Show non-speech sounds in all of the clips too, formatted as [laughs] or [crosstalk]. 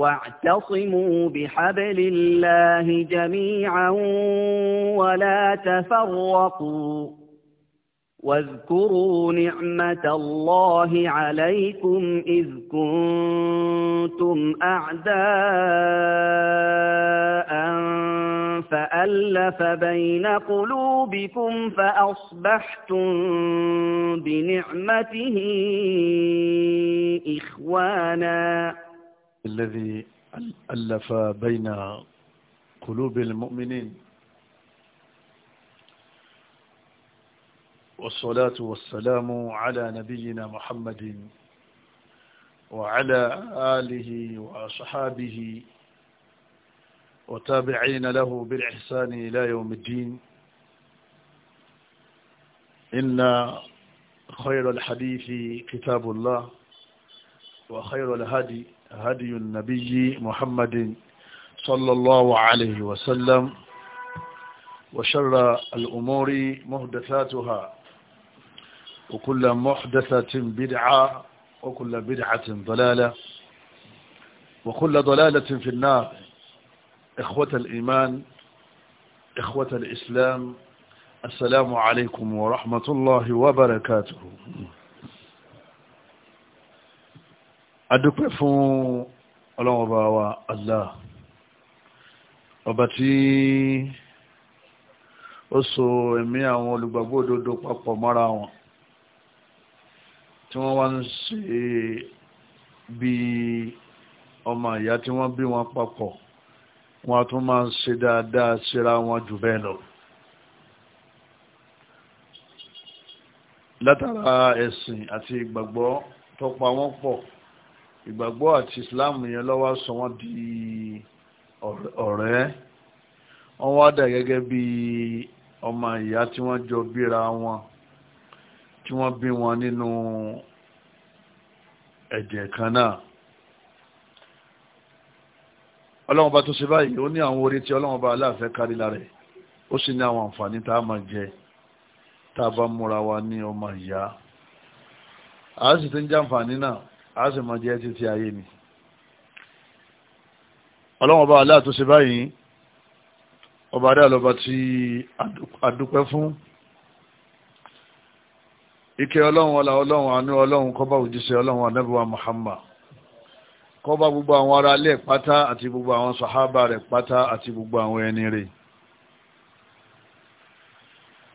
واعتصموا بحبل الله جميعا ولا تفرقوا واذكروا نعمة الله عليكم إذ كنتم أعداء فألف بين قلوبكم فأصبحتم بنعمته إخواناً الذي ألف بين قلوب المؤمنين والصلاة والسلام على نبينا محمد وعلى آله وصحابه وتابعين له بالإحسان إلى يوم الدين إن خير الحديث كتاب الله وخير الهادي هدي النبي محمد صلى الله عليه وسلم وشر الأمور محدثاتها وكل محدثة بدعة وكل بدعة ضلالة وكل ضلالة في النار إخوة الإيمان إخوة الإسلام السلام عليكم ورحمة الله وبركاته adúpẹ́ fún ọlọ́run ọba wa Allah ọba tí ó so ẹ̀mí àwọn olùgbàgbọ́ òdodo papọ̀ mọ́ra wọn tí wọ́n wá ń ṣe bí ọmọ ìyá tí wọ́n bí wọn papọ̀ wọn tún máa ń ṣe dáadáa síra wọn jù bẹ́ẹ̀ lọ. látara ẹ̀sìn àti ìgbàgbọ́ tó pa pọ̀ ìgbàgbọ́ àti islam yẹn lọ́wọ́ sọ wọ́n di ọ̀rẹ́ wọ́n wá dà gẹ́gẹ́ bí ọmọ ìyá tí wọ́n jọ bíra wọn tí wọ́n bí wọn nínú ẹ̀jẹ̀ kan náà ọlọ́wọ́n bá tó ṣe báyìí ó ní àwọn orí tí ọlọ́wọ́n bá aláàfẹ́ kárí lára ẹ̀ ó sì ní àwọn àǹfààní tá a máa jẹ tá a bá múra wa ní ọmọ ìyá àá sì ti ń jàǹfààní náà a sì mọ jẹ́ títí ayé ni ọlọ́wọ́n bá aláàtò sí báyìí ọba adé àlọ́ba tí adúpẹ́ fún ìkẹ́ ọlọ́run ọlá ọlọ́run àánú ọlọ́run kọ́bá òjíṣẹ́ ọlọ́run anábíwá Muhammad kọ́bá gbogbo àwọn ará ilé pátá àti gbogbo àwọn sàhábà rẹ̀ pátá àti gbogbo àwọn ẹni rẹ̀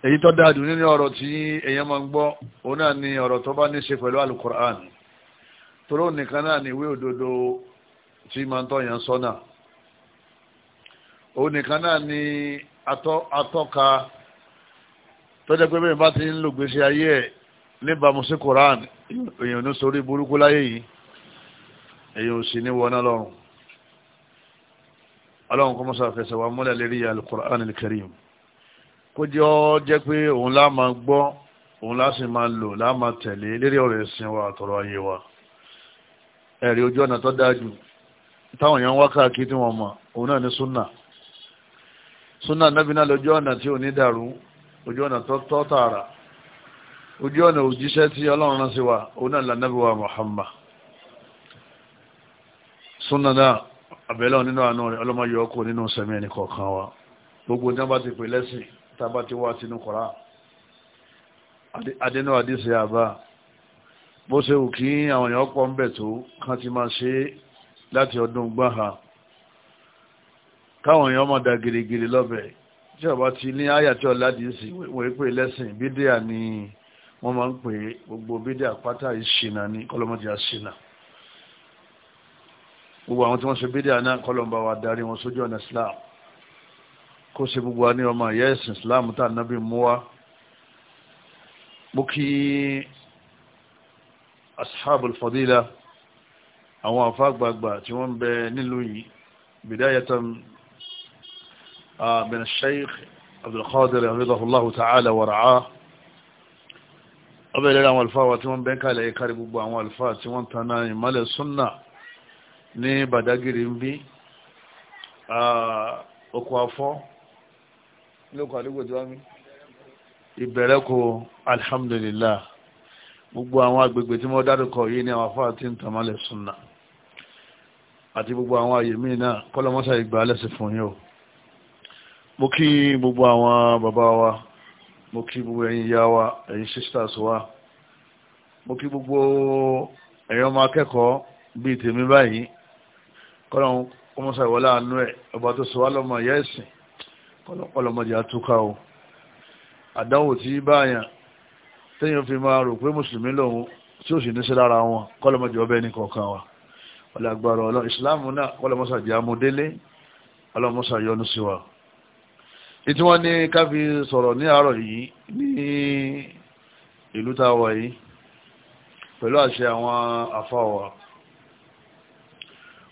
èyí tó dáadùn nínú ọ̀rọ̀ tí èèyàn máa ń gbọ́ òun náà ni ọ̀rọ̀ tó bá ní ṣe pẹ̀lú alukur'an Toro nìkan náà ni ìwé òdodo tí máa ń tọ́yàn sọ́nà òun nìkan náà ni atọ́ka tọ́jọ́ pé bẹ́ẹ̀ bá ti ń lògbèsè ayé ẹ̀ níbàámu sí Quran èèyàn ní sórí burúkú láyé yìí èèyàn ò sì ní wọná lọ́rùn ọlọ́run kọ́ mọ́sá fẹsẹ̀ wa múlẹ̀ lérí al-Qur'an al-Karim kó jẹ́ ọ́ jẹ́ pé òun lá máa gbọ́ òun lá sì máa lò lá máa tẹ̀lé lérí ọ̀rọ̀ ẹ̀sìn wa àtọ̀rọ̀ ayé wa. ẹ̀rí ojú ọ̀nà tó dájú táwọn èèyàn wá káàkiri tí wọ́n mọ̀ òun náà ní súnà súnà nábì náà lójú ọ̀nà tí ò ní dàrú ojú ọ̀nà tó tọ́ tààrà ojú ọ̀nà òjíṣẹ́ tí ọlọ́run rán sí wa òun náà lànàbí wa súnà náà àbẹ̀lẹ̀ nínú àánú rẹ̀ ọkọ̀ nínú sẹ̀mí ẹni kọ̀ọ̀kan wa gbogbo ní ti pè lẹ́sìn ti wá sínú adínú bó ṣe wù kí àwọn èèyàn pọ̀ ń bẹ̀ tó kán ti máa ṣe láti ọdún gbáha káwọn èèyàn máa da gírígírí lọ́bẹ̀ tí ọba ti ní àyàtí ọ̀làdìsí wọ́n pè lẹ́sìn bídíà ni wọ́n máa ń pè gbogbo bídíà pátá ìṣìnà ní kọ́lọ́mọdé àṣìnà gbogbo àwọn tí wọ́n ṣe bídíà náà kọ́lọ́mọba wa darí wọn sójú ọ̀nà Islam kó ṣe gbogbo wa ọmọ ìyá ẹ̀sìn Islam tá a nábì mú wa mo kí ashabul fadila àwọn àfáàgbàgbà tí wọ́n ń bẹ nílùú yìí bidayatan min sheikh abdulkadir abdullahi ta'ala wa ra'a ọbẹ̀ ìlera àwọn alfáà wa tí wọ́n bẹ kálẹ̀ ìkárí gbogbo àwọn alfáà tí wọ́n tanná ìmọ́lẹ̀ súnnà ní badagiri ń bí okò afọ́ lókò àdúgbò tí wọ́n mi alhamdulillah gbogbo àwọn agbègbè tí mo dárúkọ yìí ní àwọn afáà tí ń tàmálẹ̀ súnà àti gbogbo àwọn àyè míì náà kọ́lọ́mọ́sá ìgbà alẹ́sẹ̀ fún yín o mo kí gbogbo àwọn bàbá wa mo kí gbogbo ẹ̀yin ìyá wa ẹ̀yin sisters wa mo kí gbogbo ẹ̀yin ọmọ akẹ́kọ̀ọ́ bíi tèmi báyìí kọ́lọ́mọ́ kọ́mọ́sá àánú ẹ̀ ọba tó sọ wá lọ́mọ ìyá ẹ̀sìn kọ́lọ́mọdé àtúkà o àdánwò tí báyàn téèyàn fi máa rò pé mùsùlùmí lòun tí ó sì ní sí lára wọn kọ́lọ́mọdé ọbẹ̀ ní kọ̀ọ̀kan wa ọlọ́gbàrọ̀ ọlọ́ ìsìláàmù náà kọ́lọ́mọsà jẹ́ amúdélé ọlọ́mọsà yọ́nú sí wa ìtí wọ́n ní ká fi sọ̀rọ̀ ní àárọ̀ yìí ní ìlú tá a wà yìí pẹ̀lú àṣẹ àwọn afáwà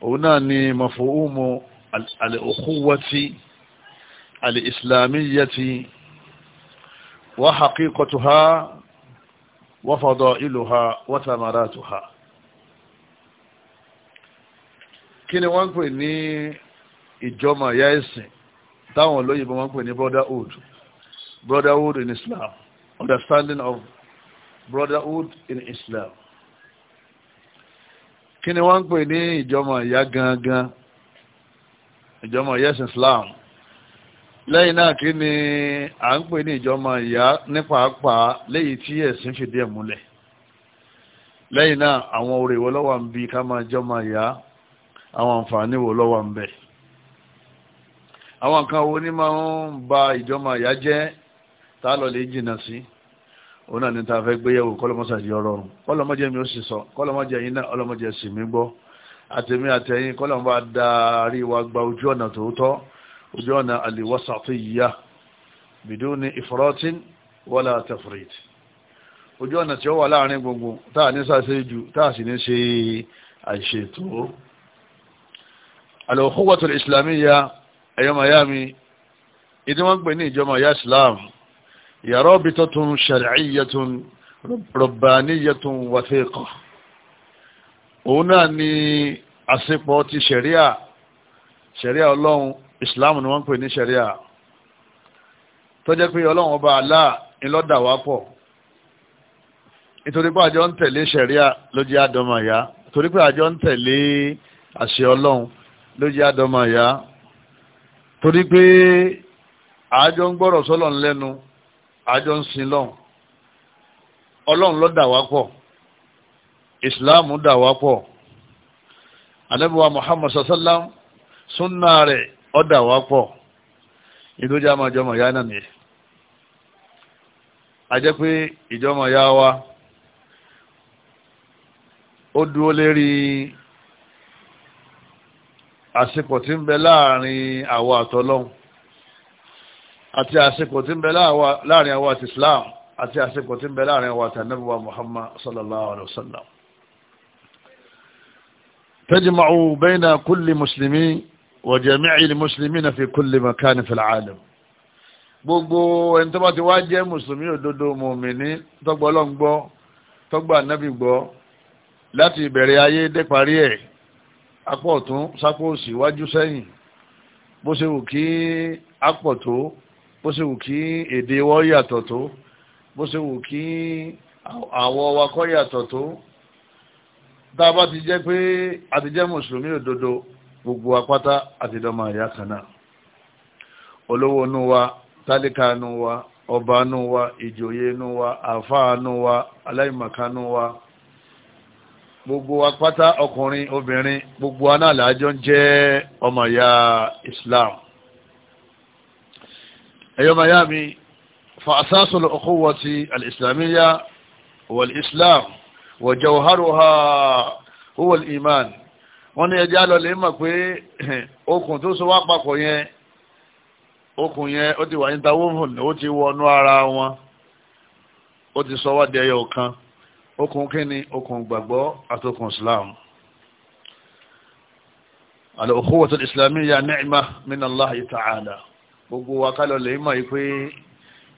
òun náà ni maf'umu al-ukhuwati al-islamiyyati wa haqiqatuha وفضائلها وثمراتها kí ni wọ́n ń pè ní ìjọmọ ìyá ẹ̀sìn táwọn olóyìnbó wọ́n ń pè ní brotherhood brotherhood in Islam understanding of brotherhood in Islam kí ni wọ́n ń pè ní ìjọmọ ìyá gangan ìjọmọ ìyá ẹ̀sìn Islam lẹ́yìn náà kí ni à ń pè ní ìjọmọ ìyá nípa àpá léyìí tí ẹ̀sìn múlẹ̀ lẹ́yìn náà àwọn oore wo ló ń bi ká máa àwọn àǹfààní wo àwọn wo máa ń ba ìjọmọ ìyá jẹ́ tá a lọ lè jìnnà sí òun náà ní ta fẹ́ gbéyàwó mi ó sì sọ kọ́lọ́mọ́jẹ́ yín náà ọlọ́mọ́jẹ́ sì mí gbọ́ àtẹ̀mí àtẹ̀yìn kọ́lọ́mọ́ bá darí wa gba ojú ọ̀nà tòótọ́ ojú ọ̀nà àlèwọ́sàtíyà biduni ifratin wala tafrit ojú ọ̀nà tí ó wà láàrin gbogbo táà ní sáṣe jù táà sì ní ṣe àìṣètò alòkúwàtò islamiyya ẹ̀yọ́ miami ìdí wọ́n pè ní ìjọmọ̀ ya islam yàrá bí tó tún ṣàríyàtún rọ̀bàníyàtún wàfẹ́kọ̀ òun náà ni àsìpọ̀ ti ṣẹ̀ríà ṣẹ̀ríà ọlọ́run islam ni wọ́n ń pè ní sharia tó jẹ́ pé ọlọ́run ọba àlá ńlọ́dà wá pọ̀ nítorí pé àjọ ń tẹ̀lé sharia ló jẹ́ àdọ́mọ̀ àyá torí pé àjọ ń tẹ̀lé àṣẹ ọlọ́run ló jẹ́ àdọ́mọ̀ àyá torí pé àjọ ń gbọ́rọ̀ sọ́lọ̀ lẹ́nu àjọ ń sin lọ́hùn ọlọ́run ló wá pọ̀ ìsìláàmù dà wá pọ̀ ànábì muhammad sallam sunna rẹ̀ ọ̀dà wa pọ̀ ìdójú àmàjọmọ̀ ya náà a jẹ́ pé ìjọmọ̀ ya wá ó dúró lérí àsìkò tí ń bẹ láàrin àwa àtọlọ́hun àti àsìkò tí ń bẹ láàrin àti Muhammad sallallahu alaihi wasallam tajma'u kulli muslimi وجميع المسلمين في كل مكان في العالم. fil alam gbogbo ẹni tó bá ti wá jẹ́ mùsùlùmí òdodo mùmìnì tọ́gbọ́ ọlọ́run gbọ́ tọ́gbọ́ ànábì gbọ́ láti ìbẹ̀rẹ̀ ayé dé parí ẹ̀ apá ọ̀tún sápò òsì wájú sẹ́yìn bó ṣe wù kí apọ̀ tó bó ṣe wù kí èdè wọ́ yàtọ̀ tó bó ṣe wù kí àwọ̀ wa yàtọ̀ tó tá a bá ti jẹ́ pé a ti jẹ́ mùsùlùmí òdodo gbogbo apáta àti dọ́mọ ìyá kan náà olówó inú wa tálíkà inú wa ọba inú wa ìjòyè inú wa àfáà inú wa aláìmọ̀ká inú wa gbogbo apáta ọkùnrin obìnrin gbogbo anáàlájọ ń jẹ́ ọmọ ìyá Islam ẹ̀yọ́ ọmọ ìyá mi fa asasul ukhuwati al-islamiyya wal-islam wa jawharuha huwa al wọ́n ní ẹjẹ́ alọ́lẹ̀ mọ̀ pé okùn tó so wá papọ̀ yẹn okùn yẹn ó ti wà ní tawófùn ó ti wọnú ara wọn ó ti sọ wádìí ẹyọ kan okùn kíni okùn gbàgbọ́ àtokùn islam al-ukhuwatu al-islamiyya ni'ma min Allah ta'ala gbogbo wa kálọ̀lẹ̀ mọ̀ pé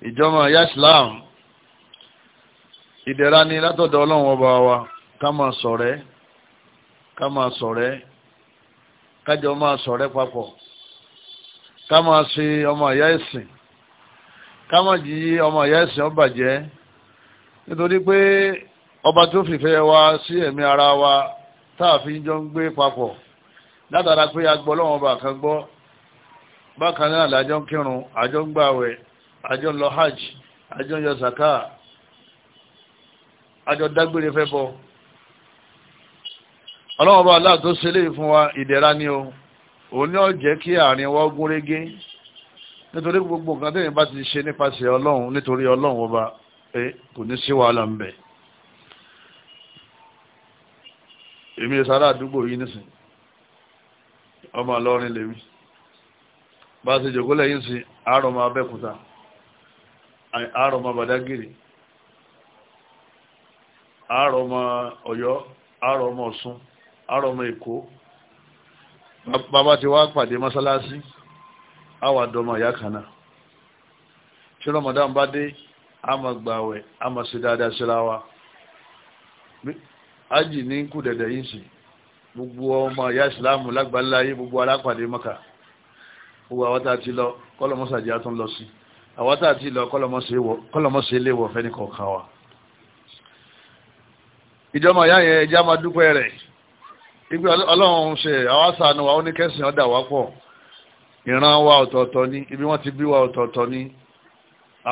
ìjọba ya islam ìdẹ̀ra ni látọ̀dọ̀ ọlọ́run ọba wa ká máa ṣọ̀rẹ́ ká máa ṣọ̀rẹ́ kájọ máa ṣọ̀rẹ́ papọ̀ ká máa ṣe ọmọ ìyá ẹ̀sìn ká máa jí ọmọ ìyá ẹ̀sìn ó bàjẹ́ nítorí pé ọba tó fìfẹ́ wa sí ẹ̀mí ara wa táàfin jọ ń gbé papọ̀ látara pé agbọ́ lọ́wọ́n bá kan gbọ́ bákan náà lájọ́ ń kírun àjọ ń gbàwẹ̀ àjọ ń lọ hajj àjọ ń yọ sàkáà àjọ dágbére fẹ́ bọ́ ọlọ́wọ́n bá aláà tó ṣẹlẹ̀ fún wa ìdẹ̀ra ni o òun ni ó jẹ́ kí àárín wa gún régé nítorí gbogbo nǹkan tẹ́yìn bá ti ṣe nípasẹ̀ ọlọ́run nítorí ọlọ́run ọba kò ní sí wàhálà ń bẹ èmi sára àdúgbò yìí nísìn ọmọ ọlọ́rin lèmi bá ṣe jòkó lẹ́yìn sí àárọ̀ máa bẹ́kúta àárọ̀ máa ọ̀yọ́ àárọ̀ máa àrọ̀ ọmọ èkó bàbá ti wá pàdé mọ́sálásí àwà dọmọ ìyá kan náà tí rọmọdán bá dé a máa gbààwẹ̀ a máa ṣe dáadáa síra wa ájì ní kú dẹ̀dẹ̀ yìí sí gbogbo ọmọ ìyá ìsìláàmù lágbàlá ayé gbogbo alápàdé mọ́kà gbogbo àwọn tá a ti lọ kọ́lọ́mọ́sàdì àtún lọ sí àwọn tá a ti lọ kọ́lọ́mọ́sẹ̀ ilé wọ̀ fẹ́ni kọ̀ọ̀kan wa ìjọba ìyá yẹn ẹja máa dúpẹ́ rẹ̀ ibi ọlọ́run ṣe àwa sànù wa ó ní kẹ́sìn ọ̀dà wa pọ̀ ìran wa ọ̀tọ̀ọ̀tọ̀ ni ibi wọ́n ti bí wa ọ̀tọ̀ọ̀tọ̀ ni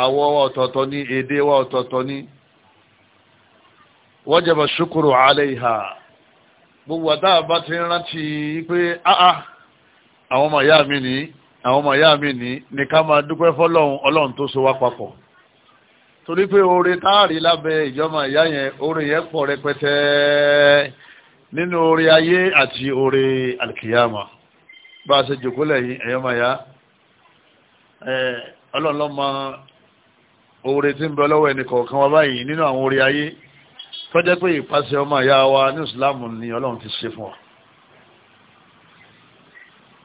àwọ̀ wa ọ̀tọ̀ọ̀tọ̀ ni èdè wa ọ̀tọ̀ọ̀tọ̀ ni wajaba shukuru alayha gbogbo àtà bá ti rántí pé áá àwọn ọmọ ìyá mi ní àwọn ọmọ ìyá mi ní ní ká máa dúpẹ́ fọ́lọ́run ọlọ́run tó so wá papọ̀ torí pé oore táàrí lábẹ́ ìjọba ìyá yẹn oore yẹn pọ̀ rẹpẹtẹ nínú orí ayé àti orí alkiyama bá a ṣe jòkó lẹ́yìn ẹ̀yọ́mọ̀yá ọlọ́ọ̀lọ́mọ oore tí ń bẹ lọ́wọ́ ẹnì kọ̀ọ̀kan wa báyìí nínú àwọn orí ayé tó jẹ́ pé ìpàṣẹ ọmọ ìyá wa ní ìsìláàmù ni ọlọ́run ti ṣe fún wa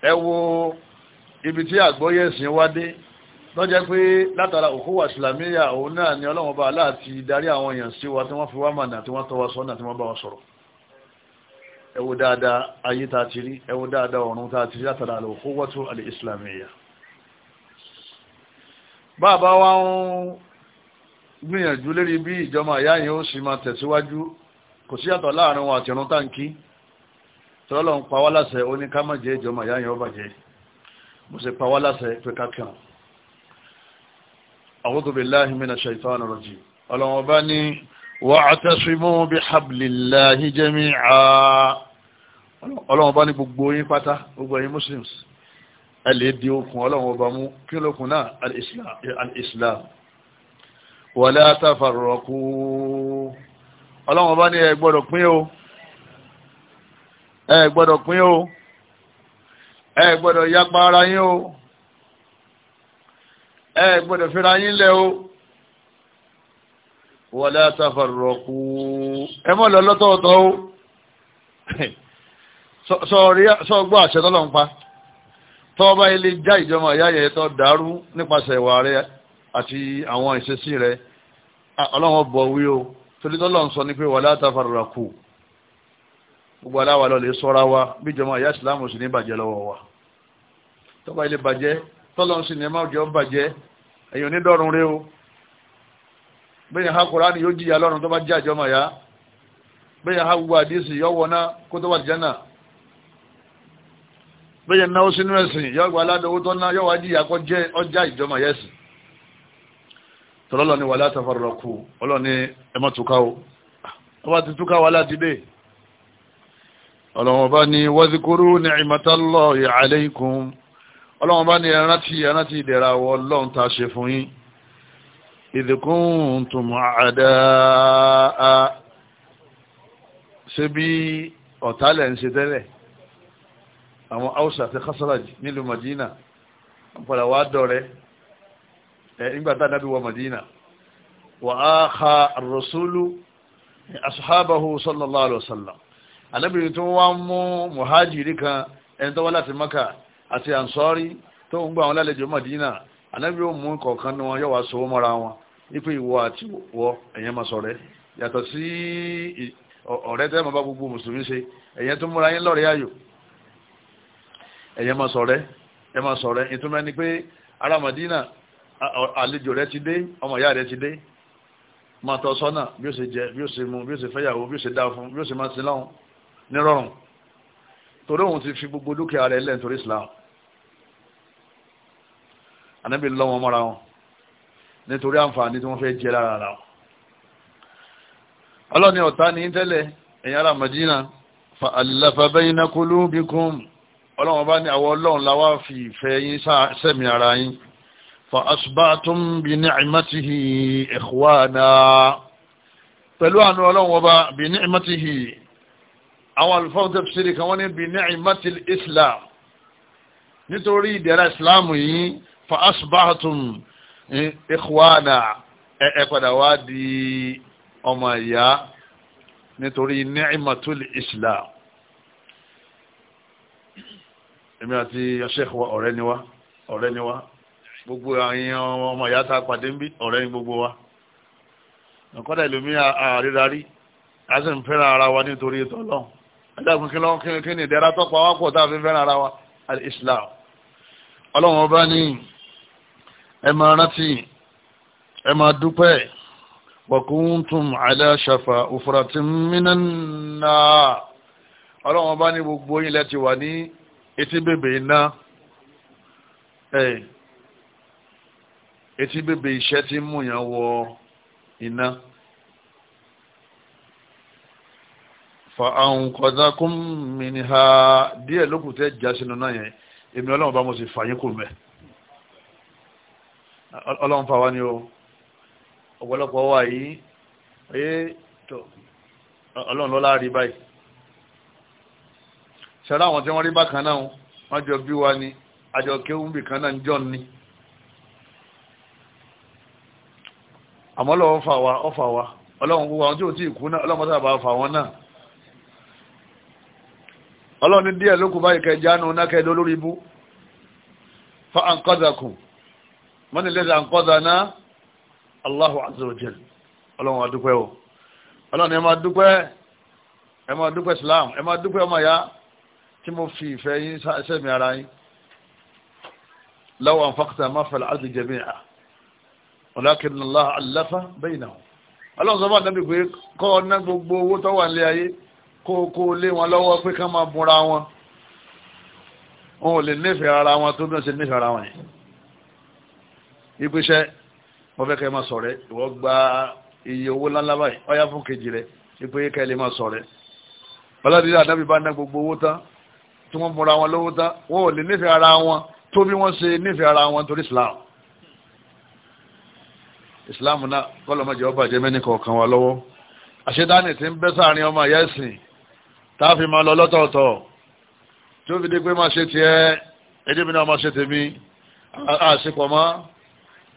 ẹ wo ibi tí àgbọ́yé ẹ̀sìn wá dé tó jẹ́ pé látara òkúwà ìsìlámíyà òun náà ni ọlọ́run bá láti darí àwọn èèyàn sí wa tí wọ́n fi wá mànà tí wọ́n tọ́ wa sọ́nà tí wọ́n bá wa sọ̀rọ̀ ẹ wo dáadáa ayé tá a ti rí ẹ wo dáadáa ọ̀run tá a ti rí látara al-quwwatu al-islamiyya bàbá wa ń gbìyànjú lérí bí ìjọba àyá yìí ó sì máa tẹ̀síwájú kò sí yàtọ̀ láàrin wọn àti ọ̀run táǹkì tọ́lọ̀ ń pa wá láṣẹ ó ní àyá yìí ó bàjẹ́ mo sì pa wá láṣẹ pé ká kàn a'udhu billahi minash jami'a ọlọ́run bá ní gbogbo yín pátá gbogbo yín muslims ẹ lè di okùn ọlọ́run ọba mú kí lókun náà al-islam wala tafarraqu ọlọ́run ọba ní ẹ gbọ́dọ̀ pín o ẹ gbọ́dọ̀ pín yapa ara yín o ẹ gbọ́dọ̀ fira yín lẹ̀ o wala tafarraqu ẹ mọ̀ lọ lọ́tọ̀ọ̀tọ̀ o. [laughs] sọ gbọ́ àṣẹ tọ́lọ́run pa tọ́ bá ilé já ìjọmọ̀ ìyá yẹ tọ́ dàrú nípasẹ̀ ìwà rẹ àti àwọn ìṣesí rẹ ọlọ́run bọ̀ wí o torí tọ́lọ́run sọ ní pé wà látàfàrà kù gbogbo aláwa lọ lè sọ́ra wa bí ìjọmọ̀ ìyá ìsìlámù sì ní bàjẹ́ lọ́wọ́ wa tọ́ bá ilé bàjẹ́ tọ́lọ́run sì ní ẹ̀má òjò bàjẹ́ èyàn onídọ́run rẹ o bẹ́ẹ̀ ha Kùránì yóò jìyà lọ́run tó bá jẹ́ ìjọmọ̀ ìyá bẹ́yẹn náwó sínú ẹ̀sìn yọ́ gba aládọ́wó tó ná yọ́wà jíyà kọ́ jẹ́ ọjà ìjọmọ̀ yẹ́sì tọ́lọ́lọ́ ni wà látàfàrọ̀kù ọlọ́ni ẹmọ́ túkáwó ọba ti túkáwó aláti dé ọlọ́wọ́n bá ní wazikuru ni'matallahi alaykum ọlọ́wọ́n bá ní ẹrántí ẹrántí ìdẹ̀ra Ọlọ́run ta ṣe fún yín idh kuntum a'daa ṣe bí ọ̀tálẹ̀ ń ṣe tẹ́lẹ̀ àwọn Hausa àti Khazraj nílùú Madina padà wá dọ̀rẹ́ ẹ̀ nígbàtà nábì wọ Madina wà á ha ar-rasulu asuhabahu sallallahu alaihi wasallam anábìrin tó wá mú muhajiri kan ẹni tó wá láti Maka àti ansori tó ń gbà wọn lálejò Madina anábì ó mú kọ̀ọ̀kan ní wọn yóò wá so mọ́ra wọn nípa ìwọ àti wọ ẹ̀yẹn máa sọ̀rẹ́ yàtọ̀ sí ọ̀rẹ́ tẹ́ mọ́ bá gbogbo mùsùlùmí ṣe ẹ̀yẹn tó múra yín lọ́rẹ́ ayò ẹ̀yẹ́ máa sọ̀rẹ́ ẹ máa sọ̀rẹ́ ìtumọ̀ ni pé ará Madina àlejò rẹ ti dé ọmọ ìyá rẹ ti dé máa tọ́ sọ́nà bí ó ṣe jẹ bí ó ṣe mu bí ó ṣe fẹ́yàwó bí ó ṣe dá fún bí ó ṣe máa sin lọ́hùn nírọ̀rùn torí òun ti fi gbogbo dúkìá rẹ̀ lẹ́yìn torí Islam ànábì lọ́ mọ́ra wọn nítorí àǹfààní tí wọ́n fẹ́ jẹ lára ara wọn ọlọ́ni ọ̀tá ní tẹ́lẹ̀ ẹ̀yin ará Madina fa allafa bayna qulubikum ọlọ́run bá ní àwọn ọlọ́run láwá fi ìfẹ́ yín sẹ́mi ara yín fa asbatum bi ni'matihi ikhwana pẹ̀lú àánú ọlọ́run ọba bi ni'matihi àwọn alfáwọn tafsiri kan wọ́n ní bi ni'matil islam nítorí ìdẹ̀ra islam yìí fa asbatum ikhwana ẹ padà wá di ọmọ ìyá nítorí ni'matul islam èmi àti ṣẹ́ẹ̀kù wa ọ̀rẹ́ ni wa ọ̀rẹ́ ni wa gbogbo àyàn ọmọ ìyá tá a pàdé ń bí ọ̀rẹ́ ni gbogbo wa nǹkan dà lómi àríra rí a sì ń fẹ́ràn ara wa nítorí ètò ọlọ́run ẹ̀dàkùn kí lọ́wọ́ kí ni ìdẹ́ra tó pa wá tá a fi fẹ́ràn ara wa al-Islam ọlọ́run ọba ní ẹ máa rántí ẹ máa dúpẹ́ wàkúntùm aláṣàfà òfurasí mínánà ọlọ́run ọba ní gbogbo yín lẹ́ti wà ní etí bèbè iná etí bèbè iṣẹ́ tí ń múyàn wọ iná. fa'ahun kọ̀dákún mi ni ha díẹ̀ lókù tẹ́ já sínú náà yẹn èmi ọlọ́run bá mo sì fàyín kò mẹ́ ọlọ́run fà wá ní o ọ̀pọ̀lọpọ̀ wà yìí ọlọ́run lọ́la rí báyìí ṣẹlá àwọn tí wọ́n rí bákan náà wọ́n jọ bí wa ni àjọ kéwù bìkan náà ń jọ ni àmọ́ lọ́wọ́ fà wá ọ̀fà wá ọlọ́run gbogbo àwọn tí ò tí ìkú náà ọlọ́run sábà fà wọ́n náà ọlọ́run díẹ̀ ló kù báyìí lórí ibú fa àǹkọ́dàkùn wọ́n ní lẹ́sẹ̀ àǹkọ́dà náà Allahu azza ọlọ́run adúpẹ́ o ọlọ́run ẹ máa dúpẹ́ ẹ máa dúpẹ́ Islam ẹ máa dúpẹ́ ọmọ ya tí mo fi ìfẹ́ yín sẹ́mi ara yín law anfaqta ma fil ardi jami'a walakin Allah allafa bainahum ọlọ́run sọ fún àdábì pé kọ́ ná gbogbo owó tó wà nílé ayé kó kó lé wọn lọ́wọ́ pé ká máa búra wọn wọn ò lè nífẹ̀ẹ́ ara wọn tó bí wọ́n ṣe nífẹ̀ẹ́ ara wọn yẹn ìpèsè wọ́n fẹ́ kẹ́ máa sọ̀rẹ́ ìwọ gba iye owó ńláńlá báyìí ọ̀yá fún kejì rẹ̀ ìpèsè kẹ́ lè máa sọ̀rẹ́ bọ́ládìrí àdábì bá ná gbogbo owó tán tí wọ́n múra wọn lọ́wọ́ tán wọ́n ò lè nífẹ̀ẹ́ ara wọn tó bí wọ́n ṣe nífẹ̀ẹ́ ara wọn torí islam islam náà kọ́lọ́mọ́jọ́ bàjẹ́ mẹ́ni kọ̀ọ̀kan wa lọ́wọ́ àṣetáni ti ń bẹ́ sáàrin ọmọ ìyá ẹ̀sìn tá a fi máa lọ lọ́tọ̀ọ̀tọ̀ tí ó fi di pé máa ṣe tiẹ̀ ẹjẹ́ mi náà máa ṣe tèmi àṣepọ̀ mọ́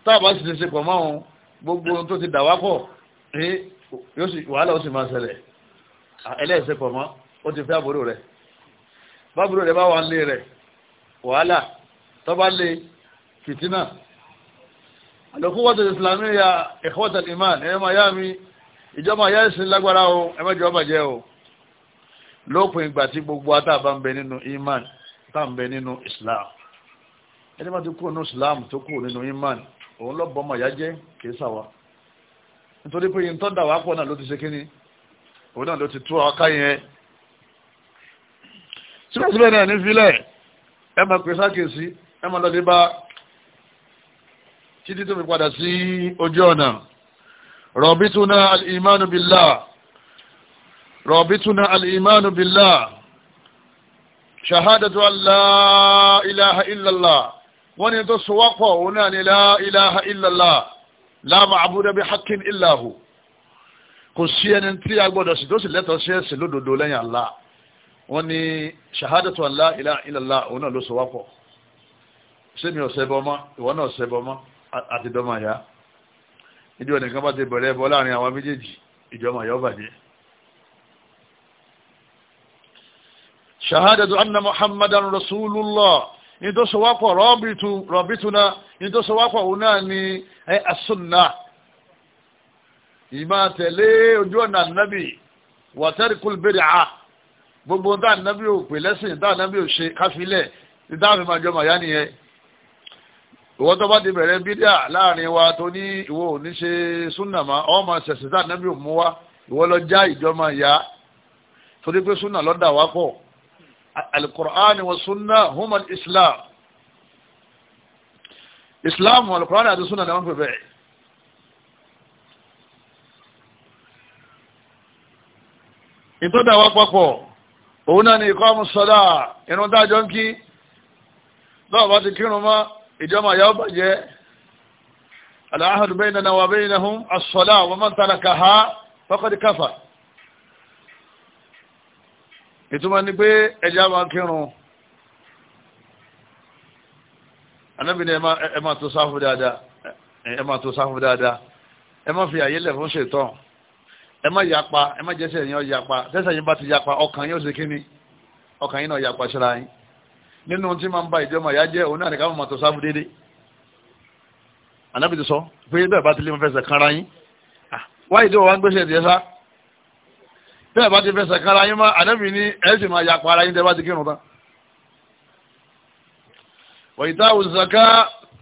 tá a bá sì ti ṣepọ̀ mọ́ òun gbogbo ohun tó ti dà wá pọ̀ eh, wàhálà ó sì máa ṣẹlẹ̀ ẹlẹ́ẹ̀ṣepọ̀ mọ́ ó ti fẹ́ àbúrò rẹ̀ bábúrò rẹ̀ bá wà lé rẹ̀ wàhálà tọ́ba lé fìtínà àlòkúwọ́tò ìsìlámì ya ìkọ́tà ìmán ẹ̀yẹ́ máa yá mi ìjọba yá ìsìn lágbára o ẹ̀mẹ́jọ bàjẹ́ o lópin ìgbà tí gbogbo àtàbà ń bẹ nínú imán tá ń bẹ nínú islam ẹni bá ti kúrò nínú islam tó kúrò nínú imán òun lọ́bọ̀ ọmọ ìyá jẹ́ kìí sàwà nítorí pé yìí ń tọ́da wàá pọ̀ náà ló ti ṣe kíní òun náà ló ti tú ọ káyẹn síbẹ̀síbẹ̀ náà ní filẹ̀ ẹ máa pè sákèsí ẹ máa lọ́dẹ́ bá títí tó fi padà sí ojú ọ̀nà rọ̀bítúná al'imánu bílá rọ̀bítúná al'imánu bílá ṣahádàtú aláìláha ìlàlá wọ́n ni tó sọwọ́pọ̀ òun náà ni láìláha ìlàlá láàmà àbúdá bí hakin ìlàhù kò sí ẹni tí a gbọ́dọ̀ sí tó sì lẹ́tọ̀ọ́ sí ẹ̀sìn lódodo lẹ́yìn Allah wọ́n ní ṣahadatu la ilaha illallah òun náà ló sọ wápọ̀ sẹ́mi ọ̀sẹ̀ bọ́mọ́ ìwọ náà ọ̀sẹ̀ bọ́mọ́ àti dọ́mọ̀ àyá níbi ọ̀nà kan bá ti bẹ̀rẹ̀ ẹbọ láàrin àwọn méjèèjì ìjọmọ̀ àyá bàjẹ́ ṣahadatu anna muhammadan rasulullah ní tó sọ wápọ̀ rọ́bìtù rọ́bìtùna ní tó sọ wápọ̀ òun náà ni asúnà ìmá tẹ̀lé ojú ọ̀nà nábì wàtẹ́rìkùl bid'ah gbogbo ń dáàdì nábí ò pè lẹ́sìn dáàdì nábí ò ṣe káfílẹ̀ ní dáàmì máa jọ màyá nìyẹn ìwọ tó bá ti bẹ̀rẹ̀ bídíà láàrin wa tó ní ìwọ ò ní ṣe súnà má ọ máa ṣẹ̀ṣẹ̀ dáàdì nábí ò mú wa ìwọ lọ já ìjọmọ ìyá torí pé súnà lọ́dà wá pọ̀ alukur'ani wa súnà human islam islam alukur'ani àti súnà ni wọ́n pè bẹ́ẹ̀. ìtọ́jà wá papọ̀ òun náà ni ìkọ́mù sọ́dá irun dájọ́ ń kí lọ́ọ̀bá ti kírun mọ́ ìjọmọ̀ yàó bàjẹ́ aláhàdù baynana wa baynahum as-sala wa man tarakaha faqad kafar ìtumọ̀ ni pé ẹjá máa kírun anábìnrin ẹ máa tó sáfù dáadáa ẹ máa tó sáfù dáadáa ẹ má fi àyè lẹ̀ fún ṣètọ́n ẹ má yapa ẹ má jẹ́sẹ̀ yín ọ yapa tẹ́sẹ̀ yín bá ti yapa ọkàn yín ó ṣe kíni ọkàn yín náà yapa ṣọ́ra yín nínú tí máa ń ba ìjọba ìyá jẹ́ òun náà ní ká mọ̀ tó sáfù dédé ànábì ti sọ pé bẹ́ẹ̀ bá ti lé fẹsẹ̀ kanra yín wáyé tí wọ́n wá ń gbéṣẹ́ ìdíyẹ sá bẹ́ẹ̀ bá ti fẹsẹ̀ kanra yín má ànábì ní ẹ̀ sì máa yapa ara yín tẹ́ bá ti kírun tán wọ̀nyí táwọn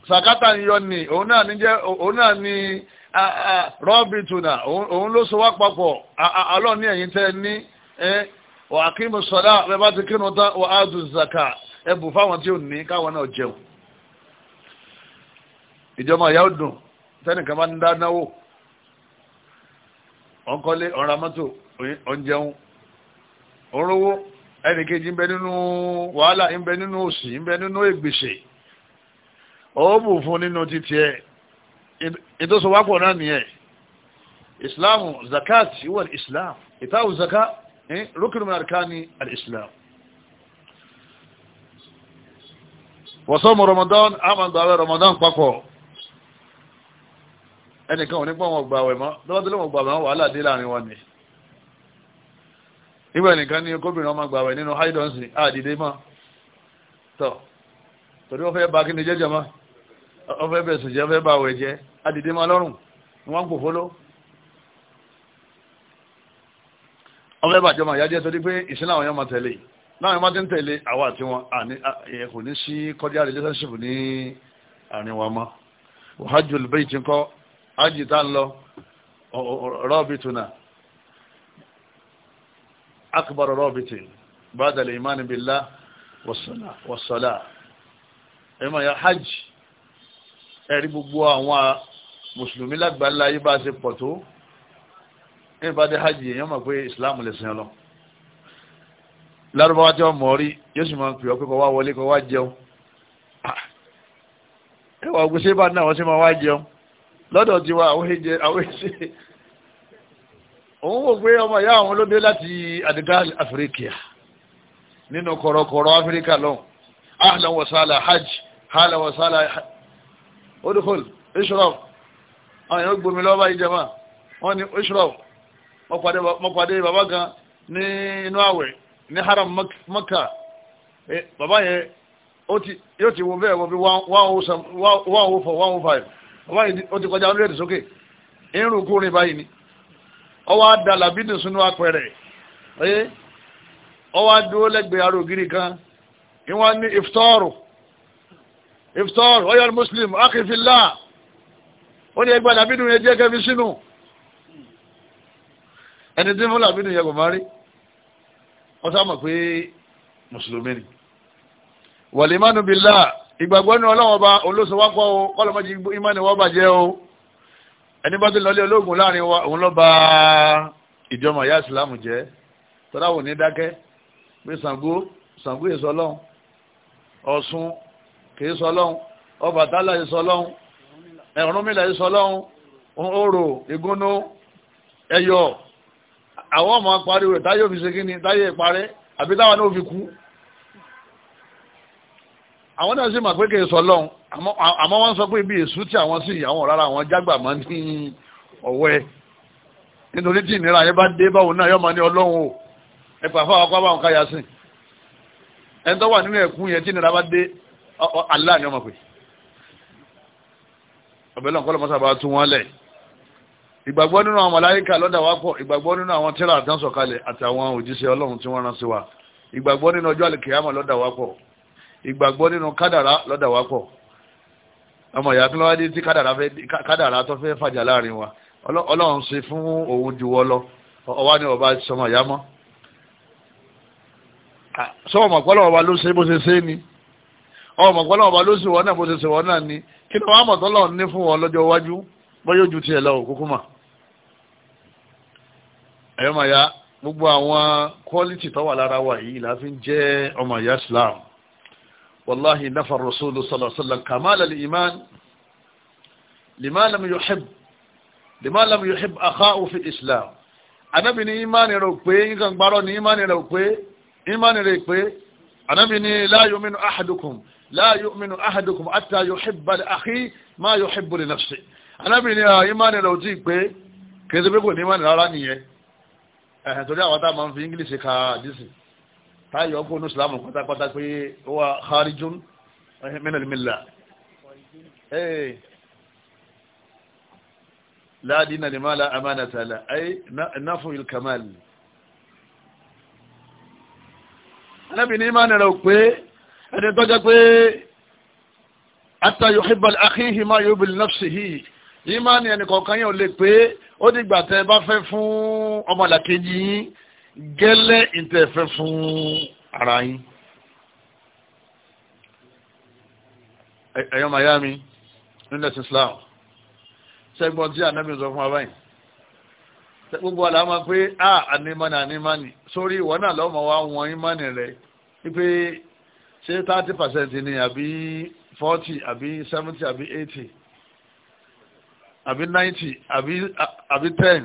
sàkátà ń yọ ni òun náà ní Ah, ah, ah. rọ́ọ̀bì tùnà òun ló so wá papọ̀ ọlọ́run ní ẹ̀yìn tẹ́ ní wà á kí mu bá ti kírun tán wà á dùn zaka ẹ bù fáwọn tí ò ní káwọn náà jẹun ìjọba ìyá ọdún tẹnìkan bá ń dá náwó ọ̀nkọ́lé ọ̀rá mọ́tò ọ̀njẹun orówó ẹnìkejì ń bẹ nínú wàhálà ń bẹ nínú ń bẹ nínú ègbèsè fún nínú títí ẹ̀ nítorí wá pọ̀ náà nìyẹn ìsìláàmù zakat wà ìsìláàmù ìtàwù zaka rúkìrì mìírànká ní alìsìláàmù wọ́sọ́mù ramadan àmàndà àwẹ̀ ramadan papọ̀ ẹnìkan ò ní pọ́ wọn gbà wẹ̀ mọ́ lọ́wọ́dúnlẹ́ wọn gbà wẹ̀ wàhálà dé láàrin wọn ni nígbà nìkan ní kóbìnrin ọmọ gbà wẹ̀ nínú haidonsi àdìdé mọ́ tọ́ torí wọ́n fẹ́ bá kí ni jẹ́jẹ́ mọ́ ọfẹ́ bẹ̀ sùn jẹ́ ọfẹ́ bá wẹ̀ jẹ́ adìdí máa lọ́rùn ni wọ́n ń pò fóló ọfẹ́ bàjọ́ máa yájẹ́ torí pé ìsìn àwọn yẹn máa tẹ̀lé láwọn máa ti ń tẹ̀lé àwọn àti wọn àyẹ̀ kò ní sí kọjá relationship ní àárín wa mọ́ wàhájú olùbẹ́ yìí ti ń kọ́ ájì tá ń lọ rọ́ọ̀bì tuna akbar rọ́ọ̀bì tì bá ìmánibìlá wàsálà ẹ̀ máa yà hajj ẹ̀rí gbogbo àwọn mùsùlùmí lágbàlá yí bá ṣe pọ̀ tó ní ìbádé hajj èèyàn mọ̀ pé islam lè sin ọlọ lárúbáwá tí wọ́n mọ̀ rí yóò sì máa ń pè ọ́ pé kọ́ wá wọlé kọ́ wá jẹun ẹwà ogun ṣe bá náà wọ́n sì máa wá jẹun lọ́dọ̀ ti wá àwọn èjẹ àwọn èṣe òun wò pé ọmọ ìyá àwọn olóde láti àdìgá áfíríkà nínú kọ̀rọ̀kọ̀rọ̀ áfíríkà lọ́hùn ahlan wa sala hajj ahlan wa sala hajj odukol ishraf àwọn èèyàn gbomi lọ́wọ́ báyìí jẹ́ máa wọ́n ní ishraf mo pàdé bàbá kan ní inú àwẹ̀ ní haram Makka eh, bàbá yẹn yóò ti wo bẹ́ẹ̀ wọ́n bí oh one oh four one oh five bàbá yìí ó ti kọjá hundred sókè irun kúrin báyìí ni ọwọ́ àdá làbídùn sínú apẹ̀rẹ̀ ọwọ́ eh, àdúró lẹ́gbẹ̀ẹ́ arògiri kan ìwọ́n ní ìfitọ́rù iftar ọyọ́ muslim akífìlá ó ní ẹgbẹ́ làbínú yẹn jẹ́ kẹfí sínú ẹni tí fún làbínú yẹn kò máa rí wọ́n sá mọ̀ pé mùsùlùmí ni wàlímánú bílá ìgbàgbọ́ ní ọlọ́wọ́ bá olóṣèwápọ̀ o kọ́lọ́mọ́jì ìmánì wọ́n bàjẹ́ o ẹni bá ti lọlé ológun láàrin wa òun lọ bá ìjọmọ̀ ìyá ìsìlámù jẹ́ tọ́láwò ní dákẹ́ pé Ṣàngó Ṣàngó èso ọlọ́run Ọ̀ṣun kìí sọ lọ́hún Ọbàtálá yìí sọ lọ́hún Ọ̀rúnmìlà yìí sọ lọ́hún orò ìgúnnú ẹyọ àwọn ọmọ parí rẹ̀ táyé òfin ṣe kí ni táyé ìparẹ́ àbí táwọn náà fi kú àwọn náà sì mà pé kìí sọ lọ́hún àmọ́ wọ́n sọ pé ibi èṣù tí àwọn sì àwọn rárá àwọn jágbà máa ń ní ọ̀wẹ́ nítorí tí ìnira yẹn bá dé báwo náà yọ́ máa ní ọlọ́run o ẹ̀pà fáwọn akọ́ báwọn káyà sí ẹ̀ńtọ́ wà nínú ẹ̀kún yẹn tí ìnira bá dé Allah ni ma mọ̀ Ọbẹ ọ̀bẹ̀lọ́n kọ́lọ̀ mọ́sàbá tún wọ́n lẹ̀ ìgbàgbọ́ nínú àwọn lọ́dà wá pọ̀ nínú àwọn tírà àtànsọ̀kalẹ̀ àtàwọn òjíṣẹ́ ọlọ́run tí wọ́n rán sí wa nínú ọjọ́ lọ́dà nínú lọ́dà ọmọ ìyá tí tó fàjà láàrin wa ṣe fún òun ju ọmọ gbọ́dọ̀ ọba ló sì wọ́n náà bó ṣe ṣe wọ́n náà ni kí ni wọ́n á mọ̀ tọ́lọ̀ ní fún wọn lọ́jọ́ iwájú bóyá ojú tiẹ̀ lọ òkúkú mà. ẹ̀yọ́ màá ya gbogbo àwọn quality tó wà lára wa yìí la fi ń jẹ́ ọmọ ìyá Islam wàláhi nafa rasulu sallallahu alaihi wasallam kamala liman liman lam yuhib liman lam yuhib akhahu fi Islam anabi ni imani rẹ̀ pé nǹkan gbárọ̀ ni imani pé imani pé anábì ní la yu'minu ahadukum la yu'minu ahadukum hatta yuhibba li akhi ma yuhibbu li nafsi anábì ní ah, ìmánì rẹ̀ ò tí ì pé kèsì pé kò ní ìmánì rárá nìyẹn ẹ̀hẹ̀ torí àwọn tá a máa ń fi english ka àdìsí táyọ̀ kó ní ìsìlámù pátápátá pé ó wà kharijun min al-millah la dina liman la amanata lahu ay nafu al nábì ní ìmánì rẹ̀ ò pé ẹni tó jẹ́ pé àtàyò ìbàlẹ̀ àkíhì máa yóò bìlì nọ́ọ̀sì yìí ìmánì ẹnì kọ̀ọ̀kan yẹn ò lè pé ó dìgbà tẹ́ bá fẹ́ fún ọmọlàkejì yín gẹ́lẹ́ ìtẹ́ fẹ́ fún ara yín. ẹ̀yọ́ mayami nílẹ̀ islam ṣẹ́gbọ́n tí ànábì sọ fún wa gbogbo àlàmà pé a ànímánì ànímánì sórí ìwọ náà lọ́mọ wa wọn ìmánì rẹ wípé ṣé thirty percent ni àbí forty àbí seventy àbí eighty àbí ninety àbí ten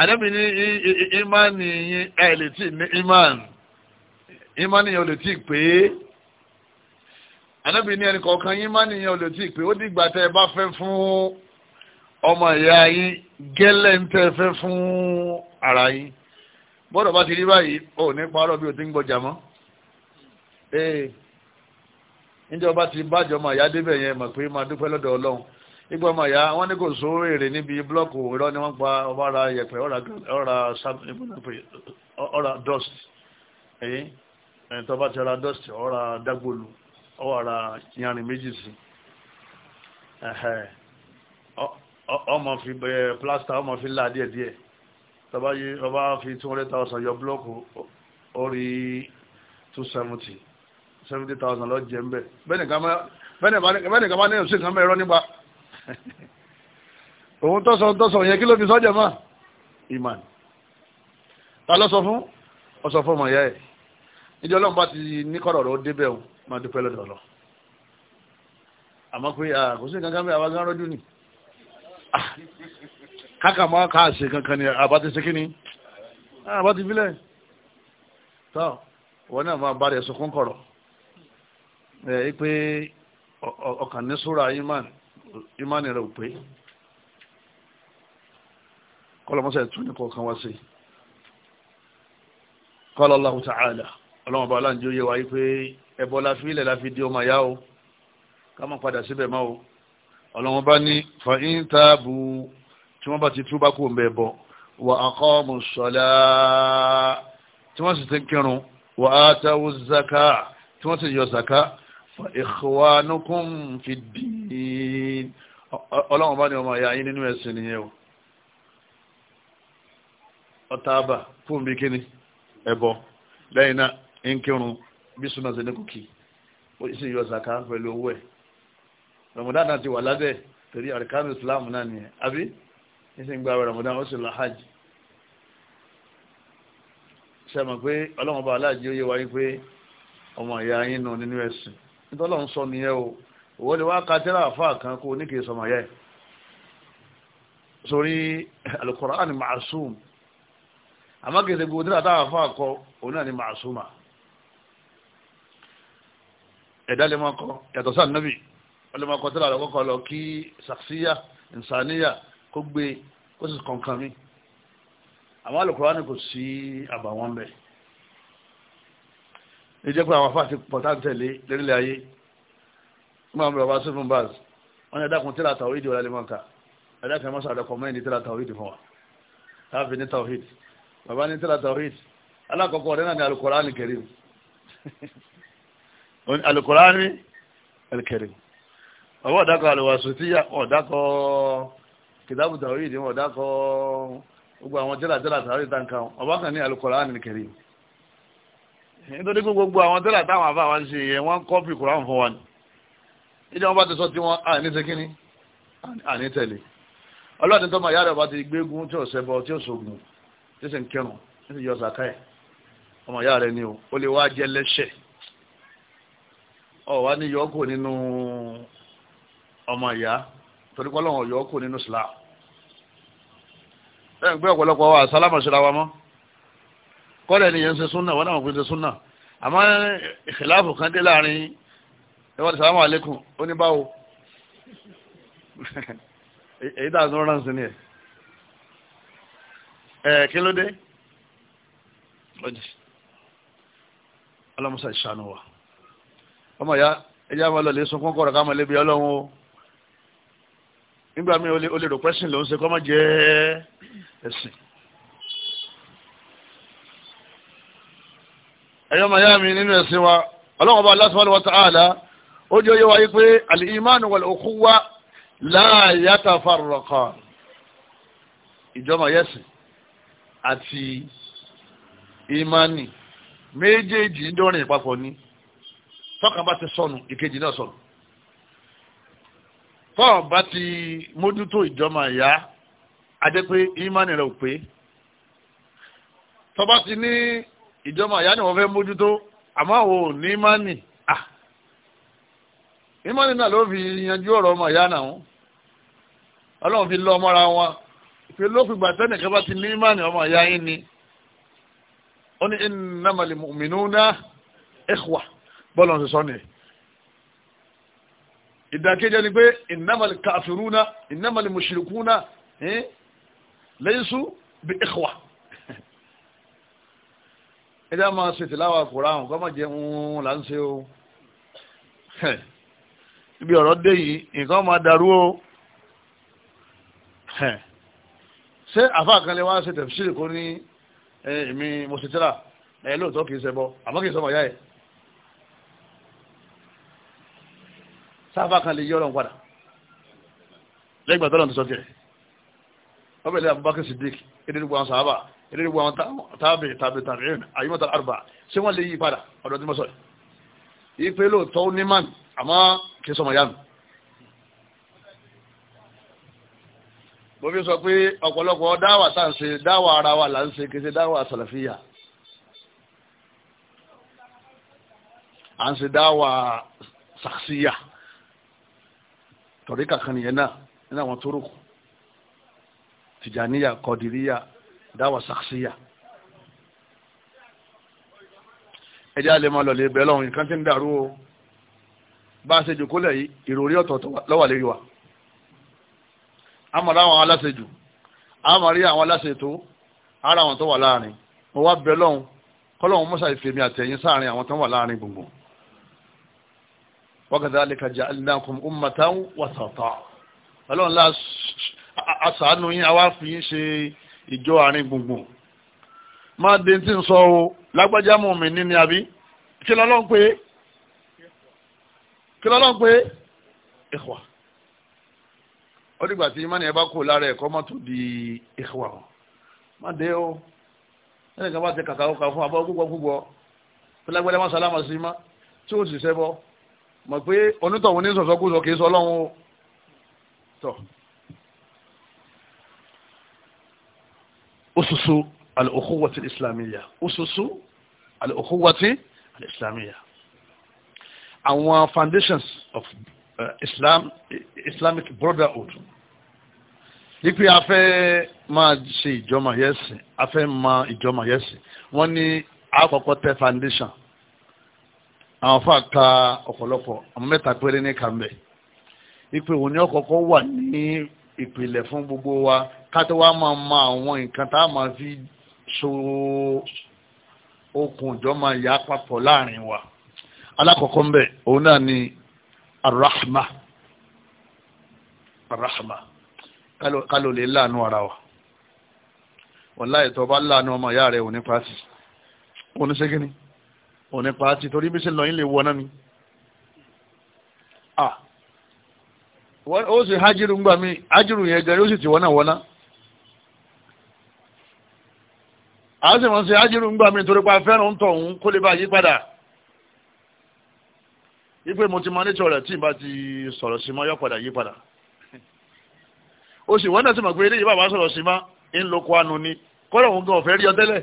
àdẹ́bí ní ìmánì yín ẹ̀ lè tí ní ìmánì ìmánì yẹn ò lè tí pé àdẹ́bí ní ẹnì kọ̀ọ̀kan ìmánì yẹn o lè tí pé o dìgbà tẹ́ ẹ bá fẹ́ fún. ọmọ ìyá yín gẹ́lẹ́ ń tẹ́ fún ara yín bọ́dọ̀ bá ti rí báyìí ò ní parọ́ bí o ti ń gbọjà mọ́ ee eh, níjọba ti bájọ ọmọ ìyá débẹ̀ yẹn mọ̀ pé máa dúpẹ́ lọ́dọ̀ ọlọ́run ọmọ ìyá wọn ní kò só èrè níbi ni wọ́n ọba ara dust ẹ̀yìn eh, ẹ̀yìn tó bá ti ra dust ọ̀ra dágbòlù ọ̀ra yanrìn méjì sí ọmọ fi bẹ̀rẹ̀ plásítà ọmọ fi láà díẹ̀ díẹ̀ tọba yí ọba fi 200,000 yọ blọ́ọ̀kù orí 270 70,000 lọ jẹ ń bẹ̀ bẹ́ẹ̀ni kama ní òsì kan mẹ́rọ nípa [laughs] òun tọ́sọ tọ́sọ yẹn kí ló fi sọ́jọ́ máa iman ta lọ sọ fún ọsọ fún ọmọ ìyá ẹ̀ níjọ́ ọlọ́run bá ti ní kọ́rọ̀ rẹ̀ ó débẹ̀ òun máa dúpẹ́ lọ́dọ̀ ọlọ́ pé àkóso ìkankan bẹ́ẹ̀ àwọn agánrọ́jú nìí káka máa ká àṣẹ kankan ni àbá ti ṣekí ni àbá ti fílẹ̀ tọ́ wọn náà máa bá rẹ̀ sọkún kọ̀rọ̀ ẹ̀ o ọkàn ní súra ìmánì rẹ̀ ò pé kọlọmọsẹ̀ tún ní kọ̀ọ̀kan wá sí kọlọ Allahu ta'ala ọlọ́wọ́n bá aláǹjẹ́ òye wáyé pé ẹ̀bọ́ la fi ilẹ̀ la fi di ọmọ ìyá o ká má padà síbẹ̀ o ọlọ́wọ́n bá ní fa'in tábù tí wọ́n bá ti túbá kó ń bẹ̀ bọ̀ wà aqamu sọ́lá tí wọ́n sì ti kírun wà á táwù zaka tí wọ́n sì yọ zaka fa ikhwanukum fi din ọlọ́wọ́n bá ní ọmọ ìyá yín nínú ẹ̀sìn nìyẹn o ọ̀tàbà fún bí kíní ẹ̀bọ lẹ́yìn náà ń kírun bí súnà sí ní kùkì ó sì yọ zaka pẹ̀lú owó ẹ̀ Ramadan náà ti wà lábẹ́ torí arkanu Islam náà nìyẹn abi gba Ramadan ó sì lọ hajj sẹ́mọ̀ pé ọlọ́run bá ó yé wáyé pé ọmọ ìyá yín nù nínú ẹ̀sìn nítorí ọlọ́run sọ nìyẹn o òwò ni wá ka tẹ́lá àfáà kan kó oníkèé sọmọ ìyá sórí ma'asum àmọ́ gẹ̀ẹ́sẹ̀ gbogbo tẹ́lá táwọn àfáà kọ òun náà ni ma'asuma ẹ̀dá lè máa yàtọ̀ sáà ọlọ́mọ akọsílẹ̀ àlọ́kọ́kọ́ lọ kí sàkíyà ìsàníyà kó gbé kó sì kọ̀ọ̀kan mi àwọn alùkùránì kò sí àbàwọ́n bẹ̀ ní jẹ́ pé àwọn afá ti pọ̀ táà tẹ̀lé lérílẹ̀ ayé nígbà mọ̀ bá sífún bá wọ́n ní ẹ̀dàkùn tíra tàwídì wọlé mọ́ka ẹ̀dàkùn mọ́sà àdàkọ̀ mẹ́rin tíra tàwídì fún wa láàfin ní tàwídì bàbá ní tíra tàwídì alákọ̀ọ́kọ́ ọ̀rẹ́ náà ni alùkùránì kẹrìm alùkùránì kẹrìm ọwọ́ ọ̀dákọ̀ àlùwàsù tí ọ̀dákọ̀ kìtàbù tàwí ìdí wọn ọ̀dákọ̀ gbogbo àwọn tẹ́lá tẹ́lá tàwí tàǹkà ọba kan ní Al-Qur'an Karim nítorí gbogbo àwọn tẹ́lá táwọn afá wa ń ṣe yẹn wọ́n kọ́pì Qur'an fún wa ni ìdí wọn bá ti sọ tí wọ́n àní ṣe kíní àní tẹ̀lé ọlọ́ọ̀dún tó máa yára ọba ti gbégún tí ò ṣẹbọ tí ò ṣògùn ọmọ ìyá torí pé ọlọ́run ọ̀yọ́ kò nínú islam ẹ ń gbé ọ̀pọ̀lọpọ̀ wa sálámà síra wa mọ́ kọ́lẹ̀ ni yẹn ń ṣe súnà wọn náà kò ń ṣe súnà àmọ́ ìkìláàfù kan dé láàrin ìwọ́n ti sàlámà àlékún ó ní báwo [laughs] èyí tà tó rán sí ni ẹ ẹ kí ló dé ọlọ́mọsá ìṣàánú wa ọmọ ìyá ẹjẹ́ àwọn ọlọ́lẹ̀ sunkún kọ̀ọ̀rọ̀ ká mọ̀ lébi ọlọ́run o nígbà mi o lè rò pẹ́sìn ló ń ṣe kọ́ mọ́ jẹ́ ẹ̀sìn. ẹ̀yọ́ màyá mi nínú ẹ̀sìn wa ọlọ́run ọba Allah subhanahu wa ta'ala ó jẹ́ oyé wáyé pé al-imanu wal-ukhuwa la yatafarraqa ìjọba yẹ̀sìn àti ìmánì méjèèjì ń dọ́rin ìpapọ̀ ni tọ́kàn bá ti sọnù ìkejì náà sọnù tọ́ọ̀ bá ti mójútó ìjọmọ ìyá adé pé ìmánì rẹ̀ ò pé tọ́ba ti ní ìjọmọ ìyá ni wọ́n fẹ́ mójútó àmọ́ ò ní ìmánì à ìmánì náà ló fi yanjú ọ̀rọ̀ ọmọ ìyá náà ọlọ́run fi lọ ọmọra wọn pé lófìgbà tẹ́nìkan bá ti ní ìmánì ọmọ ìyá yín ni ó ní innamal mu'minuna ikhwa bọ́ọ̀lù ọ̀sẹ̀ sọ́ni ìdákẹ́jẹ́ ni pé ìnámàlì kàfìrúnà ìnámàlì mùṣìrìkúnà lẹ́yìnsú bí ìkwà ẹjá máa ṣe tìláwà kòrán kọ́ máa jẹ ń láńṣẹ́ o [laughs] ibi ọ̀rọ̀ dé yìí nǹkan máa dàrú o [laughs] ṣé àfáà kan lè wá ṣe tẹ̀fṣìrì ní eh, èmi mo eh, ẹ̀ lóòótọ́ kìí ṣẹbọ àmọ́ kìí sọmọ yá ẹ̀ sáfà kan lè yí ọlọ́run padà lẹ́gbàá tọ́lọ́run ti sọ tiẹ̀ ọbẹ̀ ilé Abubakar Siddiq ilé gbogbo àwọn sàábà ilé gbogbo àwọn tàbí tàbí tàbí àyímọ̀tà àrùbà ṣé wọ́n lè yí padà ọ̀dọ̀ tí mo sọ yìí pé lóòótọ́ ó ní màn àmọ́ kì í sọmọ yá mi. mo fi sọ pé ọ̀pọ̀lọpọ̀ dáwà tá dáwà ara wa là ń ṣe kì í ṣe dáwà sàlàfíà. à ń ṣe dáwà sàkṣíyà tọ̀rí kankan nìyẹn náà nínú àwọn tó rúkù tìjàníyà kọdìríyà dáwà sàkṣíyà ẹjẹ́ alẹ́ máa lọ̀lẹ́ bẹ̀rẹ̀ lọ́wọ́ nǹkan tí ń dàrú o bá a ṣe jù kólẹ̀ yìí ìròrí ọ̀tọ̀ọ̀tọ̀ lọ́wọ́ lè yíwa a mọ̀ láwọn aláṣejù a mọ̀ rí àwọn aláṣetò ara àwọn tó wà láàrin mo wá bẹ̀rẹ̀ lọ́wọ́ kọ́lọ́wọ́n mọ́sàáfẹ́ mi àtẹ̀yìn sáàrin àwọn tó wà láàrin gbùngbùn wa kadhalika ja'alnakum ummatan wasata ọlọ́run lá àṣàánú yín àwa fi yín ṣe ìjọ àárín gbùngbùn máa dé tí ń sọ o lágbájá mùmínì ni àbí kí lọ́lọ́run pé kí lọ́lọ́run pé ikhwa ó dìgbà tí imáni bá kó lára ẹ̀kọ́ mọ́ tó di ikhwa o má dé o ẹnìkan bá ti kàkà ó kà fún abọ́ gbogbo gbogbo lágbájá má sálámà sí má tí ó sì sẹ́bọ́ mọ̀ pé onítọ̀hún ní sọ̀sọ́kùsọ kì í sọ ọlọ́run o tọ̀. ususu al-ukhuwati al-islamiyya ususu al-ukhuwati al-islamiyya àwọn foundations of uh, Islam Islamic brotherhood ipe afẹ́ máa ṣe ìjọmọ̀ yẹ́sìn afẹ́ máa ìjọmọ̀ yẹ́sìn wọ́n ní àkọ́kọ́ tẹ foundation àwọn afa ka ọ̀pọ̀lọpọ̀ àwọn mẹ́ta péré ní kàmbẹ̀ ìpè òun ni ọkọ̀ọ̀kọ̀ wà ní ìpìlẹ̀ fún gbogbo wa kátó wa máa ma àwọn nǹkan tá a máa fi so okùn ìjọ máa yà papọ̀ láàrin wa alákọ̀ọ́kọ́ ń bẹ̀ òun náà ni arahma arahma kálò lè láàánú ara wa wọ́n láì tọ́ bá láàánú ọmọ ìyá rẹ̀ òní pàṣẹ òní ni. òní pa ti torí bí ṣe lọ yín lè wọ náà ni ó sì hájírù ńgbà mí yẹn gẹ̀rẹ́ ó sì ti wọ́nà wọ́nà a sì mọ̀ sí hájírù ńgbà mí torí pa fẹ́ràn ń tọ̀hún kó lè bá yí padà wípé mo ti mọ nítorí rẹ̀ tí ti sọ̀rọ̀ sí mọ́ yọ padà yí padà ó sì wọ́n náà sì mọ̀ pé eléyìí bàbá sọ̀rọ̀ sí mọ́ lo ni kọ́lọ̀ òun gan ọ̀fẹ́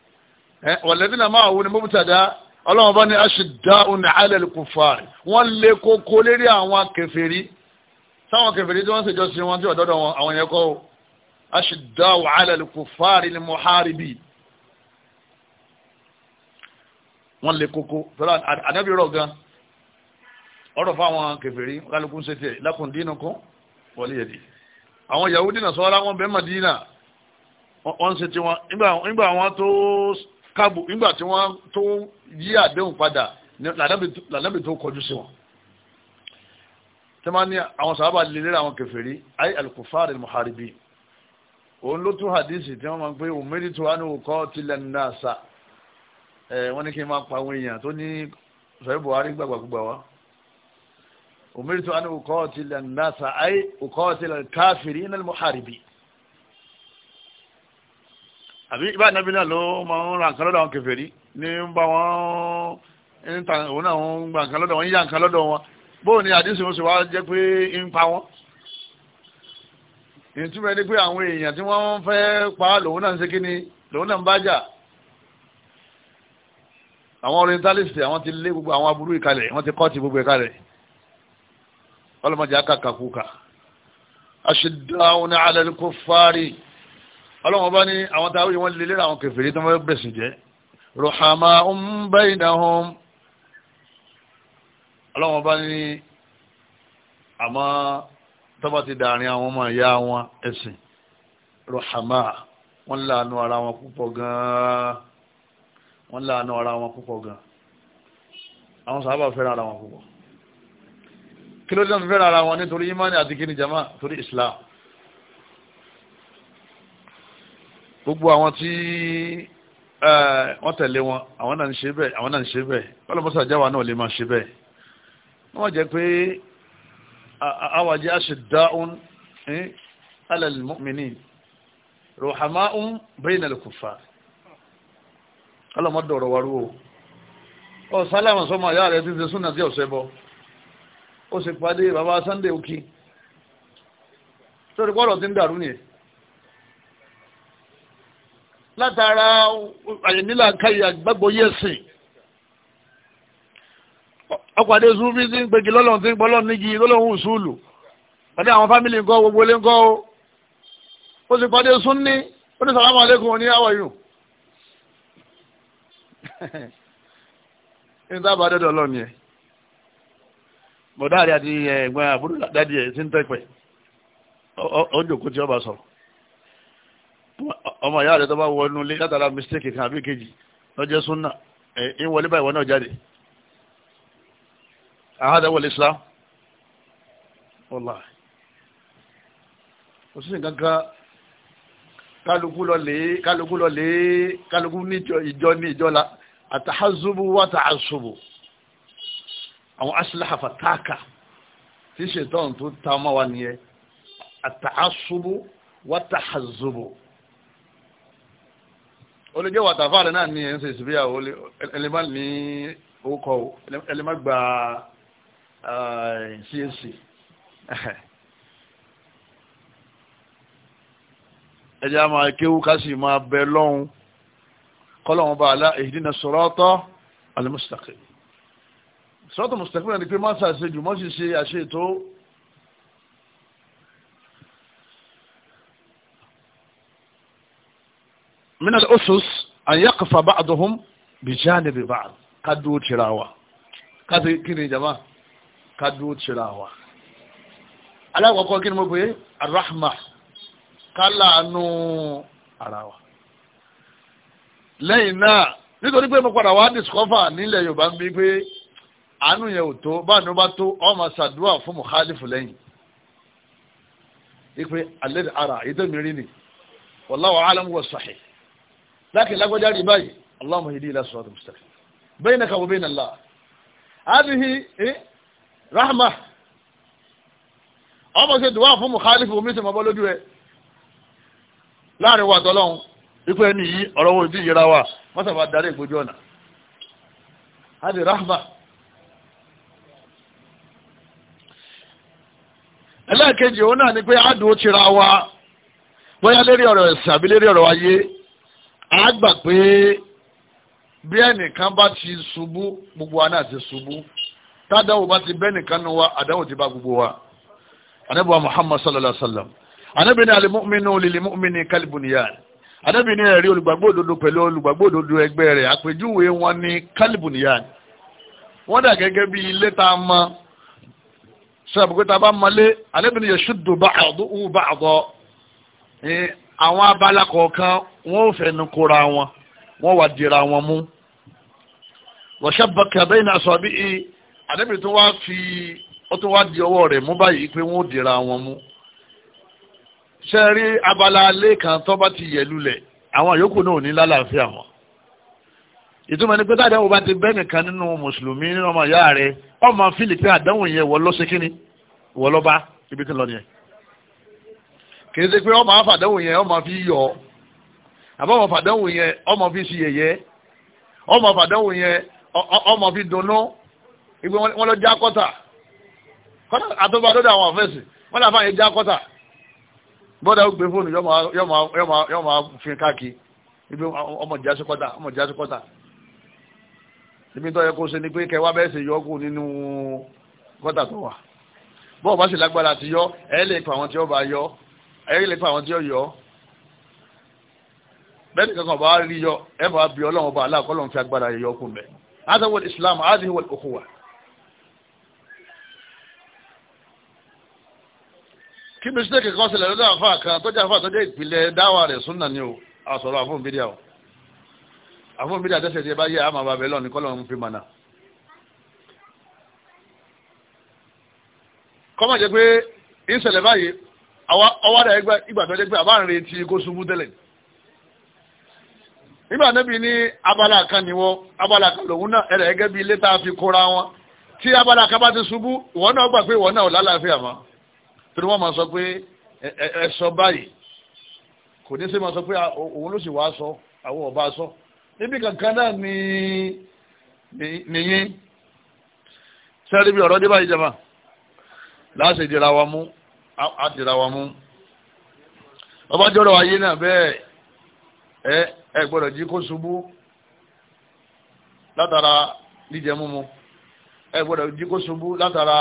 wàlẹ́dínà máa wo ni mọ́bútàdá ọlọ́run bá ní aṣèdá òní alẹ́lẹ́ kò fàárẹ̀ wọ́n lè kókó lérí àwọn kèfèrí sáwọn kèfèrí tí wọ́n ṣèjọ sí wọn tí ọ̀dọ́dọ̀ wọn àwọn yẹn kọ́ o aṣèdá òní alẹ́lẹ́ kò fàárẹ̀ ni muharibi wọ́n lè kókó tọ́lá ànábì rọ̀ gan ọ̀rọ̀ fáwọn kèfèrí kálukú ń ṣe tiẹ̀ lákùn dínú kan wọlé àwọn Yahudi náà sọ́ra káàbù nígbà tí wọ́n tó yí àdéhùn padà lànàbì tó kọjú sí wọn tí wọ́n ní àwọn sàábà lè lera àwọn kèfèrí ayé alkufari muharibi òun ló tún hadisi tí wọ́n máa ń pè òun méjì tó wà ní òkọ́ tilẹ̀ náà sa wọ́n ní kí n máa pa àwọn èèyàn tó ní sọ̀rọ̀ buhari gbàgbàgbà wa òun tó wà ní tilẹ̀ náà sa ayé òkọ́ tilẹ̀ káfìrí ní muharibi àbí ibà nàbí náà ló máa ń ra nǹkan lọ́dọ̀ àwọn kèfèrí ní ń bá wọn ń ta òun náà ń gba nǹkan lọ́dọ̀ wọn ń yá nǹkan lọ́dọ̀ wọn bóun ni àdísì wọn sì wá jẹ́ pé ń pa wọn ìtumọ̀ ẹni pé àwọn èèyàn tí wọ́n fẹ́ pa lòun náà ń ṣe kíni lòun náà ń bá jà àwọn orientalist àwọn ti lé gbogbo àwọn aburú ìkalẹ̀ wọ́n ti kọ́ọ̀tì gbogbo ìkalẹ̀ ọlọ́mọdé akàkàkùkà aṣèdáwọn alẹ́ ọlọ́wọ́n bá ní àwọn táwọn ìwọ́n lè lera àwọn kèfèrí tó máa bẹ̀sìn jẹ́ rọ̀hàmà ń bẹ́ ìdáhùn ọlọ́wọ́n bá ní àmọ́ tọ́ba ti dàrin àwọn ọmọ ìyá wọn ẹ̀sìn rọ̀hàmà wọ́n láàánú ara wọn púpọ̀ gan-an wọ́n láàánú ara wọn púpọ̀ gan-an àwọn sábà fẹ́ràn ara wọn púpọ̀ kí ló dé fẹ́ràn ara wọn nítorí imani àti kíni jama torí islam gbogbo àwọn tí wọ́n tẹ̀lé wọn àwọn náà ń ṣe bẹ́ẹ̀ àwọn náà ń ṣe bẹ́ẹ̀ ọlọ́mọsá jáwa náà lè máa ṣe bẹ́ẹ̀ wọ́n jẹ́ pé àwàjẹ́ àṣìdáhùn alẹ́lmọ́mìnì rọ̀hàmáhùn bẹ́yìn alẹ́kùfà ọlọ́mọdọ̀rọ̀ warú o ọ sálámà sọmọ àyá rẹ̀ ti ṣe súnà tí ọ̀sẹ̀ bọ́ ó sì pàdé bàbá Sunday òkì tó pọ́lọ̀ ti ń dàrú nìyẹn látara àyẹ̀nílà káyà gbàgbọ́ yẹ̀sìn ọ̀pàdé súnfí tí ń gbégi lọ́lọ́run tí ń gbọ́ lọ́run nígi lọ́lọ́run ìṣúlù pàdé àwọn fámìlì ńkọ́ gbogbo ilé ńkọ́ o ó sì pàdé súnní ó ní sàlámù alẹ́kùn ní àwọ̀ yìí ní sábà dẹ́dọ̀ ọlọ́run yẹn bọ̀dá àrí àti eh, ẹ̀gbọ́n àbúrò dádì ẹ̀ sí ń tẹ́pẹ̀ ó jòkó tí ọba sọ̀rọ̀ ọmọ ìyá rẹ̀ tó bá wọ inú ilé látara mistake kan àbí kejì lọ́jẹ́ súnà ẹ̀ ń wọlé báyìí wọn náà jáde àhádà wọlé islam wallahi òsì gangan kálukú lọ lè kálukú lọ lè kálukú ní ìjọ ní ìjọ la àtàhásùbù wà tàhásùbù àwọn asìláhà fàtáàkà tí ṣètọ́n tó ta ọmọ wa nìyẹn àtàhásùbù wà tàhásùbù olùjẹ́ wàtàfààlẹ̀ náà ní ẹ̀ńsẹ̀ ìsìbíyàwó ẹlẹ́mà ní orúkọ ẹlẹ́mà gba csc ẹjẹ́ a máa kéwú ká sì máa bẹ lọ́hun kọ́lọ̀wọ́n bá alá ihdina sirata al-mustaqim sirata mustaqim náà ni pé má sàṣe mọ́ sì ṣe àṣe tó min al-usus an yaqfa ba'dhum bi janibi ba'd ká dúró tira wa ká sì kí ni jama ká dúró tira wa alákọ̀ọ́kọ́ kí ni mo pè é arahma ká láàánú ara wa lẹ́yìn náà nítorí pé mo padà wá discover nílẹ̀ yorùbá ń bí pé àánú yẹn ò tó báà ní ó bá tó ọmọ ṣàdúrà fún muhalifu lẹ́yìn ipe alẹ́ ara ìdẹ́mìírí ni wallahu alam wa sahih lákì lágbọ́já rí باي Allahumma hidi ila sirati mustaqim bainaka wa bain Allah hadhihi rahma ọmọ ṣe dùwà fún mukhalifu omi sì mọ́bọ́ lójú ẹ láàrin wa tọ́lọ́hun ipò ẹni yìí ọ̀rọ̀ wo ìdí ìyẹra wa mọ́sàbà darí ìgbójú ọ̀nà hadhihi rahma ẹlẹ́ẹ̀kejì òun náà ni pé àdùn ó tira wa bóyá lérí ọ̀rọ̀ ẹ̀sìn àbí lérí ọ̀rọ̀ ayé a gbà pé bí ẹnìkan bá ti ṣubú gbogbo wa náà ti ṣubú tádàwò bá ti bẹ́ẹ̀ nu wa àdáwò ti bá gbogbo wa anabi muhammad sallallahu alaihi wa sallam anabi ni alimu'minu lilimu'mini kalibuniyan anabi ni ẹ̀rí olùgbàgbọ́ òdodo pẹ̀lú olùgbàgbọ́ òdodo ẹgbẹ́ rẹ̀ àpèjúwe wọn ni kalibuniyan wọ́n dà gẹ́gẹ́ bí ilé tá a mọ sọ́yà bùkún tá a bá mọlé anabi ni yashuddu ba'duhu ba'da àwọn abala kọ̀ọ̀kan wọ́n ò fẹnu kóra wọn wọ́n wà dira wọn mú wọ́ṣàbàkà bẹ́ẹ̀ náà sọ bíi àdébìrì tó wá fi ó tó wá di ọwọ́ rẹ̀ mú báyìí pé wọ́n ò wọn mú ṣe rí abala alẹ́ kan tó bá ti yẹ̀ lulẹ̀ àwọn yòókù náà ò ní lálàáfíà wọn ìtumọ̀ ní pé tá àdánwò bá ti bẹ́ nìkan nínú mùsùlùmí nínú ọmọ ìyá rẹ̀ ọmọ fílì kì í ṣe pé ọmọ àfàdánwò yẹn ọmọ fi yọ àbọ̀mọ̀ fàdánwò yẹn ọmọ fi ṣe yẹ̀yẹ́ ọmọ fàdánwò yẹn ọmọ fi dunnú ìgbé wọn lọ já kọ́tà kọ́tà àtọ́gbà lọ́dọ̀ àwọn àfẹ́sì wọn làfà yẹn já kọ́tà bọ́dà ó gbé fóònù yọ máa fi káàkiri ibi ọmọ jásí kọ́tà ọmọ jásí kọ́tà ibi tó yẹ kó ṣe ni pé kẹwàá bẹ́ẹ̀ ṣe yọ kú nínú kọ́tà tó wà bọ́ọ̀ bá sì lágbára ti yọ ẹ̀ lè pa àwọn tí ó bá yọ ẹ̀rí lè pa àwọn tí ó yọ bẹ́ẹ̀ni kankan bá rí yọ ẹ bá bí ọlọ́run bá aláàkọ́ lọ́n fi agbára yọ kún bẹ́ẹ̀ adawal islam adihwal okuwa kí mistake kan ṣẹlẹ̀ lọ́dọ̀ àfa kan tó jẹ́ àfa tó jẹ́ ìpìlẹ̀ dáwà rẹ̀ súnà ni o àsọ̀rọ̀ àfún bídíà kọ́mọ̀ jẹ́ pé ìṣẹ̀lẹ̀ báyìí ọwọ́ rẹ̀ ìgbà tó jẹ́ pé àbá ń retí kó ṣubú tẹ́lẹ̀ nígbà níbi ní abala kan ni wọ́n abala kan lòun náà ẹ̀rẹ̀ gẹ́gẹ́ bí ilé tá a fi kóra wọn tí abala kan bá ti ṣubú ìwọ náà gbà pé ìwọ náà ò lálàáfíà mọ́ torí wọ́n máa sọ pé ẹ sọ báyìí kò ní sí máa sọ pé òun ló sì wá sọ àwọn ọba sọ níbi kankan náà ni nìyí sẹ́ẹ̀rí bí ọ̀rọ̀ dé báyìí jẹ́ àdìrà wa mú ọba jọrọ ayé náà bẹ́ẹ̀ ẹ ẹ gbọ́dọ̀ jí kó ṣubú látara jíjẹ múmu ẹ gbọ́dọ̀ jí kó ṣubú látara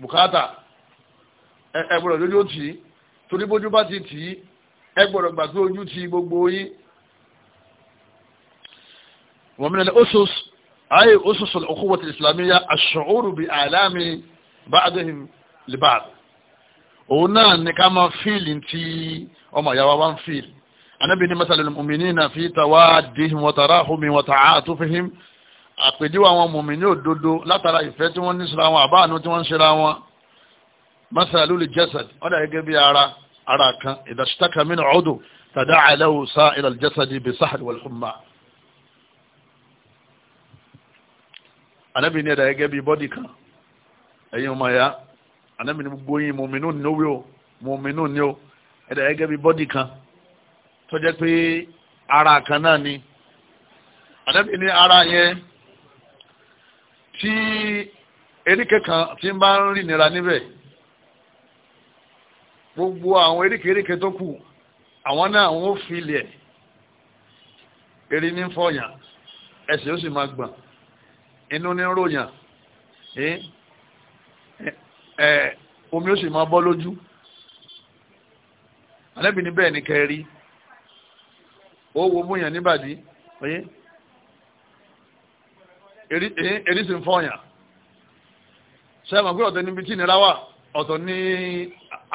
bùkátà ẹ gbọ́dọ̀ lójú tì í torí bójú bá ti tì í ẹ gbọ́dọ̀ gbà pé ojú ti gbogbo yín wọ́n mi oṣooṣù ayé oṣooṣù al-ukhuwwati islamiyya ash-shu'uru bi alami ba'dihim libad òun náà ní ká máa fíìlì tí ọmọ ìyá wa wá ń fíìlì anábì ní masalul mu'minina fi tawaddihim wa tarahumihim wa ta'atufihim àpèjúwe àwọn mùmíní òdodo látara ìfẹ́ tí wọ́n ní síra wọn àbáànú tí wọ́n ń síra wọn masalul jasad wọ́n dà gẹ́gẹ́ bí ara ara kan idha ishtaka min 'udw tada'a lahu sa'ir al-jasad bis-sahri wal-humma anábì ní gẹ́gẹ́ bí bọ́dì kan ẹ̀yin ọmọ ya ànábì ní gbogbo yín mòmínú ní owó mòmínú ní o ẹ̀dá gẹ́gẹ́ bí bọ́dì kan tó pé ara kan náà ni ànábì ní ara yẹn tí eríkẹ́ kan ti bá ń rìn nira níbẹ̀ gbogbo àwọn eríkèéríkèé tó kù àwọn náà wọ́n fi ilẹ̀ eré ní fọyàn ẹsẹ̀ ó sì máa gbọ̀n inú ní ròyàn ẹ omi ó sì máa bọ́ lójú alẹ́bí ní bẹ́ẹ̀ ni kẹrí ó wo múyàn níbàdí oyé èrí sì ń fọyàn sẹ́wọ̀n pé ọ̀tọ̀ níbi tí ìnira wà ọ̀tọ̀ ní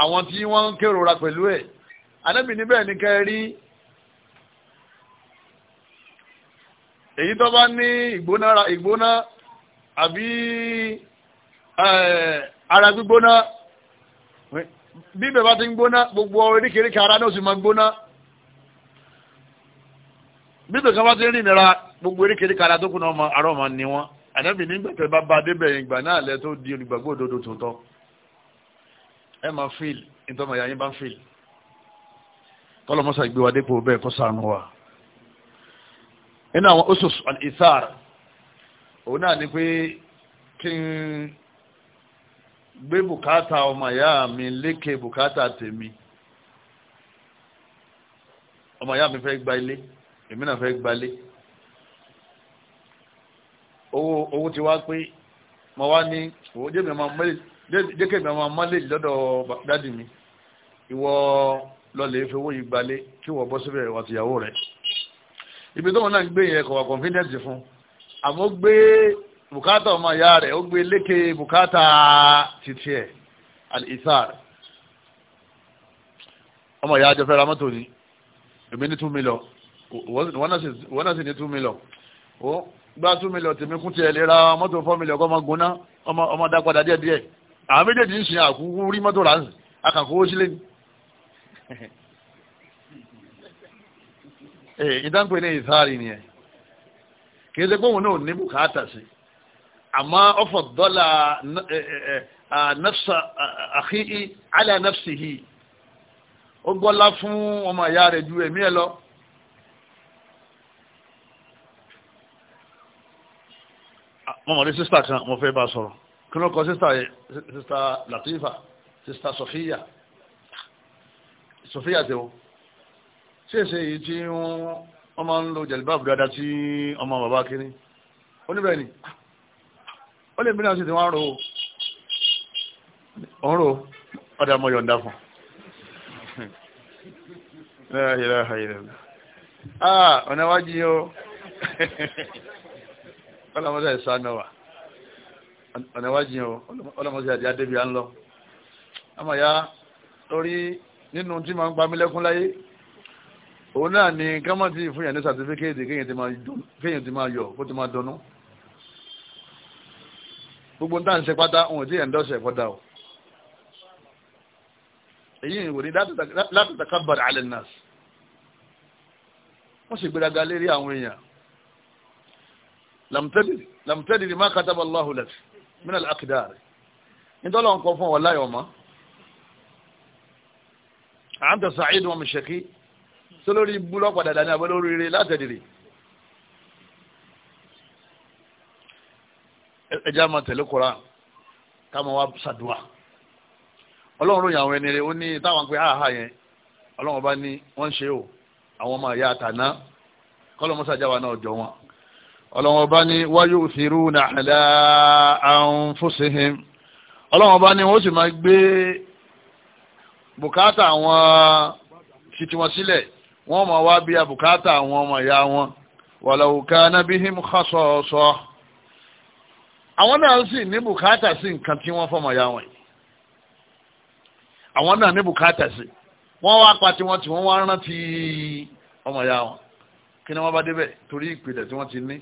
àwọn tí wọ́n ń kérora pẹ̀lú ẹ̀ alẹ́bí ní bẹ́ẹ̀ ni kẹrí èyí tó bá ní ìgbóná àbí ara gbígbóná bí bẹ̀ bá ti ń gbóná gbogbo oríkèríkè ara náà sì máa gbóná bí bẹ̀ kan bá ti ń rìn nira gbogbo oríkèríkè ara tó kù náà àárọ̀ máa ní wọn ànábì nígbàtẹ́ bá ba débẹ̀ ìgbà náà lẹ tó di olùgbàgbọ́ òdodo tòótọ́ ẹ máa fíìl ìtọ́mọ̀ ìyá yín bá ń fíìl tọ́lọ́mọ́sà ìgbéwà dépò bẹ́ẹ̀ kọ́ sànù wa nínú àwọn oṣooṣù al-ithar òun náà ni pé kí n gbé bùkátà ọmọ ìyá mi lékè bùkátà tèmi ọmọ ìyá mi fẹ́ gba ilé èmi náà fẹ́ gbalé owó owó ti wá pé mo wá ní owó jẹ́kẹ̀ mi ọmọ mọ́lẹ̀ lọ́dọ̀ dádì mi ìwọ lọlẹ̀ fi owó yìí gbalé kí wọ́n bọ́ síbẹ̀ ìwà tìyàwó rẹ̀ ibi tó wọn náà gbé yẹn kọ̀wà confidence fún àmọ́ gbé bùkátà ọmọ ìyá rẹ̀ ó gbé lékè bùkátà títí ẹ̀ al-isar ọmọ ìyá àjọ fẹ́ra mọ́tò ni èmi ní two million wọ́n náà sì ní two million ó gbá two million tèmi kún tiẹ̀ lè ra mọ́tò four million kọ́ ọmọ gbóná ọmọ dápadà díẹ̀ díẹ̀ àwọn méjèèjì ń sin àkúkú rí mọ́tò rà ń sìn akàkówó sílé ni [laughs] eh, ìdánpẹ́ ní ìsáàrí nìyẹn kì í ṣe pé òun náà ní bùkátà sí àmọ́ ọ̀fọ̀ dọ́là nafsa àkíyí alẹ́ nafsi yìí ó gbọ́lá fún ọmọ ìyá rẹ̀ ju ẹ̀mí ẹ̀ lọ. mo mọ̀ ní sísítà kan mo fẹ́ bá sọ̀rọ̀ kí ló kọ sísítà yẹn sísítà Latifa sísítà Sofiya Sofiya tẹ̀wọ́ ṣèṣe yìí tí wọ́n máa ń lo jẹ̀lẹ́bá bùdádá tí ọmọ bàbá kiri oníbẹ̀rẹ̀ ni ó lè mìíràn sí ti wọ́n rò ó rò ọ̀dà mọ́ yọ̀ǹda fún [laughs] ah, ọ̀nà wájú yóò [laughs] ọlọ́mọdé ìsànà wà ọ̀nà wájú yóò ọlọ́mọdé àti adébí à ń lọ àmọ́ ya lórí nínú tí ma ń pa mílẹ́kún láyé òun náà ni kámọ́ ti fún yẹn ní sàtífíkéèdì kéyìn ti máa yọ kó ti máa dọnú gbogbo ń dáhùn ṣe pátá òun tí ẹ̀ndọ́ ṣe fọ́dá o èyí ìwò ní láti takabbar ala nas wọ́n sì gbéraga lérí àwọn èèyàn lamtẹ́dì ni má kataba Allahu lak min al-aqdar nítorí wọn kọ fún wọn láyọ̀ mọ́ anta sa'id wa min shaqi sólórí búlọ́ padà dání abẹ́ rẹ̀ látẹ̀dìrì ẹja máa tẹ̀lé Kùránì káma wá ṣàdúà ọlọ́run ròyìn àwọn ẹni rẹ̀ ó ní táwọn pé háàhá yẹn ọlọ́run bá ní wọ́n ń ṣe o àwọn ọmọ ìyá àtàná kọ́lọ́mọ́sá jáwa náà jọ wọn ọlọ́run bá ní wa yu'thiruna ala anfusihim ọlọ́run bá ní wọ́n sì máa gbé bùkátà àwọn titi sílẹ̀ wọ́n máa wá bí abùkátà àwọn ọmọ ìyá wọn walau kana bihim àwọn náà sì ní bùkátà sí nǹkan tí wọ́n fọmọ ya wọn yìí àwọn náà ní bùkátà sí wọ́n wá pa tí wọ́n ti wọ́n wá rántí ọmọ ya wọn kí ni wọ́n bá débẹ̀ torí ìpìlẹ̀ tí wọ́n ti ní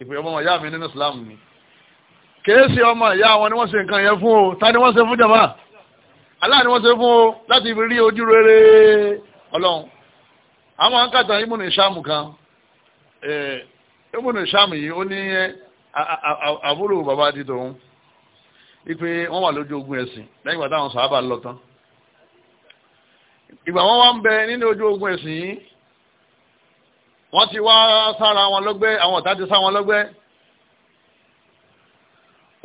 ìpìlẹ̀ ọmọ ya mi nínú Islam ni kèésì ọmọ ìyá wọn ni wọ́n ṣe nǹkan yẹn fún o ta ni wọ́n ṣe fún jàmbá Allah ni wọ́n ṣe fún o láti rí ojú rere ọlọ́run àwọn akátà ibùnú ìṣàmù kan ibùnú ìṣàmù eh, yìí ó ní àbúrò bàbá ti tòun wípé wọ́n wà lójú ogun ẹ̀sìn lẹ́yìn ìgbà táwọn sàábà lọ tán ìgbà wọn wá ń bẹ nínú ojú ogun ẹ̀sìn yìí wọ́n ti wá sára wọn lọ́gbẹ́ àwọn ọ̀tá ti sá wọn lọ́gbẹ́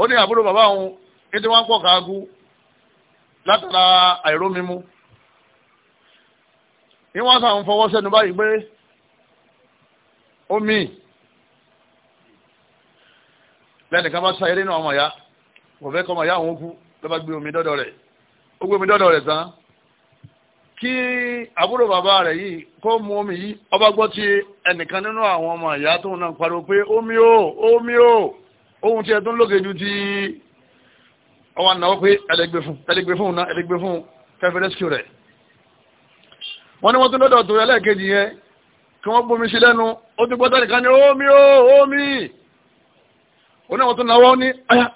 ó ní àbúrò bàbá òun ní tí wọ́n ń pọ̀ káàgú látara àìrómímú ní wọ́n sàn fọwọ́ sẹ́nu báyìí pé ó míì lẹ́nìkan bá sáyé nínú ọmọ ya kò fẹ́ kọ́ ọmọ ya òun kú ló bá gbé omi dọ́dọ̀ rẹ̀ ó gbé omi dọ́dọ̀ rẹ̀ tán kí àbúrò bàbá rẹ̀ yìí kó mu omi yìí ọba gbọ́ ti ẹnìkan nínú àwọn ọmọ ìyá tóun náà pariwo pé omi o omi o ohun tí ẹ tún lókè ju ti ọwọ́ náà pé ẹlẹgbẹ́ fún ẹlẹgbẹ́ fún náà ẹlẹgbẹ́ fún kẹfẹ́ rescue rẹ̀ wọ́n ní wọ́n tún lọ́dọ̀ tó ẹlẹ́ẹ̀kejì yẹn kí wọ́n bomi sí lẹ́nu ó ti gbọ́dọ̀ nìkan ní omi o omi oníwọ̀n tó náwó ní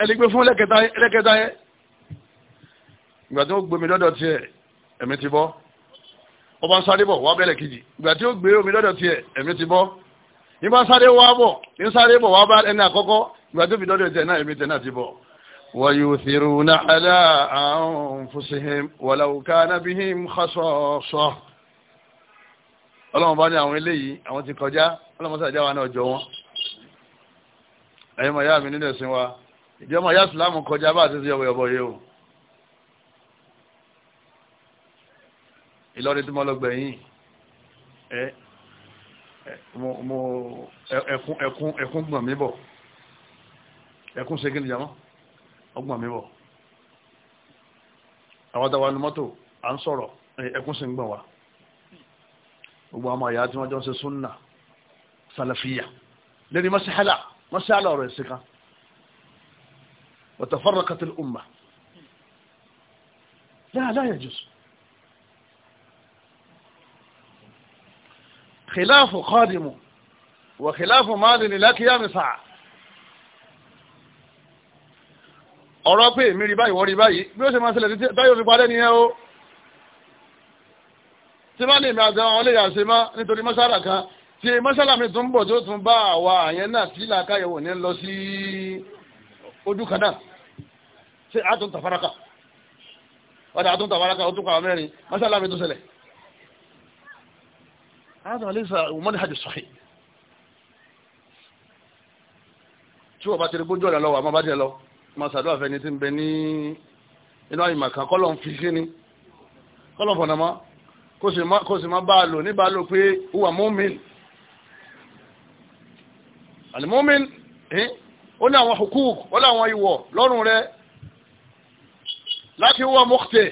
ẹlẹgbẹ́ fún ẹlẹ́kẹta yẹn ìgbà tí ó gbé mi lọ́dọ̀ tiẹ̀ ẹ̀mí ti bọ́ ọba ń sáré bọ̀ wá bẹ̀rẹ̀ kejì ìgbà tí ó gbé omi lọ́dọ̀ tiẹ̀ ẹ̀mí ti bọ́ ìbá sáré wá bọ̀ ní sáré bọ̀ wá bá ẹni àkọ́kọ́ ìgbà tó fi lọ́dọ̀ tiẹ̀ náà ẹ̀mí tiẹ̀ náà ti bọ̀. ويؤثرون على أنفسهم ولو كان بهم خصاصة àwọn eléyìí ẹ̀yin mọ̀ yá mi nílẹ̀ sí wa ìjọba yá sùlámù kọjá bá àti ìyọ̀bọ̀ yọ̀bọ̀ yìí o Ìlọrin tí mo lọ gbẹ̀yìn ẹ mo ẹkún ẹkún ẹkún gbọ̀n mi bọ̀ ẹkún ṣe kí ni jàmọ́ ọgbọ̀n mi bọ̀ àwọn àtàwọn anumọ́tò à ń sọ̀rọ̀ ẹkún sì ń gbọ̀n wa gbogbo àwọn àyà tí wọ́n jọ ń ṣe súnà sàlàfíà lẹ́ni mọ́sí hálà مسألة رئيسك وتفرقت الأمة لا لا يجوز خلاف قادم وخلاف ماض لا قيام ساعة ọ̀rọ̀ pé èmi rí báyìí wọ́n rí báyìí bí ó ṣe máa ṣẹlẹ̀ títí báyìí fi parẹ́ nìyẹn o tí bá ní ìmì àti àwọn ọlẹ́yà ṣe má nítorí mọ́ṣára kan tí mọ́sálàmì tó ń bọ̀ tó tún bá àwa àyẹn náà sí làákàyẹ̀wò ní lọ sí ojú kan náà ṣe àtún tàfáraka ọ̀dà àtún tàfáraka ó tún kọ̀ mẹ́rin mọ́sálàmì tó ṣẹlẹ̀ àtún àlẹ́sà òmọ́ni hajj sọ̀hìn tí wọ́n bá ti rí gbójú ọ̀dà lọ́wọ́ àmọ́ lọ máa ṣàdúrà fẹ́ni tí ń bẹ ní inú àyìnbá kan kọ́lọ̀ ń fi sí ni kọ́lọ̀ fọ̀nàmọ́ kó sì má bá a lò ní bá a lò pé ó wà mọ́mìnì alimomin eh, ó ní àwọn hukuk ó ní àwọn ìwọ̀ lọ́rùn rẹ̀ láti wọ́n mọ́kítẹ̀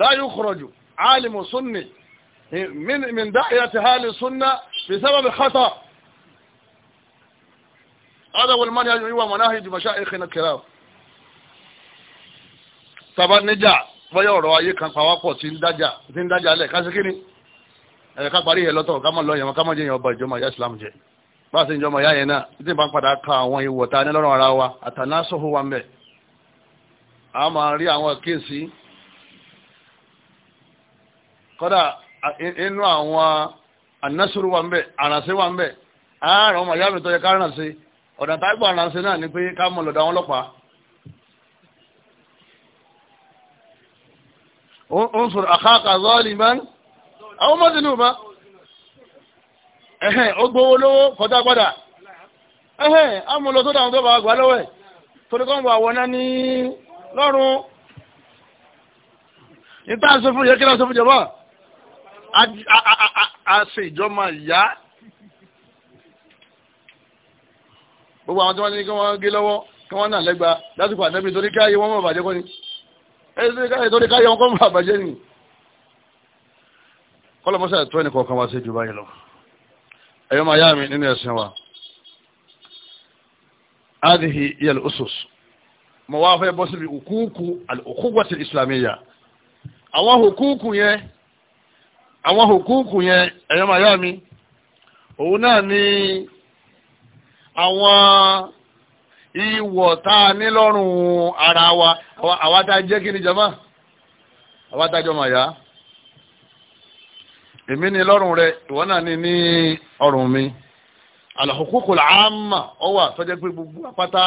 láyé kọ̀rọ̀jù alimu sunni eh, min dáìyà ti hali sunna fi sábàbí khata هذا هو المنهج هو مناهج مشايخنا الكرام tàbá níjà bọ́yọ̀ ọ̀rọ̀ ayé kan pàwápọ̀ tí ń dájà lẹ̀ kásíkí ni ká parí ẹ̀ lọ́tọ̀ ká mọ̀ lọ ya ká mọ̀ jẹ́ ọba ìjọba ìyá islam jẹ bá a sì ń jọmọ ìyá yẹn náà títí bá ń padà ka àwọn ìwọ̀ ta ní lọ́rùn wa àtàná sọ́hó wa mẹ́ a máa rí àwọn kéèsì kọ́dà inú àwọn ànásùrù wa mẹ́ àrànṣẹ́ wa mẹ́ àárọ̀ ọmọ ìyá mi ká ọ̀dà àwọn mọ́sílù ma ẹ̀hẹ́n ó gbówó lówó kọjá padà ẹ̀hẹ́n á mú lọ sódà àwọn tó bá gbà lọ́wọ́ ẹ̀ torí kọ́ ń wà wọ́ná ní lọ́rùn níta ṣe fún yẹ kí náà ṣe fún jọba a ṣe ìjọba ìyá gbogbo àwọn tí wọ́n ní kí wọ́n gé lọ́wọ́ kí wọ́n náà lẹ́gba lásìkò àtẹ́bí torí káyé wọ́n mọ̀ bàjẹ́ kọ́ ni ẹ̀ kọ́lọ̀mọ́sà tó ẹnì kọ̀ọ̀kan wá sí jù báyìí lọ ẹ̀yọ́ máa yá mi nínú ẹ̀sìn wa adìhì yẹl usus mo wá fẹ́ bọ́ síbi òkúùkù al-ukhuwwati al-islamiyya àwọn òkúùkù yẹn àwọn òkúùkù yẹn ẹ̀yọ́ máa yá mi òun náà ni àwọn ìwọ̀ tá a ní lọ́rùn ara wa àwa tá jẹ́ kí ni jama àwa tá máa yá èmi ni lọ́rùn rẹ ìwọ náà ni ní ọrùn mi alahukukul ama ọwà tọ́jẹ́ pé gbogbo apáta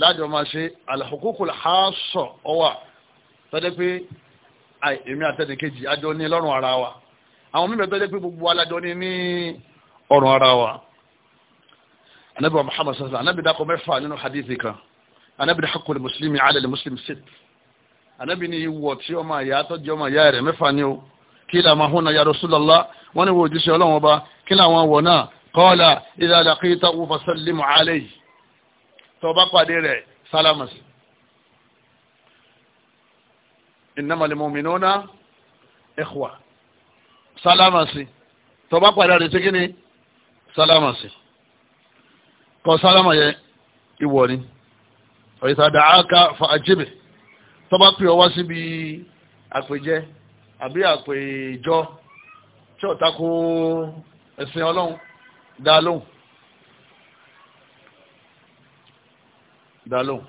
lájọ máa ṣe alahukukul haasọ ọwà tọ́jẹ́ pé èmi àtẹnìkejì àjọ ní lọ́rùn ara wa àwọn mímẹ tọ́jẹ́ pé gbogbo alájọ ní ní ọrùn ara wa anabi wa muhammad sallallahu alaihi anabi dako mẹ́fà nínú hadithi kan anabi hakul muslimi ala muslim sit anabi ni iwọ tí ọmọ ìyá tọ́jú ọmọ ìyá rẹ̀ mẹ́fà ni o kílà máa hún na ya Rasulullah wọ́n ní wo òjíṣẹ́ ọlọ́run ọba kílà wọn wọ̀ náà qala idha laqitahu fasallimu alayhi tó bá pàdé rẹ̀ sálámàsì innamal mu'minuna ikhwa sálámàsì tó bá pàdé rẹ̀ sí kí ni sálámàsì kọ sálámà yẹ ìwọ ni ọ̀yẹ̀sà fa ajib tó pè ọ síbi àpèjẹ́ àbí àpè ìjọ tí ó tako ẹ̀sìn ọlọ́run dá lóhùn dá lóhùn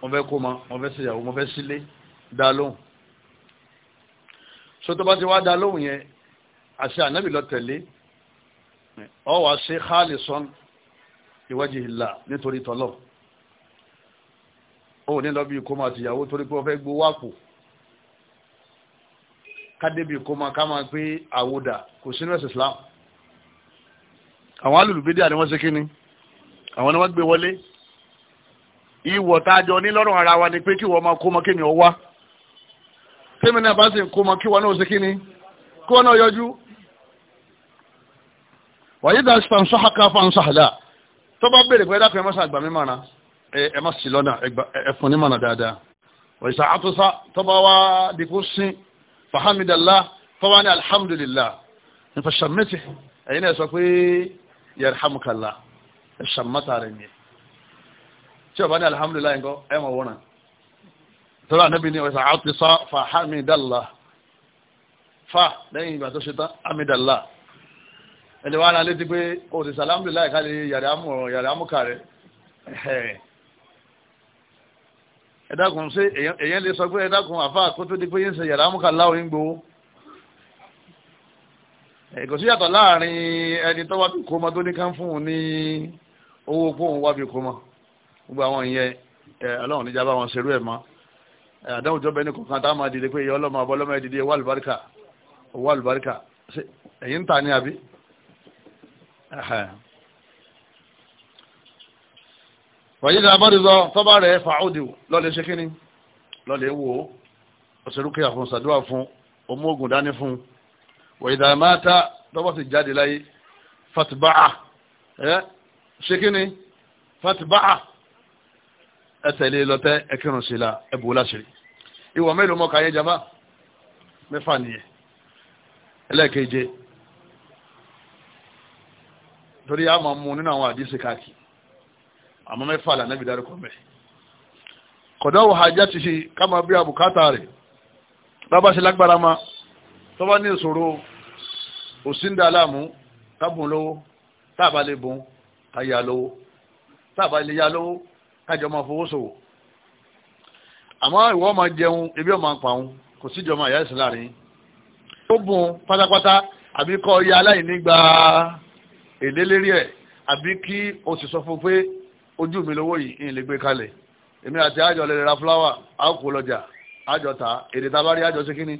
wọ́n fẹ́ kó ma wọ́n fẹ́ ṣèyàwó wọ́n fẹ́ sílé dá lóhùn so tó bá ti wá dá lóhùn yẹn àṣẹ ànábì lọ tẹ̀lé ọ wàá ṣe khalisan ìwájú ìlà nítorí tọ́lọ̀ ó ní lọ bí kó máa tìyàwó torí pé wọ́n fẹ́ gbowó àpò kádébì kó máa ká máa pé àwòdà kò sínú ẹ̀sìn Islam àwọn alùlùbídíà ni wọ́n ṣe kíni àwọn ni wọ́n gbé wọlé ìwọ̀ tá a jọ ní lọ́rùn ara wa ni pé kí wọ́n máa kó mọ kí ni ó wá tèmi náà bá sì ń kó mọ kí wọ́n náà ṣe kíni kí wọ́n náà yọjú wàyí dá fansọ́haka fansọ́hàdá tó bá bèèrè pé dákùnrin mọ́sá àgbà mímọ̀ràn ẹ má sí lọ́nà ẹfun nímọ̀ràn dáadáa wàyí sàátúsá tó bá wá dìkú sín fahamidallah fọwọ́n alhamdulillah nfàṣàmẹ́tì ẹ̀yin náà sọ pé yarhamukallah ẹ̀ṣàmọ́ta rẹ̀ ni tí ọba ní alhamdulillah nǹkan ẹ̀ mọ̀ wọ́n náà tọ́lá níbi ní ọ̀sán àti sọ fahamidallah fa lẹ́yìn ìgbà tó ṣe tán amidallah ẹ̀dẹ̀ wà náà létí pé òsì sàlámdùlá ìkàlẹ̀ yarhamukallah ẹ̀dàkùn ṣe èyàn lè sọ pé ẹ̀dàkùn àfáà kó tó di pé yín ṣe yàrá mú kàlá òyìn gbowó kò sí yàtọ̀ láàrin ẹni tó wá bí kó mọ tó ní ká ń fún un ní owó pòun wá bí kó mọ gbogbo àwọn ìyẹn ọlọ́run níjà bá wọn ṣerú ẹ̀ mọ́ àdáhùn tó bẹ́ẹ̀ ní kọ̀ọ̀kan tá a máa dìde pé ìyá ọlọ́mọ ọba ọlọ́mọ ẹ̀dìdì wà lùbáríkà wà lùbáríkà ẹ̀yìn ń ta ni àbí fàyídà abọ́dìzọ tọ́bà rẹ̀ fàáùdì lọ́lẹ̀ ṣe kíní lọ́lẹ̀ wò ó ọ̀sẹ̀rúkẹ́ àfún sàdúrà fún ọmọ ogun dání fún wàyídà máta tọ́bà sì jáde láyé fatibaa ẹ ṣe kíní fatibaa ẹ tẹ̀lé e lọ́tẹ́ ẹ kírun sí la ẹ bò láṣìírí ìwọ mélòó mọ́ káyé jama mẹ́fà nìyẹn ẹlẹ́ẹ̀keje torí a máa mú nínú àwọn àdìsí káàkiri àmọ́ mẹ́fà lànàbì dárúkọ mẹ́ kọ̀dọ̀ wò hajjá ti ṣe ká bí àbùkátà rẹ̀ bábá ṣe lágbára ma tó bá ní ìṣòro òsíndà aláàmú kábùn lówó táàbà lè bùn káyà lówó táàbà lè yá lówó kájọ máa fowó ṣòwò àmọ́ ìwọ máa jẹun ebi ọ̀ máa pàun kò síjọ máa yá ìsìn láàrin ó bùn pátápátá àbí ya aláìní gba èlé lérí ẹ̀ àbí kí o sì sọ fún pé ojú mi lówó yìí ń lè gbé kalẹ̀ èmi àti àjọ lè ra fúláwà a kò lọ́jà àjọ ta èdè tá a bá rí àjọ sí kíní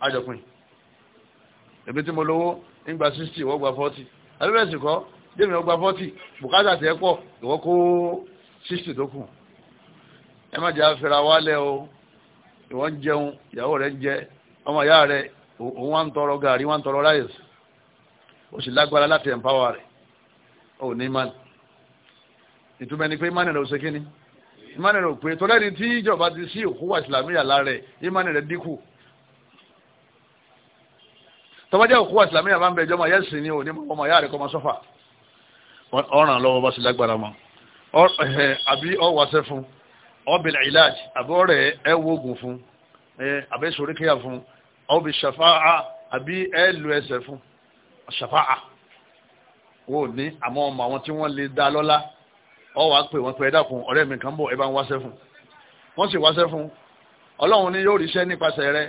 àjọ pin èmi tí mo lówó ń gba sixty wọ́n gba forty àbíbẹ̀sì kọ́ jẹ́mi ọgbà forty bùkátà tẹ́ pọ̀ ìwọ́n kó sixty tó kù ẹ má jẹ́ afẹ́ra wálẹ̀ o ìwọ́n ń jẹun ìyàwó rẹ̀ ń jẹ ọmọ ìyá rẹ̀ òun wá ń tọrọ gàrí wá ń tọrọ ráìsì ó sì lágbára láti empower rẹ̀ ó ní mánì ìtumọ̀ ni pé imani rẹ̀ ò ṣe kíni imani rẹ̀ ò pé torí ẹni tí ìjọba ti sí òkú wà ìsìlámíyà lára rẹ̀ imani rẹ̀ dínkù tọ́bajẹ́ òkú wà ìsìlámíyà bá ń bẹ ìjọba yẹ́sìn ni ò ní ọmọ ìyá rẹ̀ kọ́ ọmọ sọ́fà ọ̀ràn lọ́wọ́ bá sì lágbára mọ́ àbí ọwàṣẹ́ fún ọbẹ̀ ìlàj àbọ̀ rẹ̀ ẹ wógun fún àbẹ́ soríkíyà fún ọbẹ̀ ṣàfáà àbí ẹ lu ẹsẹ̀ fún ṣàfáà wò ní àmọ́ ọmọ àwọn tí wọ́n lè dá lọ́lá ọ wàá pè wọ́n pé ẹ dákun ọ̀rẹ́ mi kan bọ̀ ẹ bá ń wáṣẹ́ fún wọ́n sì wáṣẹ́ fún ọlọ́run ni yóò ríṣẹ́ nípasẹ̀ rẹ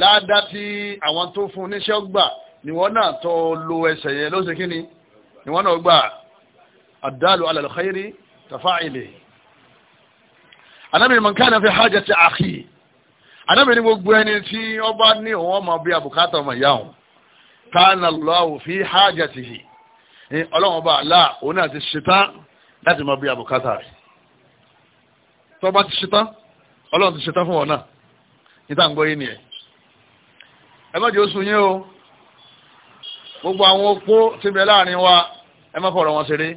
láàdá tí àwọn tó fún níṣẹ́ gbà níwọ́n náà tó lo ẹsẹ̀ yẹn ló ṣe kí ni níwọ́n náà gbà àdálù ala al-khayri tafa'ili anábìrin man kana fi hajati akhi anábìrin gbogbo ẹni tí ó ní òun ọmọ bíi àbùkátà ọmọ ìyá òun kana Allahu fi hajatihi ọlọ́run bá àlá òun náà ti ṣetán láti mọ bí abùkátà rẹ̀ tó bá ti ṣetán ọlọ́run ti ṣetán fún ọ náà níta ń gbọ́ yé nìyẹn ẹ má jẹ́ oṣù yín o gbogbo àwọn opó tí ń bẹ láàrin wa ẹ má fọ̀rọ̀ wọn ṣeré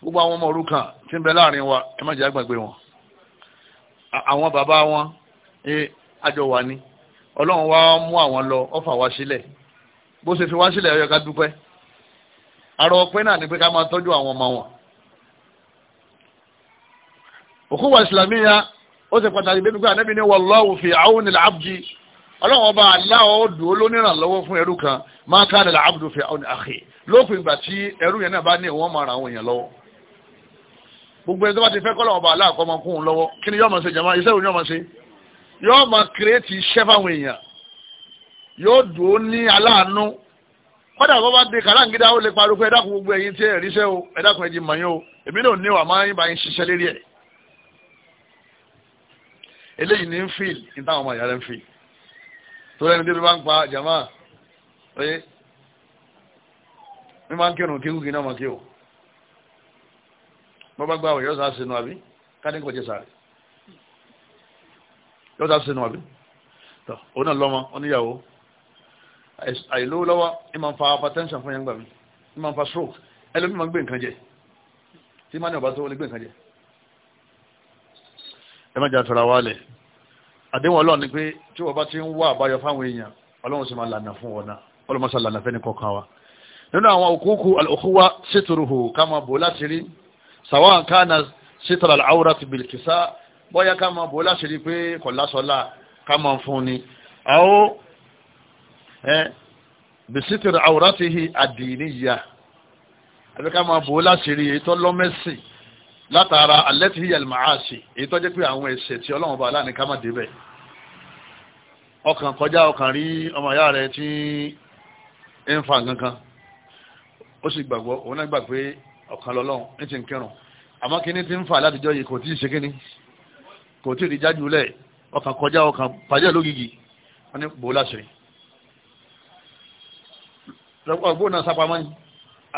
gbogbo àwọn ọmọ òrukàn tí ń bẹ láàrin wa ẹ má jẹ́ àgbàgbé wọn àwọn bàbá wọn ẹ àjọ wà ní ọlọ́run wa mú àwọn lọ ọfà wá sílẹ̀ bó ṣe fi wá sílẹ̀ ó ká dúpẹ́ àrò ọpẹ́ náà ni pé ká máa tọ́jú àwọn ọmọ wọn òkúwà islamiyya ó ṣe pàtàkì débi pé ànábì ní wallahu fi auni al-abdi ọlọ́run ọba aláwọ̀ dùn lónìrànlọ́wọ́ fún ẹrú kan ma kana al-abdu fi auni akhi lópin ìgbà tí ẹrú yẹn náà bá ní ìwọ́n mara àwọn èèyàn lọ́wọ́ gbogbo ẹni tó bá ti fẹ́ kọ́lọ́run ọba aláàkọ́ máa kún un lọ́wọ́ kí ni yóò máa ṣe jàmá iṣẹ́ òun yóò máa ṣe yóò máa kírètì iṣẹ́ fáwọn èèyàn yóò dùn ó ní wà eléyìí ní ń fìl ní táwọn ọmọ ìyá rẹ̀ ń fìl torí ẹni tí wọ́n bá ń pa jama oye mi máa ń kírun kíkú kí náà máa kí o bọ́ bá gba àwẹ̀ yóò sá sínú àbí kádínkù ọ̀jẹ̀ sáré yóò sá sínú àbí tọ́ òun náà lọ́mọ oníyàwó àìlówó lọ́wọ́ ẹ máa ń fa hypertension fún yẹn gbà mí ẹ máa ń fa stroke ẹlòmíì máa ń gbé nǹkan jẹ tí má ní ọ̀bá tó lè gbé nǹkan jẹ ẹ má jà sọ̀rọ̀ wálẹ̀ àdéhùn ọlọ́run ni pé tí wọ́n bá ti ń wá àbáyọ fáwọn èèyàn ọlọ́run sì máa lànà fún wọn náà ọlọ́run máa ṣàlànà fẹ́ni kọ̀ọ̀kan wa nínú àwọn òkúkú alòkúwa sétòròhò ká máa bò láṣìírí sàwọn kánà sétòrò àwòrán ti bìlìkìsá bóyá ká máa bò láṣìírí pé kò lásọlá ká máa fún ni àwọ ẹ àwòrán ti hi àdìníyà àbí ká máa bò láṣìírí èyí tó lọ́mẹ́sìn látara alẹ́tì hiyal maasi èyí tó jẹ́ pé àwọn ẹ̀ṣẹ̀ tí ọlọ́run bá aláàní ká má débẹ̀ ọkàn kọjá ọkàn rí ọmọ ìyá rẹ̀ tí ń fa kankan ó sì gbàgbọ́ òun náà gbà pé ọ̀kan lọ́lọ́run ní ti ń kírun àmọ́ kíní ti ń fà látijọ́ yìí kò tí ì ṣe kíní kò tí ì rí jájú lẹ̀ ọkàn kọjá ọkàn pàjẹ́ lógìgì wọ́n ní bò láṣẹ lọ́pọ̀ ọgbọ́n náà sápamọ́ yìí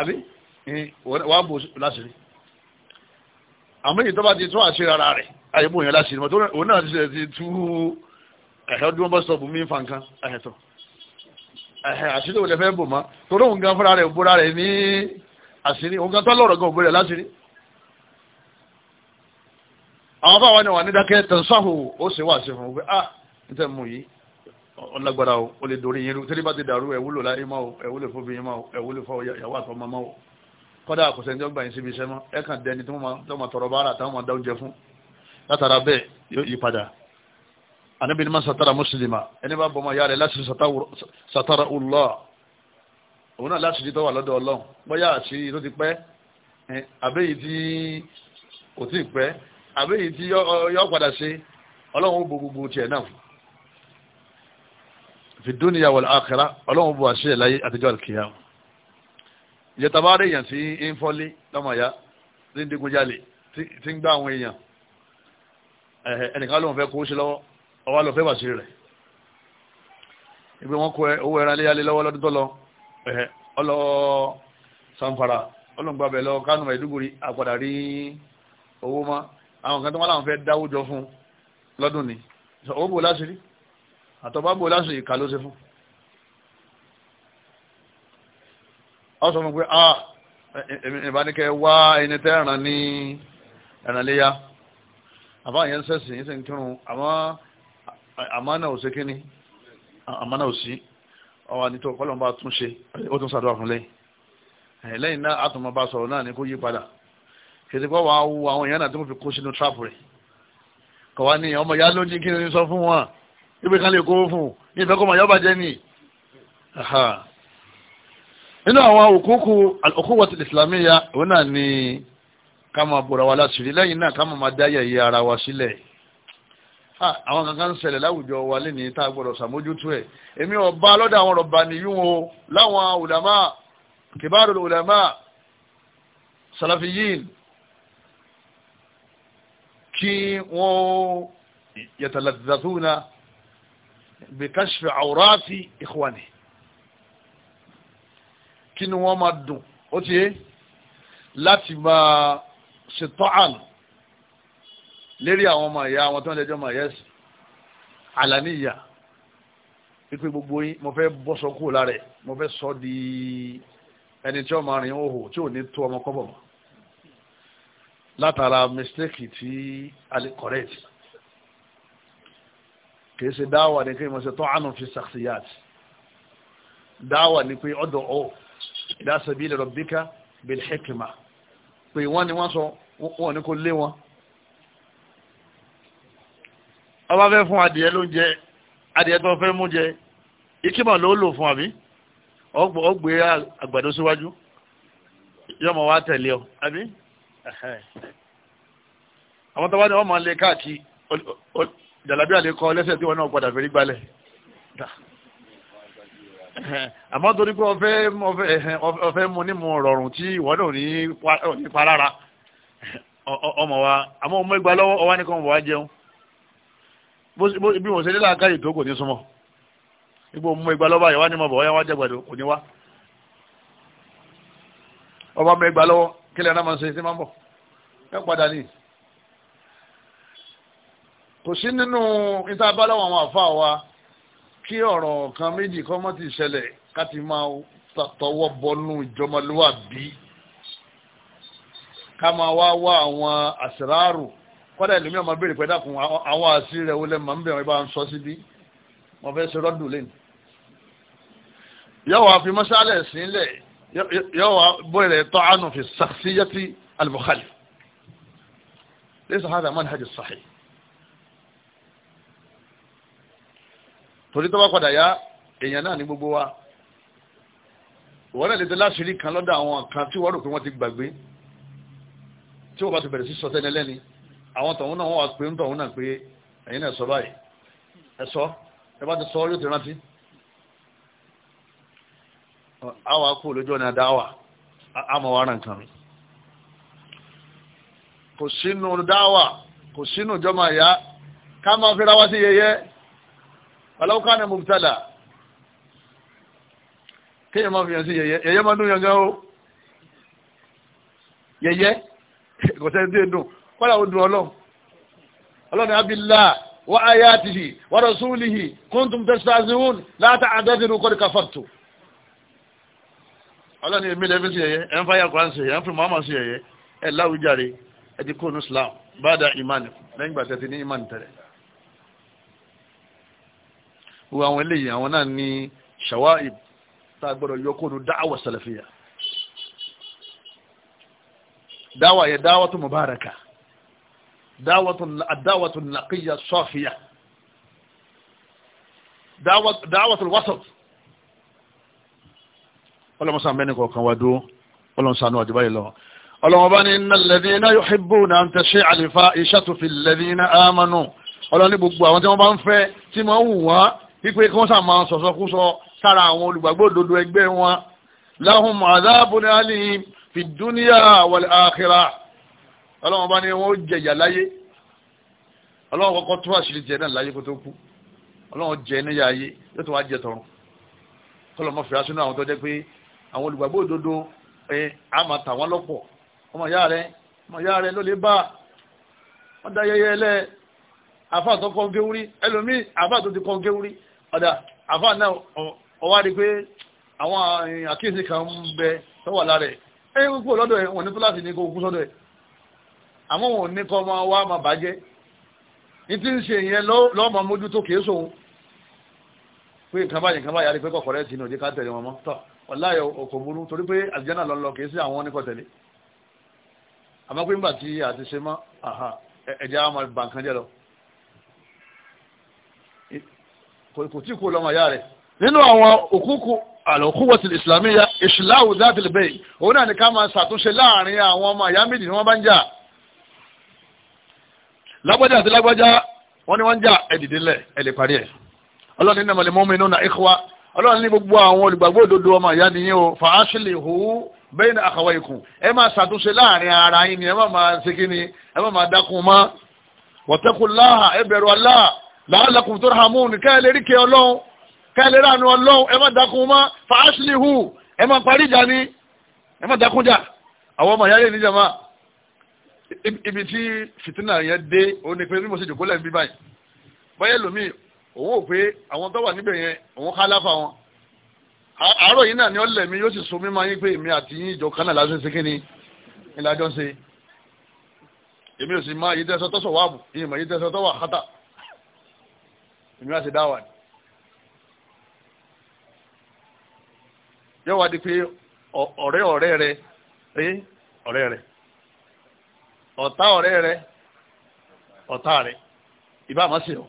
àbí wàá bò láṣẹ àmọ́ èyí tó bá ti tún àṣírí ara rẹ̀ àyẹ̀bù yẹn láṣìírí mọ́ tó òun náà ti ti tú ẹ̀hẹ́ ọdún bọ́ sọ̀bù mí fa nǹkan ẹ̀hẹ́ tọ̀ ẹ̀hẹ́ àṣírí òun lẹ́fẹ́ bò mọ́ torí òun gan fúnra rẹ̀ bóra rẹ̀ ní àṣírí òun gan tó lọ́rọ̀ gan òbúrẹ̀ láṣírí. àwọn báwa ni wà ní dákẹ́ tẹ̀sán ó sì wà sí fún un pé ah, kọ́dà kò sẹ́ni tó gbà yín síbi iṣẹ́ mọ́ ẹ kàn dẹni tó máa tọrọ bára táwọn máa dá fún látara bẹ́ẹ̀ yóò padà anabi ma satara muslima ẹni bá bọ́mọ yára láti satara ulọ́ òun náà láti tọ́wà lọ́dọ̀ ọlọ́run bóyá àti tó ti pẹ́ àbẹ́yìí tí kò tí ì pẹ́ àbẹ́yìí tí yọ padà ṣe ọlọ́run ó bo gbogbo tiẹ̀ náà fi dúnìyà wal akhirah ọlọ́run ó bo àṣẹ láyé àtijọ́ àlùkìyàwó ìjẹta bá rí èèyàn sí ìfọ́lé lọ́mọ̀ọ́yá tí ń digun jalè tí ń gbá àwọn èèyàn ẹnìkan lóun fẹ́ kó ṣe lọ́wọ́ ọwọ́ lọ fẹ́ wà sí rẹ̀ ibi wọn kó owó ẹran léyàlé lọ́wọ́ lọ́dún tó lọ ọlọ sanfara ọlọ́ngbàbẹ̀ lọ kánú ẹ̀dúgbòrí àpàdà rí owó mọ́ àwọn kan tó wọ́n láwọn fẹ́ dáwó jọ fún lọ́dún ni owó bò láṣìírí àtọ́bá bò láṣìírí kà ló ṣe fún ọ sọ fún pé a ah, ìbánikẹ́ wá ẹni tẹ́ ẹ̀ràn ní ẹ̀ràn léyà àbá yẹn ń sẹ́sìn yìí sì ń kírun àmọ́ àmánà ò sí kíní àmánà ò sí ọwọ́ àti tó kọ́lọ̀ bá tún ṣe ó tún ṣàdúrà fún lẹ́yìn lẹ́yìn náà àtùmọ̀ bá sọ̀rọ̀ náà ní kó yí padà kìtì pọ́ wàá wo àwọn èèyàn náà tó fi kó sínú trap rẹ̀ kọ̀wá ní ọmọ ìyá ló ní kí ni sọ fún wọn ibi kan lè kó fún ìfẹ́ kọ́ mọ̀ yọ́ bàjẹ́ nìyí nínú àwọn òkúkú al-ukhuwati al-islamiyya òun náà ni ká máa bòrò wa láṣìírí lẹ́yìn náà ká máa máa dáyà iye ara wa sílẹ̀ àwọn kankan ń ṣẹlẹ̀ láwùjọ wa lẹ́ni tá a gbọ́dọ̀ ṣàmójútó ẹ̀ èmi ọba lọ́dọ̀ àwọn ọ̀rọ̀ bani yún o láwọn ulama kibarul ulama salafiyin kí wọ́n yataladhadhuna bi kashfi awrati ikhwani kí ni wọ́n máa dùn ó ti yé láti máa ṣètọ́ àlù lérí àwọn ọmọ ìyá àwọn tó ń lẹ́jọ́ ọmọ ìyá ẹ̀sìn àlàníyà pípé gbogbo yín mo fẹ́ bọ́ sọ kúrò lára ẹ̀ mo fẹ́ sọ di ẹni tí ọmọ rìn òhò tí ò ní tó ọmọ kọ́bọ̀ mọ́ látara mistake tí a lè correct kìí ṣe dáwà ní kí n mọ̀ ṣe tọ́ àánú fi ṣàṣìyàt dáwà ní pé ọ̀dọ̀ ọ̀ ila sabili rabbika bil hikma pé wọ́n ni wọ́n sọ wọ́n ní kò lé wọn ọba fẹ́ fún adìẹ ló ń jẹ adìẹ tó fẹ́ mú jẹ ìkímọ̀ ló lò fún àbí ọgbẹ́ àgbàdo síwájú yọmọ wa tẹ̀lé ọ àbí àwọn tó wá ní ọmọ lè káàkiri jàlábí àlékọ lẹ́sẹ̀ tí wọ́n náà padà fẹ́rí gbalẹ̀ [laughs] àmọ́ torí pé ọ̀fẹ́ ọ̀fẹ́ mu ní mu rọrùn tí ìwọ náà ní palára [laughs] ọmọ wa àmọ́ ọmọ ìgbà lọ́wọ́ ọwá nìkan wọ́n wá jẹun bí wọ́n ṣe nílá akáyì tó kò ní súnmọ́ ipò ọmọ ìgbà lọ́wọ́ àyẹ̀wá ní mọ̀bọ̀ ọyáwá jẹ́gbàdo kò ní wá ọba ọmọ ìgbà lọ́wọ́ kílẹ̀ náà máa ń ṣe sí máa ń bọ̀ ẹ padà ní kò sí nínú ìta kí ọ̀rọ̀ kan méjì kọ́ mọ́ ti ṣẹlẹ̀ káti máa tọwọ́ bọnú ìjọmọlúwàbí ká máa wá wá àwọn àṣírárù kọ́dà ìlú mìíràn máa béèrè pé dákun àwọn àṣírí rẹ̀ wọlé máa ń bẹ̀rẹ̀ bá ń sọ síbí wọ́n fẹ́ ṣe rọ́dùn lẹ́nu yóò wá mọ́ṣálẹ̀ sílẹ̀ yóò wá tọ́ àánú fi ṣàṣíyẹ́tì al-mukhalif laysa hadha manhaj as-sahih torí tó bá padà yá èèyàn náà ní gbogbo wa ìwọ́n náà lè tẹ́ láṣìírí kan lọ́dọ̀ àwọn kan tí wọ́n rò pé wọ́n ti gbàgbé tí wọ́n bá ti bẹ̀rẹ̀ sí sọ tẹ́lẹ̀ lẹ́ni àwọn tọ̀hún náà wọ́n wá pé ń tọ̀hún náà pé ẹ̀yin náà sọ báyìí ẹ sọ ẹ bá ti sọ yóò ti rántí àwa kú lójú ọ̀nà dáwà àmọ́ wa ràn kan kò sínú dáwà kò sínú ìjọba ìyá ká máa fi ra wá sí yẹyẹ aláwọ̀ká [laughs] ni mubtala kéèyàn máa fi hàn sí yẹ̀yẹ́ yẹ̀yẹ́ máa dún yangan o yẹ̀yẹ́ kò sẹ́ni tí ì dùn kọ́lá ó dùn ọlọ́run ọlọ́run ni abillah wa ayatihi wa rasulihi kuntum tastahzi'un la ta'tadiru qad kafartum ọlọ́ni èmi lẹ́fí sí ẹ̀yẹ ẹ̀ ń fáyà kwan sí ẹ̀yẹ ń fi mọ́mọ́ sí ẹ̀yẹ ẹ̀ láwùjáre ẹ̀ ti kóònù Islam bá da ìmánì lẹ́yìn gbàtẹ́ ti ní ìmánì tẹ̀lẹ̀ gbogbo àwọn eléyìí àwọn náà ní ṣàwáìb tá a gbọ́dọ̀ yọkóòdù dáwà sàlàfíà dáwà yẹ dáwà tó mubaraka dáwà tó nàkíyà sọ́fíà dáwà tó wasat ọlọ́mọsá mẹ́ni kọ̀ọ̀kan wá dúró ọlọ́mọsá náà àdìbáyé lọ ọlọ́mọ bá ní iná lẹ́dínà yuhibbuna an tashi al fa'ishatu fil ladina amanu ọlọ́ni gbogbo àwọn tí wọ́n bá ń fẹ́ tí wọ́n wù wọ́n wípé kí wọ́n sà máa sọ̀sọ́kúsọ sára àwọn olùgbàgbọ́ òdodo ẹgbẹ́ wọn lahum azabun alim fi dúníyà wal akhirah ọlọ́run bá ní wọ́n jẹ̀yà láyé ọlọ́run kọ́kọ́ tó àṣírí jẹ náà láyé kó tó kú ọlọ́run jẹ níyà ayé yóò tó wá jẹ tọrùn kọlọmọ fìyà sínú àwọn tó jẹ pé àwọn olùgbàgbọ́ òdodo ẹ á máa tà wọ́n lọ́pọ̀ ọmọ ìyá rẹ ọmọ ìyá rẹ ló lè bá ọ̀dà àfà náà ọwá rí pé àwọn àkíyèsí kan ń bẹ tó wà lára ẹ̀ ẹ̀yìn púpọ̀ lọ́dọ̀ ẹ̀ wọ́n ní fúláṣì ní kó kú sọ́dọ̀ ẹ̀ àmọ́ wọn ní kọ́ máa wá máa bàjẹ́ ní tí ń ṣe yẹn lọ́ọ̀mọ̀ mójú tó kìí sóhun pé nǹkan báyìí nǹkan báyìí arípẹ́ kọ̀kọ̀rẹ́ ti nù jẹ́ ká tẹ̀lé wọn mọ́ tọ́ ọláyọ̀ ọkọ̀ burú torí pé àlùjánnà lọ lọ kìí sí àwọn oníkọ̀ tẹ̀lé àmọ́ pé nígbà tí àti ṣe mọ́ ẹ̀jẹ̀ á máa bà nǹkan jẹ́ lọ kò tí kò lọ́mọ ìyá rẹ̀ nínú àwọn òkúkú àlòkúwọ̀tì ìsìlámíyà ìṣìláwù dátìlẹ̀bẹ̀ òun náà ni ká máa ṣàtúnṣe láàrin àwọn ọmọ ìyá méjì ni wọ́n bá ń jà lágbájá àti lágbájá wọ́n ní wọ́n ń jà ẹ̀dìdínlẹ̀ ẹ̀lẹ̀ parí ẹ̀ ọlọ́run nínú ọmọlẹ̀ mọ́mí nínú ìkọ́wá ọlọ́run ní gbogbo àwọn olùgbàgbọ́ òdodo ọmọ ìyá ni yín o fàáṣìlì hù bẹ́yìn àkàwọ̀ ikùn ẹ máa ṣàtúnṣe láàrin ara yín ni ẹ má máa ṣe kí ni ẹ má máa dákun mọ́ wọ́tẹ́kùn láà ẹ bẹ̀rù aláà làálàkùn tó hàmún kẹ́lẹ̀ ríkẹ́ ọlọ́run kẹ́lẹ̀ ránú ọlọ́run ẹ má dákun mọ́ fàásìlìhù parí ìjà ni ẹ má dákun jà àwọn ọmọ ìyáyé níjàmá ibi tí fìtínà yẹn dé òun ni pé bí mo ṣe jòkó lẹ́nu bí báyìí báyẹ̀ lómi òun ò pé àwọn tó wà níbẹ̀ yẹn òun hálàfà wọn àárọ̀ yìí náà ni ó lẹ̀mí yóò sì so mímọ́ yín pé èmi àti yín ìjọ kan náà lásán èmi wá sí dáwà ni. yóò wá di pé ọ̀rẹ́ ọ̀rẹ́ rẹ ẹ ọ̀rẹ́ rẹ ọ̀tá ọ̀rẹ́ rẹ ọ̀tá rẹ ìbá ṣe o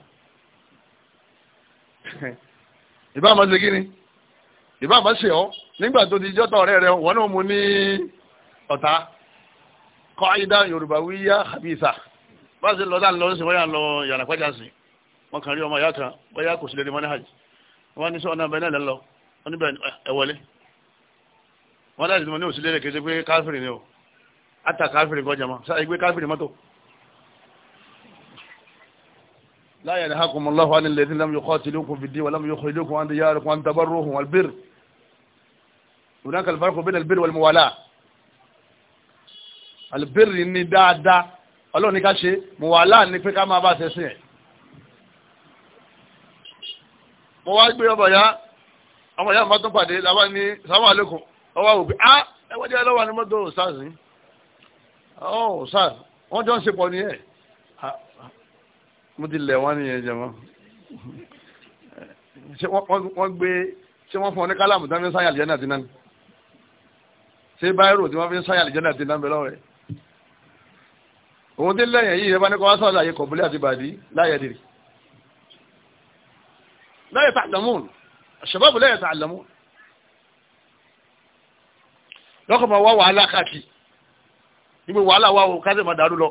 ìbá máa ṣe kíni ìbá máa ṣe ọ nígbà tó ti jọ́tọ̀ ọ̀rẹ́ rẹ wọn náà mú ní ọ̀tá kọ́ ayé dá yorùbá wíyá àbí ìsà bá a ṣe lọ́dá wọ́n yà lọ yàrá pẹ́jà sí i wọn kàn rí ọmọ ìyá kan bóyá kò sí lórí manhaj wọn ní sọ́ọ̀nà bẹ́ẹ̀ náà lọ wọn níbẹ̀ ẹ wọlé wọn láti mọ ní òsì lélẹ̀ kéde pé káfíìrì ni o ata káfíìrì kọjá ma sáà mọ́tò. لا ينهاكم الله عن الذين لم يقاتلوكم في الدين ولم يخرجوكم عن دياركم أن تبروهم والبر هناك الفرق بين البر والموالاة البر ni dáadáa Ọlọ́run ní ká ṣe mùwàlá mo wá gbé ọmọ ya ọmọ ya máa tún pàdé làwa ní sàmà lẹ́kùn ọwọ́ òbí á ẹwọ́n jẹ́ ọlọ́wà ní mọ́tò sars ní ọ́ sars wọ́n jọ ń ṣe pọ̀ nìyẹn ah, ah, mo ti lẹ̀ wọ́n nìyẹn jẹ mọ́ ṣé wọ́n gbé ṣé wọ́n fún ọ ní kálàmù tán ní sáyà lìjẹ́ náà ti náà ṣé báyìí tí wọ́n fi ń sáyà lìjẹ́ náà ti náà bẹ lọ́wọ́ rẹ̀ òun tí lẹ́yìn yìí ẹ bá ní kọ́ wá sọ̀rọ̀ àyè kọ̀bùlé àti bàdí láyẹ̀ dìrì لا يتعلمون الشباب لا يتعلمون lọ́kọ̀ máa wá wàhálà káàkiri nígbè wàhálà wà ó káàkiri máa dàrú lọ.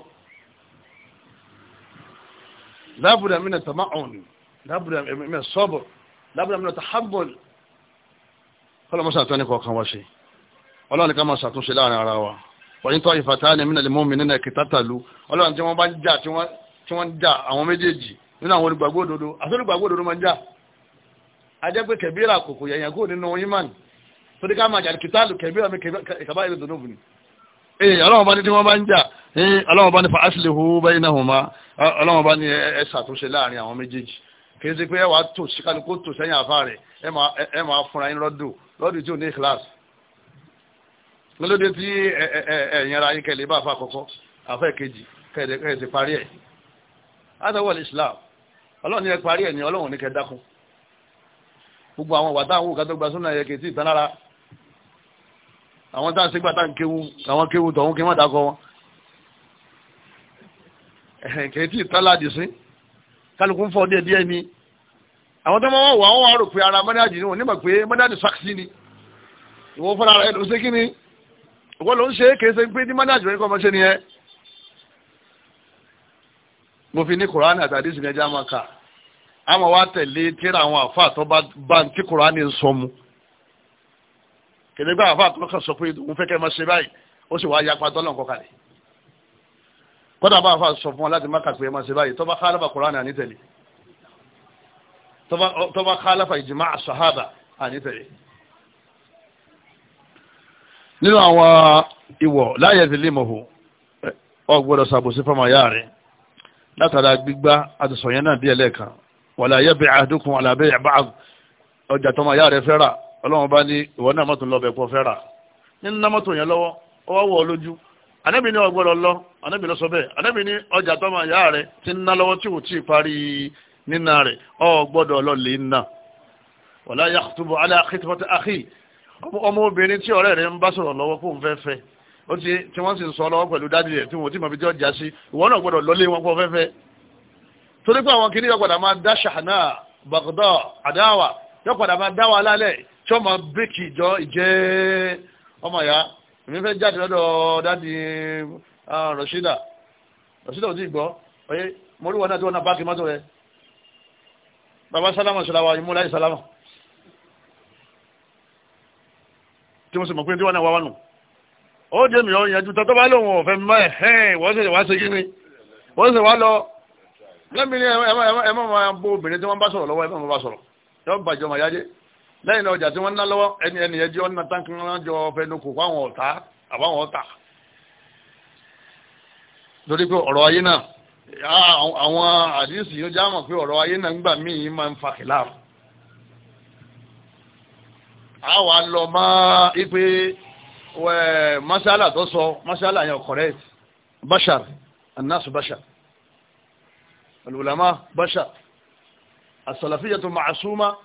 lábùdà mí na tamahun lábùdà mí na sọ́bọ̀ lábùdà mí na tahambol kọ́lọ́ mọ́sá àtúnyẹ́ kọ̀ọ̀kan wá ṣe ọlọ́run ní ká máa ṣàtúnṣe láàrin ara wa wọ́n tó ìfàtà ní mílẹ̀ mọ́mí nínú ẹ̀kẹta tàlú ọlọ́run tí wọ́n bá ń jà tí wọ́n ń jà àwọn méjèèjì nínú àwọn olùgbàgbọ́ òdodo àti olùgbàgbọ́ òdodo máa ń jà ajẹ́ pé kẹbíra kòkò yẹ̀yàn kúrò nínú wọn yímánì tó ní ká máa jàdí kìtàlù kẹbíra mi kẹbá ìlú dùnúbù ni èyí ọlọ́wọ́n bá ní tí wọ́n bá ń jà ní ọlọ́wọ́n bá ní fa aslihu bainahuma ọlọ́wọ́n bá ní ẹ ṣàtúnṣe láàrin àwọn méjèèjì kì í ṣe pé ẹ wàá tò sí kálukú tò sẹ́yìn àfa rẹ̀ ẹ máa fúnra yín lọ́dù lọ́dù tí ò ní kíláàsì lọ́dọ̀ tí ẹ̀yìn ara yín kẹlẹ̀ bá fa àkọ́kọ́ àfa ìkejì kẹ̀ẹ́dẹ̀ parí ẹ̀ gbogbo àwọn wàtá àwọn òkàtọ́gba súnà yẹ kìí tán lára àwọn tá a ṣe gbàtà kéwu àwọn kéwu tọ̀hún kí wọ́n dákọ̀ wọn kìí tí tán láàdì sí kálukú ń fọ́ díẹ̀ díẹ̀ ni àwọn tó máa wà wọ́n wà rò pé ara mọ́dájì ni wọ́n nímọ̀ pé mọ́dájì sàkísì ni ìwọ fúnra rẹ̀ ló ṣe kí ni ìwọ ló ń ṣe kìí ṣe pé ní mọ́dájì rẹ̀ kọ́ ọmọ ṣe nìyẹn mo fi ní kòránì àtàdé ìsìn máa kà àmọ́ wa tẹ̀lé tíra àwọn àfáà tó bá ń tí kùránì ń sọ mu kìnnìkan àfáà tó kàn sọ pé òun fẹ́ kẹ́ máa ṣe báyìí ó sì wá yapa tọ́lọ̀ nǹkan kalẹ̀ kódà bá àfáà sọ fún ọ láti má kàpé máa ṣe báyìí tó bá khalafa kùránì àní tẹ̀lé tó bá khalafa ìjìmá àṣàhábà àní tẹ̀lé nínú àwọn ìwọ̀ láyé ìdílé mọ̀hù ọgbọ́dọ̀ ṣàbòsí fọmọ yára látara gbígbá àti náà díẹ̀ lẹ́ẹ̀kan wàlá yẹ́bẹ̀ àdúkùn àlàbẹ̀ àbáà ọjà tọmọ ayá rẹ̀ fẹ́ra ọlọ́run bá ní ìwọ náà mọ́tò lọ́bẹ̀ pọ̀ fẹ́ra nínú náà mọ́tò yẹn lọ́wọ́ ọwọ́ wọ̀ lójú anábì ní ọgbọ́dọ̀ lọ anábì lọ sọ bẹ́ẹ̀ anábì ní ọjà tọmọ ayá rẹ̀ ti ń ná lọ́wọ́ tí ò tí ì parí nínà rẹ̀ ọgbọ́dọ̀ lọ lè nà wàlá yàtúbọ̀ alẹ́ àkìtìfọ́tì àkì ọmọ obìnrin tí ọ̀rẹ́ rẹ̀ ń bá sọ̀rọ̀ lọ́wọ́ kó ń fẹ́ fẹ́ ó ti tí wọ́n sì ń sọ lọ́wọ́ pẹ̀lú dádì rẹ̀ tí wọ́n ti mọ̀ fi jọ́ sí ìwọ náà gbọ́dọ̀ lọ́lé wọn kó fẹ́ fẹ́ torí pé àwọn kìíní yọ̀padà máa dá ṣàhánà bàgọ́dọ̀ àdáwà yọ̀padà máa dá wa lálẹ́ tí wọ́n máa bíkì ìjọ ìjẹ́ ọmọ ìyá èmi fẹ́ jáde lọ́dọ̀ dáàdi rọ̀ṣídà rọ̀ṣídà ò tí ì gbọ́ ọyẹ mo rí wọn náà tí wọn náà báàkì mọ́tò rẹ bàbá sálámà ṣọlá wa ìmúlá ìsálámà tí mo sì mọ̀ pé tí wọn náà wá wánu ó jẹ́ mi ọ̀ yẹn ju tọ́tọ́ bá lóun ọ̀fẹ́ mọ́ ẹ̀ wọ́n sì wá ṣe kí ni wọ́n sì wá lọ lẹ́mi ni ẹ má máa bó obìnrin tí wọ́n bá sọ̀rọ̀ lọ́wọ́ ẹ má máa bá sọ̀rọ̀ yọ bàjọ́ màá yájé lẹ́yìn ọjà tí wọ́n ná lọ́wọ́ ẹni ẹni ẹjẹ́ ọ̀nà táǹkì wọn jọ fẹnu kò fáwọn ọ̀tá àbáwọn ọ̀tá lórí pé ọ̀rọ̀ ayé náà àwọn àdínsì yóò já mọ̀ pé ọ̀rọ̀ ayé náà ńgbà míì máa ń fa kìláàfù a wà lọ mọ́ ipe masala tó sọ masala yẹn correct bashar anas bashar العلماء بشر السلفية معصومة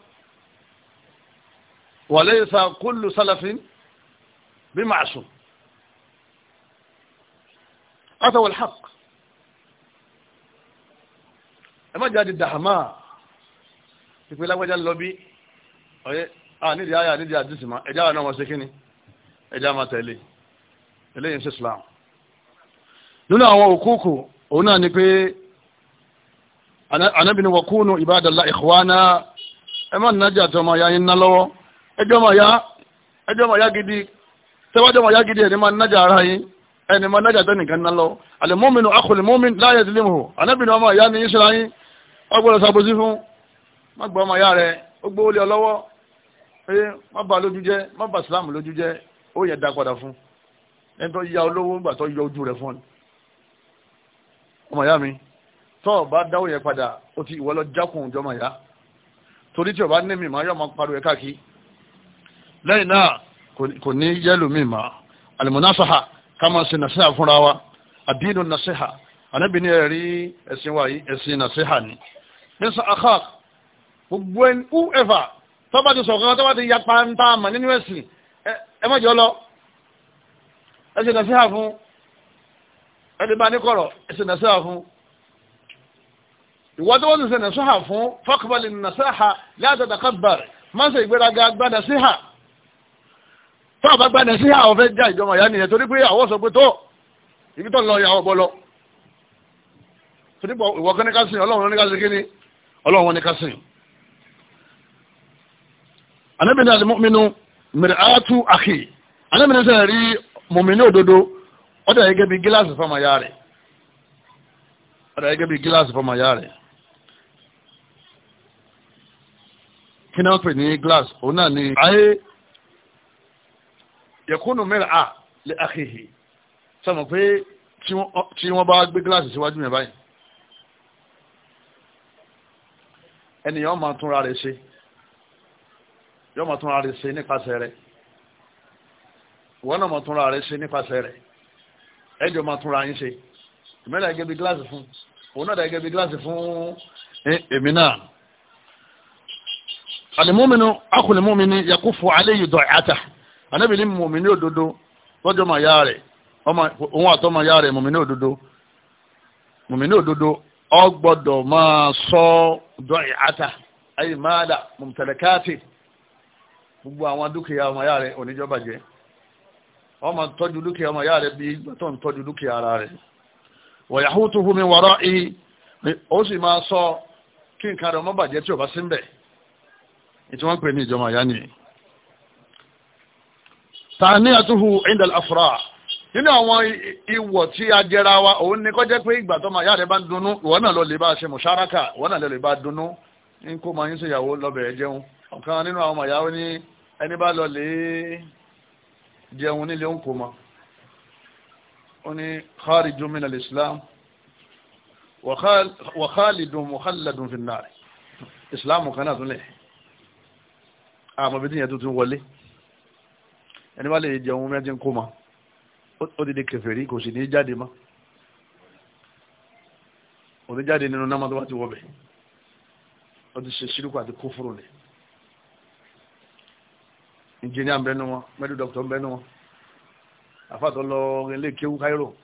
وليس كل سلف بمعصوم هذا هو الحق ẹ má jáde dàhámà ìpè lágbájá lọ bí ọ̀yẹ́ à nídìí àyà nídìí àdìsímà ẹ̀já wà náà wọ́n ṣe kí ni ẹ̀já máa tẹ̀lé eléyìí ń ṣe Islam nínú àwọn òkúkù òun náà ni pé anábì ni wakunu ibadallah ikhwana ẹ má nájà tí ọmọ ya yín ná lọ́wọ́ ẹjọ́ ọmọ ya ẹjọ́ ọmọ ya gidi tẹ́wájọ́ ọmọ ya gidi ẹni máa nájà ara yín ẹni máa nájà tẹ́ nìkan ná lọ́wọ́ al-mu'minu akhul mu'min la yazlimuhu anábì ni ọmọ ya ní ìṣẹ́ra yín ọgbọ́dọ̀ sàbòsí fún má gbọ́ ọmọ ya rẹ̀ ó gbówó lé ọ lọ́wọ́ pé má ba lójú jẹ má ba islam lójú jẹ ó yẹ dá padà fún ẹni tó ya olówó ńgbà tó yọ ojú rẹ fún ọmọ ìyá mi tọ́ ọba dáwọ́ yẹn padà ó ti ìwọ lọ jákùn yá torí tí ọba ní mi ma máa pariwo ẹ káàkiri lẹ́yìn náà kò ní yẹ́lò alimunasaha ká máa ṣe nàṣẹ́hà fúnra wa àdínú nàṣẹ́hà ní ẹ̀rí ẹ̀sìn ẹ̀sìn nàṣẹ́hà ni mísà àkà gbogbo ẹni whoever tọ́ba ti sọ̀kan tọ́ba ti a mà nínú ẹ̀sìn ẹ má jọ lọ ẹ̀sìn nàṣẹ́hà fún ẹ̀dínbà ìwọ́n tó wọ́n ti ṣe nàṣáhà fún fọ́kàbálì nàṣáhà látàdà kábàrẹ̀ má ṣe ìgbéraga gbádà síhà tó àbá gbádà síhà ọ̀fẹ́ já ìjọba ìyá nìyẹn torí pé àwọ̀ sọ pé tó ibi tó lọ ìyá ọ̀bọ lọ torí pé ìwọ́ kan ní ká sìn ọlọ́run ní ká sìn kíni ọlọ́run ní ká sìn. anábìnrin àti mọ́mínú mẹ́rẹ̀ àtú àkì anábìnrin sẹ́yìn kí náà pè ní glass òun náà ni ayé yẹkúnnù mẹ́rin à lè àkèhè sọmọ pé tí wọ́n bá gbé glass síwájú mi báyìí ènìyàn máa túnra rẹ̀ ṣe yọ́ máa túnra rẹ̀ ṣe nípasẹ̀ rẹ̀ wọ́n náà máa túnra rẹ̀ ṣe nípasẹ̀ rẹ̀ ẹjọ́ máa túnra yín ṣe ìmẹ́lẹ̀ gẹ́gẹ́ bí gíláàsì fún òun náà dẹ̀ bí gíláàsì fún èmi náà alimominu akulimomini yakufu aleyi dọ̀ẹ́ta anabi ni mòmìnì òdodo lọ́jọ́ ma ya ma ya rẹ̀ mòmìnì òdodo mòmìnì òdodo sọ dọ̀ẹ́ta ayé gbogbo àwọn dúkìá ọmọ ya rẹ̀ oníjọba jẹ́ wọ́n máa dúkìá ọmọ ya rẹ̀ bí tó ń dúkìá ara mi ó sì máa sọ kí nǹkan ọmọ tí ìtí wọ́n pè ní ìjọmọ̀ àyá ni tàníyàtúhù indal afra nínú àwọn ìwọ̀ tí a jẹra wa òun ní kọ́ jẹ́ pé ìgbà tó ma yára bá ń dunnú ìwọ náà lọ lè bá ṣe mùsáraka ìwọ náà lè bá dunnú ní kó ma yín sí ìyàwó lọ́bẹ̀ jẹun ọ̀kan nínú àwọn ìyàwó ní ẹni bá lọ lè jẹun nílé ń kó ma ó ní kharijun minal islam wa khalidun mukhalladun fin nar islam kan náà tún lẹ́yìn àmọ́ bí tíyẹn tuntun wọlé ẹni bá lè jẹun mẹ́rin tí ń kó ma ó dìde kèfèrí kò sì ní jáde ma ò ní jáde nínú náà tó bá ti wọ bẹ̀ ó ti ṣe ṣírùkù àti kófòrò ni ìjìnìá ń bẹnu wọn mẹ́rin dọ́kítọ̀ ń wọn àfàtọ́ lọ ilé kéwú Cairo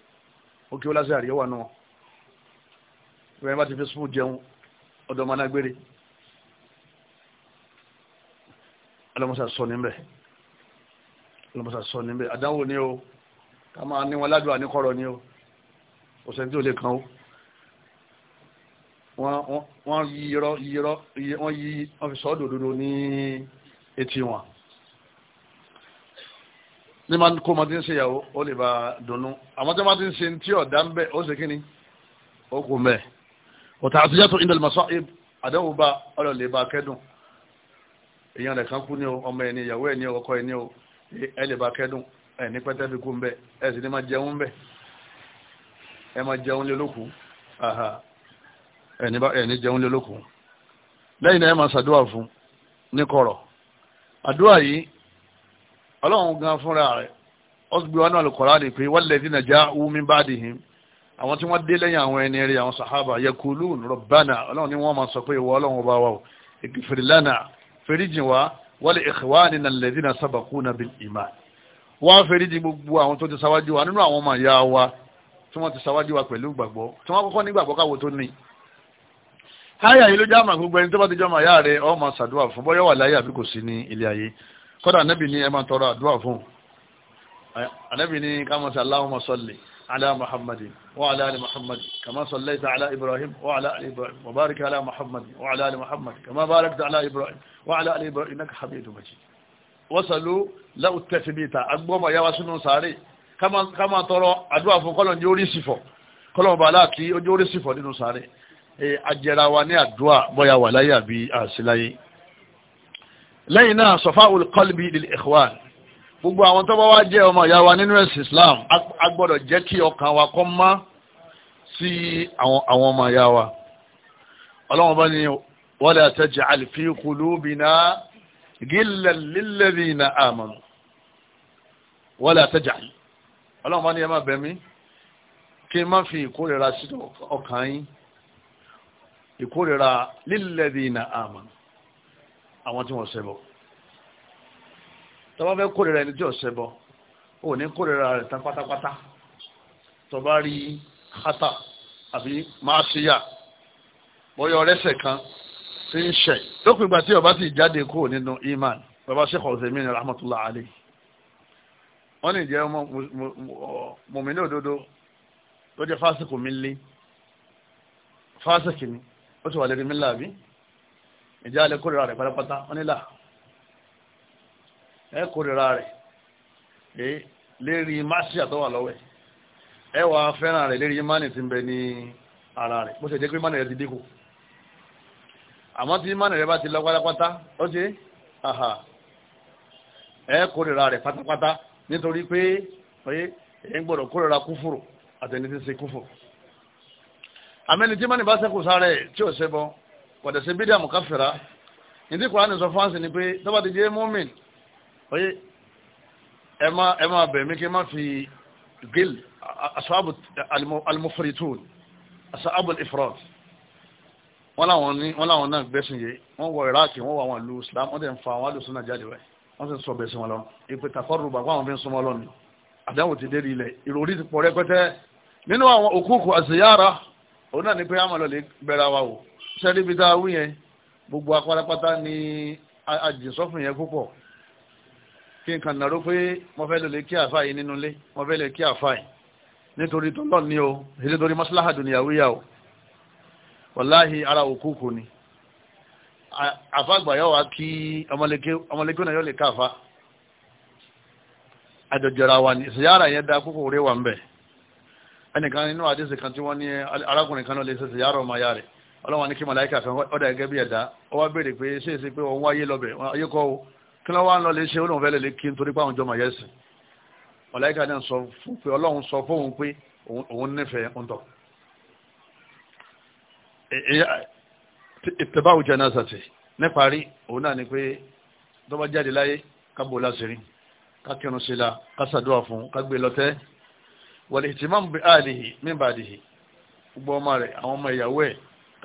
ó kéwú lásìkò àríyá wà wọn ìwé bá ti fi sùpù jẹun ọdọ ọmọ gbére. ọlọ́mọsà sọ níbẹ̀ ọlọ́mọsà sọ níbẹ̀ àdánwò ni o ká máa ní wọn ládùn àníkọ̀rọ̀ ni o òsèǹtì ò lè kàn ó wọ́n yí irọ́ yí irọ́ wọ́n yí wọ́n fi sọ́ọ́dọ̀ òdodo ní etí wọn ní ma kó ma ti ń ṣe ìyàwó ó lè ba dùnnú àmọ́ tí wọ́n ti ń ṣe tí ọ̀dá ń bẹ̀ ó ṣe kí ni ó kù mẹ́ ọ̀tà àtijọ́ tó ìdàlùmọ̀sọ́ àdéhùn bá ọlọ́ọ̀lẹ́ bá kẹ́dùn èèyàn rẹ̀ kan kú ní o ọmọ ẹni ìyàwó ẹni ọkọ ẹni o ẹ lè bá kẹ́dùn ẹ ní pẹ́tẹ́ fi kú ń bẹ ẹ sì ní máa jẹun ń bẹ ẹ máa jẹun lé lókù ẹ ní jẹun lé lókù lẹ́yìn náà ẹ máa ṣàdúrà fún ní kọ̀rọ̀ àdúrà yìí ọlọ́run gan fúnra rẹ̀ ọgbẹ́ wa náà lè kọ̀rọ̀ àdè pé walladhina ja'u min ba'dihim àwọn tí wọ́n dé lẹ́yìn àwọn ẹni rí àwọn sàhábà yakulun rabbana ọlọ́run ni wọ́n máa sọ pé ìwọ ọlọ́run ọba wa ò ìkìfìrìlánà fèríjì wá wal ikhwanina alladhina sabaquna bil iman wọ́n fèríjì gbogbo àwọn tó ti sáwájú wa nínú àwọn ọmọ ìyá wa tí wọ́n ti sáwájú wa pẹ̀lú gbàgbọ́ tí wọ́n kọ́kọ́ nígbàgbọ́ káwo tó ní káyà yìí ló já màá gbogbo ẹni tó bá ti jọ màá yá rẹ ọ máa fún bọ́yọ̀ wà láyé àbí kò sí ní ilé ayé kọ́dà anábì ní ẹ على محمد وعلى آل محمد كما صليت على إبراهيم وعلى آل إبراهيم وبارك على محمد وعلى آل محمد كما باركت على إبراهيم وعلى آل إبراهيم إنك حميد مجيد وصلوا لو التثبيت أقوم ما وسن ساري كما كما ترى أدعو فقل جوري سفو كلهم بلاكي جوري سفو دينو ساري أجرا وني أدعو بيا ولايا بي أسلاي لينا صفاء القلب للإخوان gbogbo àwọn tó bá wá jẹ́ ọmọ ìyá wa nínú ẹ̀sìn Islam a gbọ́dọ̀ jẹ́ kí ọkàn wa kó mọ́ sí àwọn ọmọ ìyá wa ọlọ́run bá ní wala taj'al fi qulubina gillan lilladhina amanu wala taj'al ọlọ́run bá ní ẹ bẹ̀mí kí n má fi ìkórira sí ọkàn yín ìkórira lilladhina amanu àwọn tí wọ́n ṣẹbọ tọ́ba fẹ́ kórìíra ẹni tí ò ṣẹbọ ò ní kórìíra rẹ̀ tán pátápátá tọ́ba rí hata àbí máa ṣe yà bọ́yọ̀ ọ̀rẹ́sẹ̀ kan tí ń ṣẹ̀ lópin ìgbà tí ọba ti jáde kúrò nínú iman bàbá Sheikh Uthaymeen rahmatullah alayhi wọ́n ní ìjẹ́ mọ̀mìnì òdodo tó jẹ́ fásikù mi lé fásikì ni ó ti wà lérí mi láàbí ìjà alẹ́ kórìíra rẹ̀ pátápátá wọ́n ní láà E kórìíra rẹ̀ lérí máṣíà atọwa wà lọ́wọ́ fẹ́ràn rẹ̀ lérí mánì bẹ ní ara rẹ̀ bó ṣe jẹ́ pé mánì ti dínkù àmọ́ tí mánì bá ti lọ pátápátá ó ṣe ẹ kórìíra rẹ̀ pátápátá nítorí pé gbọ́dọ̀ kúfùrù àtẹni ṣe kúfùrù àmẹ́ni tí mánì bá ṣẹ́kù sáré tí ò ni pé jẹ́ oye ẹ má ẹ má bẹ̀ mí kí ẹ má fi gil asabu almufritun asabu ifrat wọ́n làwọn ní wọ́n làwọn náà gbẹ́sìn yìí wọ́n wọ iraq wọ́n wọ àwọn ìlú islam wọ́n tẹ̀ ń fa àwọn alùsùn náà jáde wẹ̀ wọ́n sì ń sọ bẹ̀sìn wọn lọ ìpè tàkọ́rù bàbá àwọn fi ń súnmọ́ lọ́nà àdáwò ti dérí ilẹ̀ ìròrí ti pọ̀ rẹpẹtẹ nínú àwọn òkúkú àṣeyára òun náà ní pé àmọ́ lọ́lẹ̀ bẹ̀rẹ̀ wa o sẹ́ni bí tá a wí yẹn gbogbo apátápátá ni àjẹsọ́fìn yẹn púpọ̀ kí n kàn nàró pé mo fẹ́ lọ lè kí àfáà yìí nínú ilé mo fẹ́ lè kí àfáà yìí nítorí tó lọ ní o nítorí maslaha dùnìyàwóyà o wàláhì ara òkú kò ní àfàgbà yóò wá kí ọmọlẹ́gbẹ́ náà yóò lè káfa àjọjọra wa ní ṣìyára yẹn dá kókò rẹwà ń bẹ̀ ẹnìkan nínú àdíṣe kan tí wọ́n ní arákùnrin kan náà lè ṣe ṣìyára ọmọ ya rẹ̀ ọlọ́wọ́n ní kí màláìkà kan ọ̀dà gẹ́gẹ́ bí ẹ̀dá ó wá pé ṣe pé òun wáyé lọ́bẹ̀ ayé kọ́ kí ló wá ń lọ lè ṣe olóhùn fẹ́lẹ̀ lè kí nítorí pé àwọn jọmọ yẹsìn màláíkà náà sọ fún pé ọlọ́run sọ fóun pé òun nífẹ̀ẹ́ ń tọ̀ ìtẹ̀báwò jánásàtì níparí òun náà ni pé dọ́bà jáde láyé kábò láṣìírí kákẹrùn sí la kásàdúrà fún kágbé e lọ́tẹ́ wọlé ìtìmáàmù bí àdìhì mímbàdìhì gbogbo ọmọ rẹ̀ àwọn ọmọ ìyàwó ẹ̀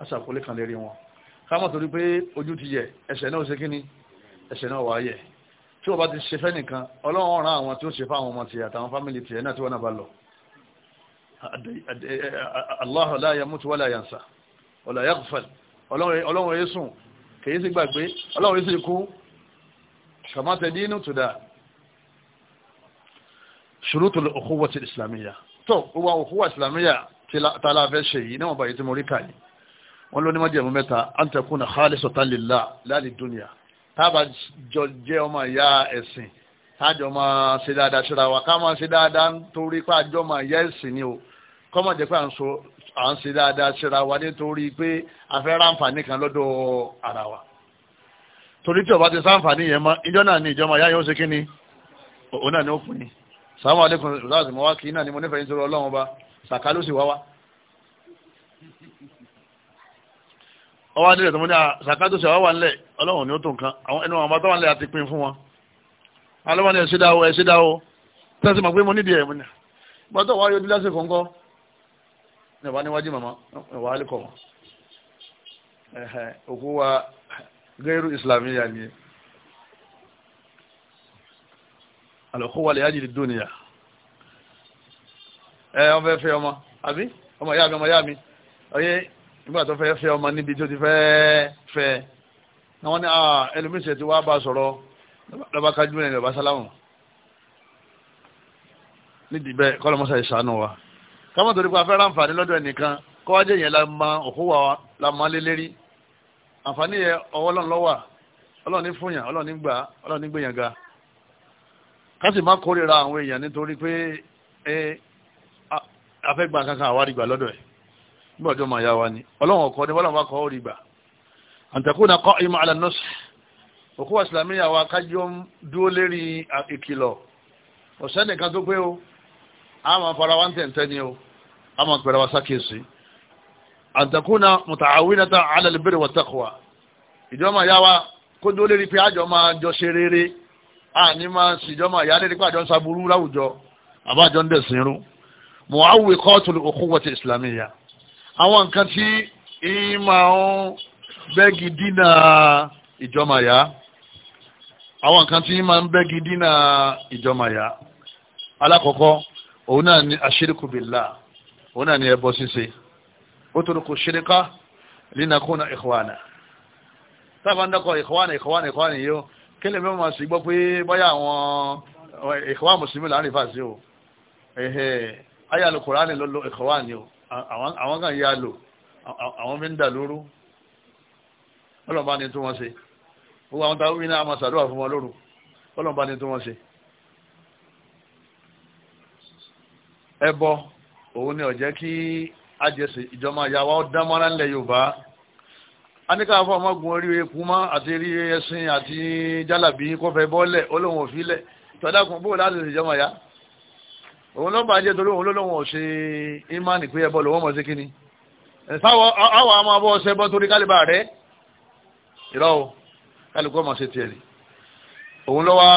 kásàkólé kan lérí wọn ká torí pé ojú ti yẹ ẹsẹ̀ náà ṣe kíni ẹsẹ̀ náà wáyẹ̀ tí wọ́n bá ti ṣe fẹ́nìkan ọlọ́run ràn àwọn tí ó ṣe fáwọn ọmọ tiẹ̀ àtàwọn fámìlì tiẹ̀ náà tí wọ́n náà bá lọ Allahu la yamutu wala yansa wala yaghfal ọlọ́run yẹ́sùn kèyí sí gbàgbé ọlọ́run yẹ́sùn ikú kàmátẹ̀ dínú tó dáa ṣùrútù òkúwà ti islamiyya tó wà òkúwà islamiyya tààlà fẹ́ ṣe yìí níwọ̀n báyìí tí mo rí kàní wọ́n ló ní májẹ̀mú mẹ́ta an takuna khalisatan lillah la lid dunya tábà jọ jẹ́ ọmọ ìyá ẹ̀sìn tájọ máa ṣe dáadáa síra wa ká máa ṣe dáadáa nítorí pé àjọ máa yẹ ẹ̀sìn ni o kọ́mọ̀ jẹ́ pé à ń ṣe dáadáa síra wa nítorí pé a fẹ́ ráǹfààní kan lọ́dọ̀ ara wa torí tí ó bá ti sáǹfààní yẹn mọ́ ìjọ náà ni ìjọba ìyá yóò ṣe kí ni òun náà ni ó fún ni sàmúlò ìlú àti mọ́wá kì í náà ni mo nífẹ̀ẹ́ nítorí ọlọ́run ọba sàkálù sì wá wá. ọwọ́ adílẹ̀ tó mú ní àṣàkájò ṣe àwọn wà nílẹ̀ ọlọ́run ni ó tó nǹkan àwọn ẹnu àwọn àtọ́wà nílẹ̀ àti pin fún wọn alọ́wọ́ ni ẹ̀ ṣe dá o ẹ̀ ṣe dá o tẹ́sí mọ̀ pé mo nídìí ẹ̀ mo ní ìgbà tó wà yóò dílé àṣẹ fọ́nkọ́ ní ọba níwájú màmá ìwà alẹ́kọ̀ wọn òkú wa gẹ́rù islamiyya ni alọ́kú wa lè yájì dúnìyà ẹ ọmọ ẹ fẹ́ ọmọ àbí ọmọ yá mi ọmọ yá mi ọyẹ́ nígbà tó fẹ́ fẹ́ ọmọ níbi tó ti fẹ́ fẹ́ wọn ní ẹlòmíṣẹ́ ti wá bá sọ̀rọ̀ lọ́ba kájú ní ìlọ́ba sálámù nídìí bẹ́ẹ̀ kọ́ lọ́mọ́sá ìṣàánú wa káwọn torí pa fẹ́ràn àǹfààní lọ́dọ̀ ẹnìkan kọ́ wájú yẹn la ma òkú wa la ma lélẹ́rí àǹfààní yẹn ọwọ́ lọ́n lọ́wà ọlọ́run ní fúnyà ọlọ́run ní gbà ọlọ́run ní gbèyàn ga ká sì má kórìíra àwọn èèyàn nítorí pé afẹ́gbà kankan àwárí gbà lọ́dọ̀ ẹ̀ gbọ́dọ̀ máa ya wa ni ọlọ́run ọkọ ni bọ́lá wa kọ́ orí gbà àǹtàkùnà kọ́ ìmọ̀ àlànọ́sì òkú àsìlámíyà wa kájọ dúró lérí ìkìlọ̀ ọ̀sẹ́ nìkan tó pé o a máa fara wa ń tẹ̀ǹtẹ́ ni o a máa pẹ̀rẹ̀ wa sákèsí àǹtàkùnà mùtàwínàtà alàlùbẹ̀rẹ̀ wàtàkùwà ìjọba yá wa kó dúró lérí pé àjọ máa jọ ṣe rere a ní máa sì jọ máa yá lérí pé àjọ ń sa burú láwùjọ àbájọ ń dẹ̀sìn rú muawi kọ́ọ̀tù òkú wọ́tí àwọn nǹkan tí ìmọ̀ ń bẹ́gi dínà ìjọmọ̀yá àwọn nǹkan tí ìmọ̀ ń bẹ́gi dínà ìjọmọ̀yá alákọ̀ọ́kọ́ òun náà ni aṣíríkù bìlá òun náà ni ẹbọ ṣíṣe ó torí kò ṣíríkà línàkúnà ìkọ̀wànà tábà ń dákọ̀ ìkọ̀wànà ìkọ̀wànà ìkọ̀wànà yìí ó kílẹ̀ mẹ́wàá sì gbọ́ pé bọ́yá àwọn ìkọ̀wà mùsùlùmí láàrin fàṣẹ o ayé alukùránì lọ́lọ́ ìkọ̀wànà yìí àwọn kan yá lò àwọn fi ń dà lóru ọlọ́mọba ni tún wọn ṣe gbogbo àwọn táwọn iná àmọ́ sàdúrà fún wọn lóru ọlọ́mọba ni tún wọn ṣe. ẹbọ òun ni ó jẹ́ kí ajẹsẹ ìjọba ìyàwó dámọ́ra ńlẹ̀ Yorùbá aníkà fún ọmọgùn orí eku mọ́ àti rí ẹṣin àti jálàbí kọfẹ́ bọ́ọ̀lẹ̀ olóhùn òfìlẹ̀ tọ́dá kan bóòlù àti ìjọba ìyàwó òun ló bàjẹ́ torí òun lọ́lọ́wọ́n ò ṣe ìmánì pé ẹbọ lọ́wọ́ mọ̀ sí kíni sáwọ àwọn àmọ́ ọbọ̀ ọ̀sẹ̀ bọ́ torí kálíbà rẹ ìrọ̀ o kálíkù ọmọ ṣe tiẹ̀ ni òun lọ́wọ́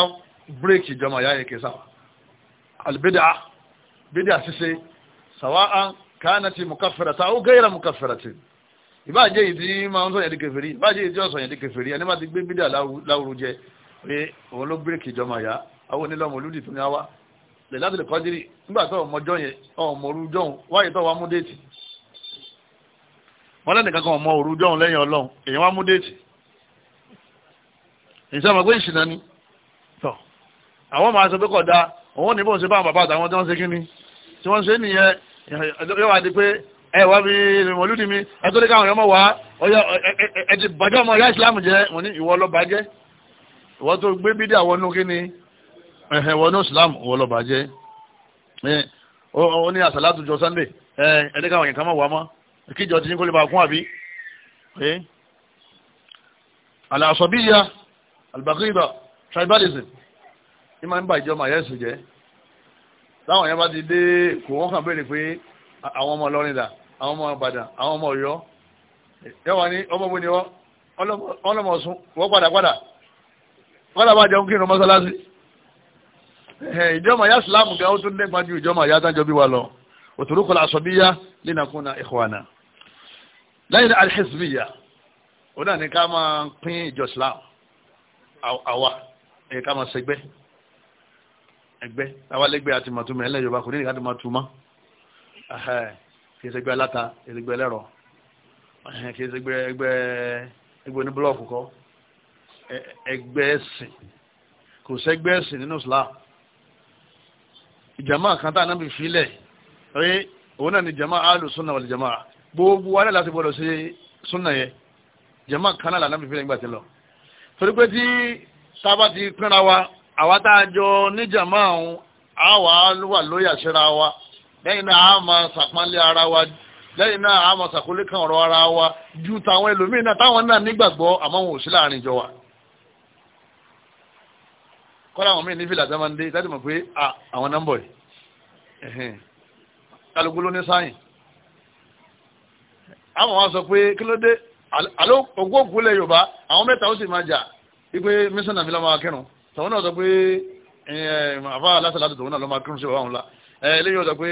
bírèkì ìjọmọ̀ ìyá yẹn kẹsà albidà bidà ṣíṣe sawa'an kanati mukafirata ó gẹ́yẹ̀rẹ̀ mukafirati ìbáàjẹ́ ìdí máa ń sọ̀yẹ̀ di kẹfẹ́rí ìbáàjẹ́ ìdí ọ̀sọ̀yẹ̀ di kẹfẹ́rí ẹni máa ti gbé bidà láwùrú pé òun ló bírèkì ìjọmọ̀ ìyá àwọn onílọ́mọ olúdì tó ní á lẹ́láti lè kọ́dírì nígbà tó ọmọjọ́ yẹn ọmọ orújọ́ òun wáyé tó wá mú déètì wọ́n lẹ́nu kankan ọmọ orújọ́ òun lẹ́yìn ọlọ́run èyàn wá mú déètì ìṣe ọmọ pé ìṣìnà ni tọ̀ àwọn máa sọ pé kọ̀ da òun ní bóun ṣe bá àwọn bàbá àtàwọn tí wọ́n ṣe kíni tí wọ́n ṣe nìyẹn yóò wá di pé ẹ wá bí mọ̀lúdì mi ẹ tó lé káwọn ọmọ wá ẹ ti bàjẹ́ ọmọ ìyá ìsìlámù jẹ́ wọ́n ní ìwọ lọ bàjẹ́ ìwọ tó gbé bídí àwọn nù kíni ẹ̀hẹ̀ wọnú islam wọ́n lọ bàjẹ́ ó ní àsàlátù jọ sunday ẹni káwọn yẹn ká máa wà mọ́ kíjọ tí ní kó lè bá kún àbí aláṣọbíyà albakriba tribalism ní máa ń bá ìjọ màyẹ́ sì jẹ́ láwọn yẹn bá ti dé kò wọ́n kàn béèrè pé àwọn ọmọ ọlọ́rin dà àwọn ọmọ ìbàdàn àwọn ọmọ ọ̀yọ́ yẹ́wà ní ọmọ bó ni wọ́n ọlọ́mọ ọ̀sùn wọ́n padà padà padà bá jẹun kí n lọ mọ́sálásí ìjọba ya sùlámù gan ó tún nípa ju ìjọba ya dájọ́ bí wa lọ òtòrúkọ làṣọ bí yá lẹ́nàkúnna ìkọ̀wànà lẹ́yìn alhizbiya ó náà ní ká máa pín ìjọ sùlámù àwa ẹ̀ ká máa ṣẹgbẹ́ ẹgbẹ́ àwa lẹ́gbẹ́ àti màtúmọ̀ ẹlẹ́yìn yorùbá kò ní ìka tó máa túmọ̀ kì í ṣẹgbẹ́ aláta ẹgbẹ́ ẹlẹ́rọ kì í ṣẹgbẹ́ ẹgbẹ́ ẹgbẹ́ oníbúlọ̀kù kọ́ ẹgbẹ́ ẹ̀sìn kò ṣẹgbẹ́ ẹ̀sìn nínú sùlámù ìjàmá kan tá ànábì filẹ̀ ẹ òun náà ni jàmá alu sunna wal jàmá gbogbo wa náà láti gbọdọ̀ ṣe sunna yẹ jàmá kan náà lànàbì filẹ̀ nígbà tí lọ. torí pé tí sábà ti pínra wa àwa tá a jọ ní jàmá ọ̀hún a wà wà lóyè àṣírà wa lẹ́yìn náà a máa ṣàpánlé ara wa lẹ́yìn náà a máa ṣàkólé kan ọ̀rọ̀ ara wa ju tàwọn ẹlòmíín táwọn náà nígbàgbọ́ àmọ́ wọn ò sí láàrin ìjọ wa kọ́lá àwọn míì ní fìlà tó máa ń dé láti mọ̀ pé àwọn nọ́mbọ̀ yìí kálukú ló ní sáyìn àwọn wa sọ pé kí ló dé àló ògbó òkúlẹ̀ yorùbá àwọn mẹ́ta ó sì máa jà wípé mísọ̀nà mi lọ́mọ akẹ́rùn tòun náà sọ pé àfa aláṣàlátò tòun náà lọ́mọ akẹ́rùn sí ọ̀hún la eléyìí ó sọ pé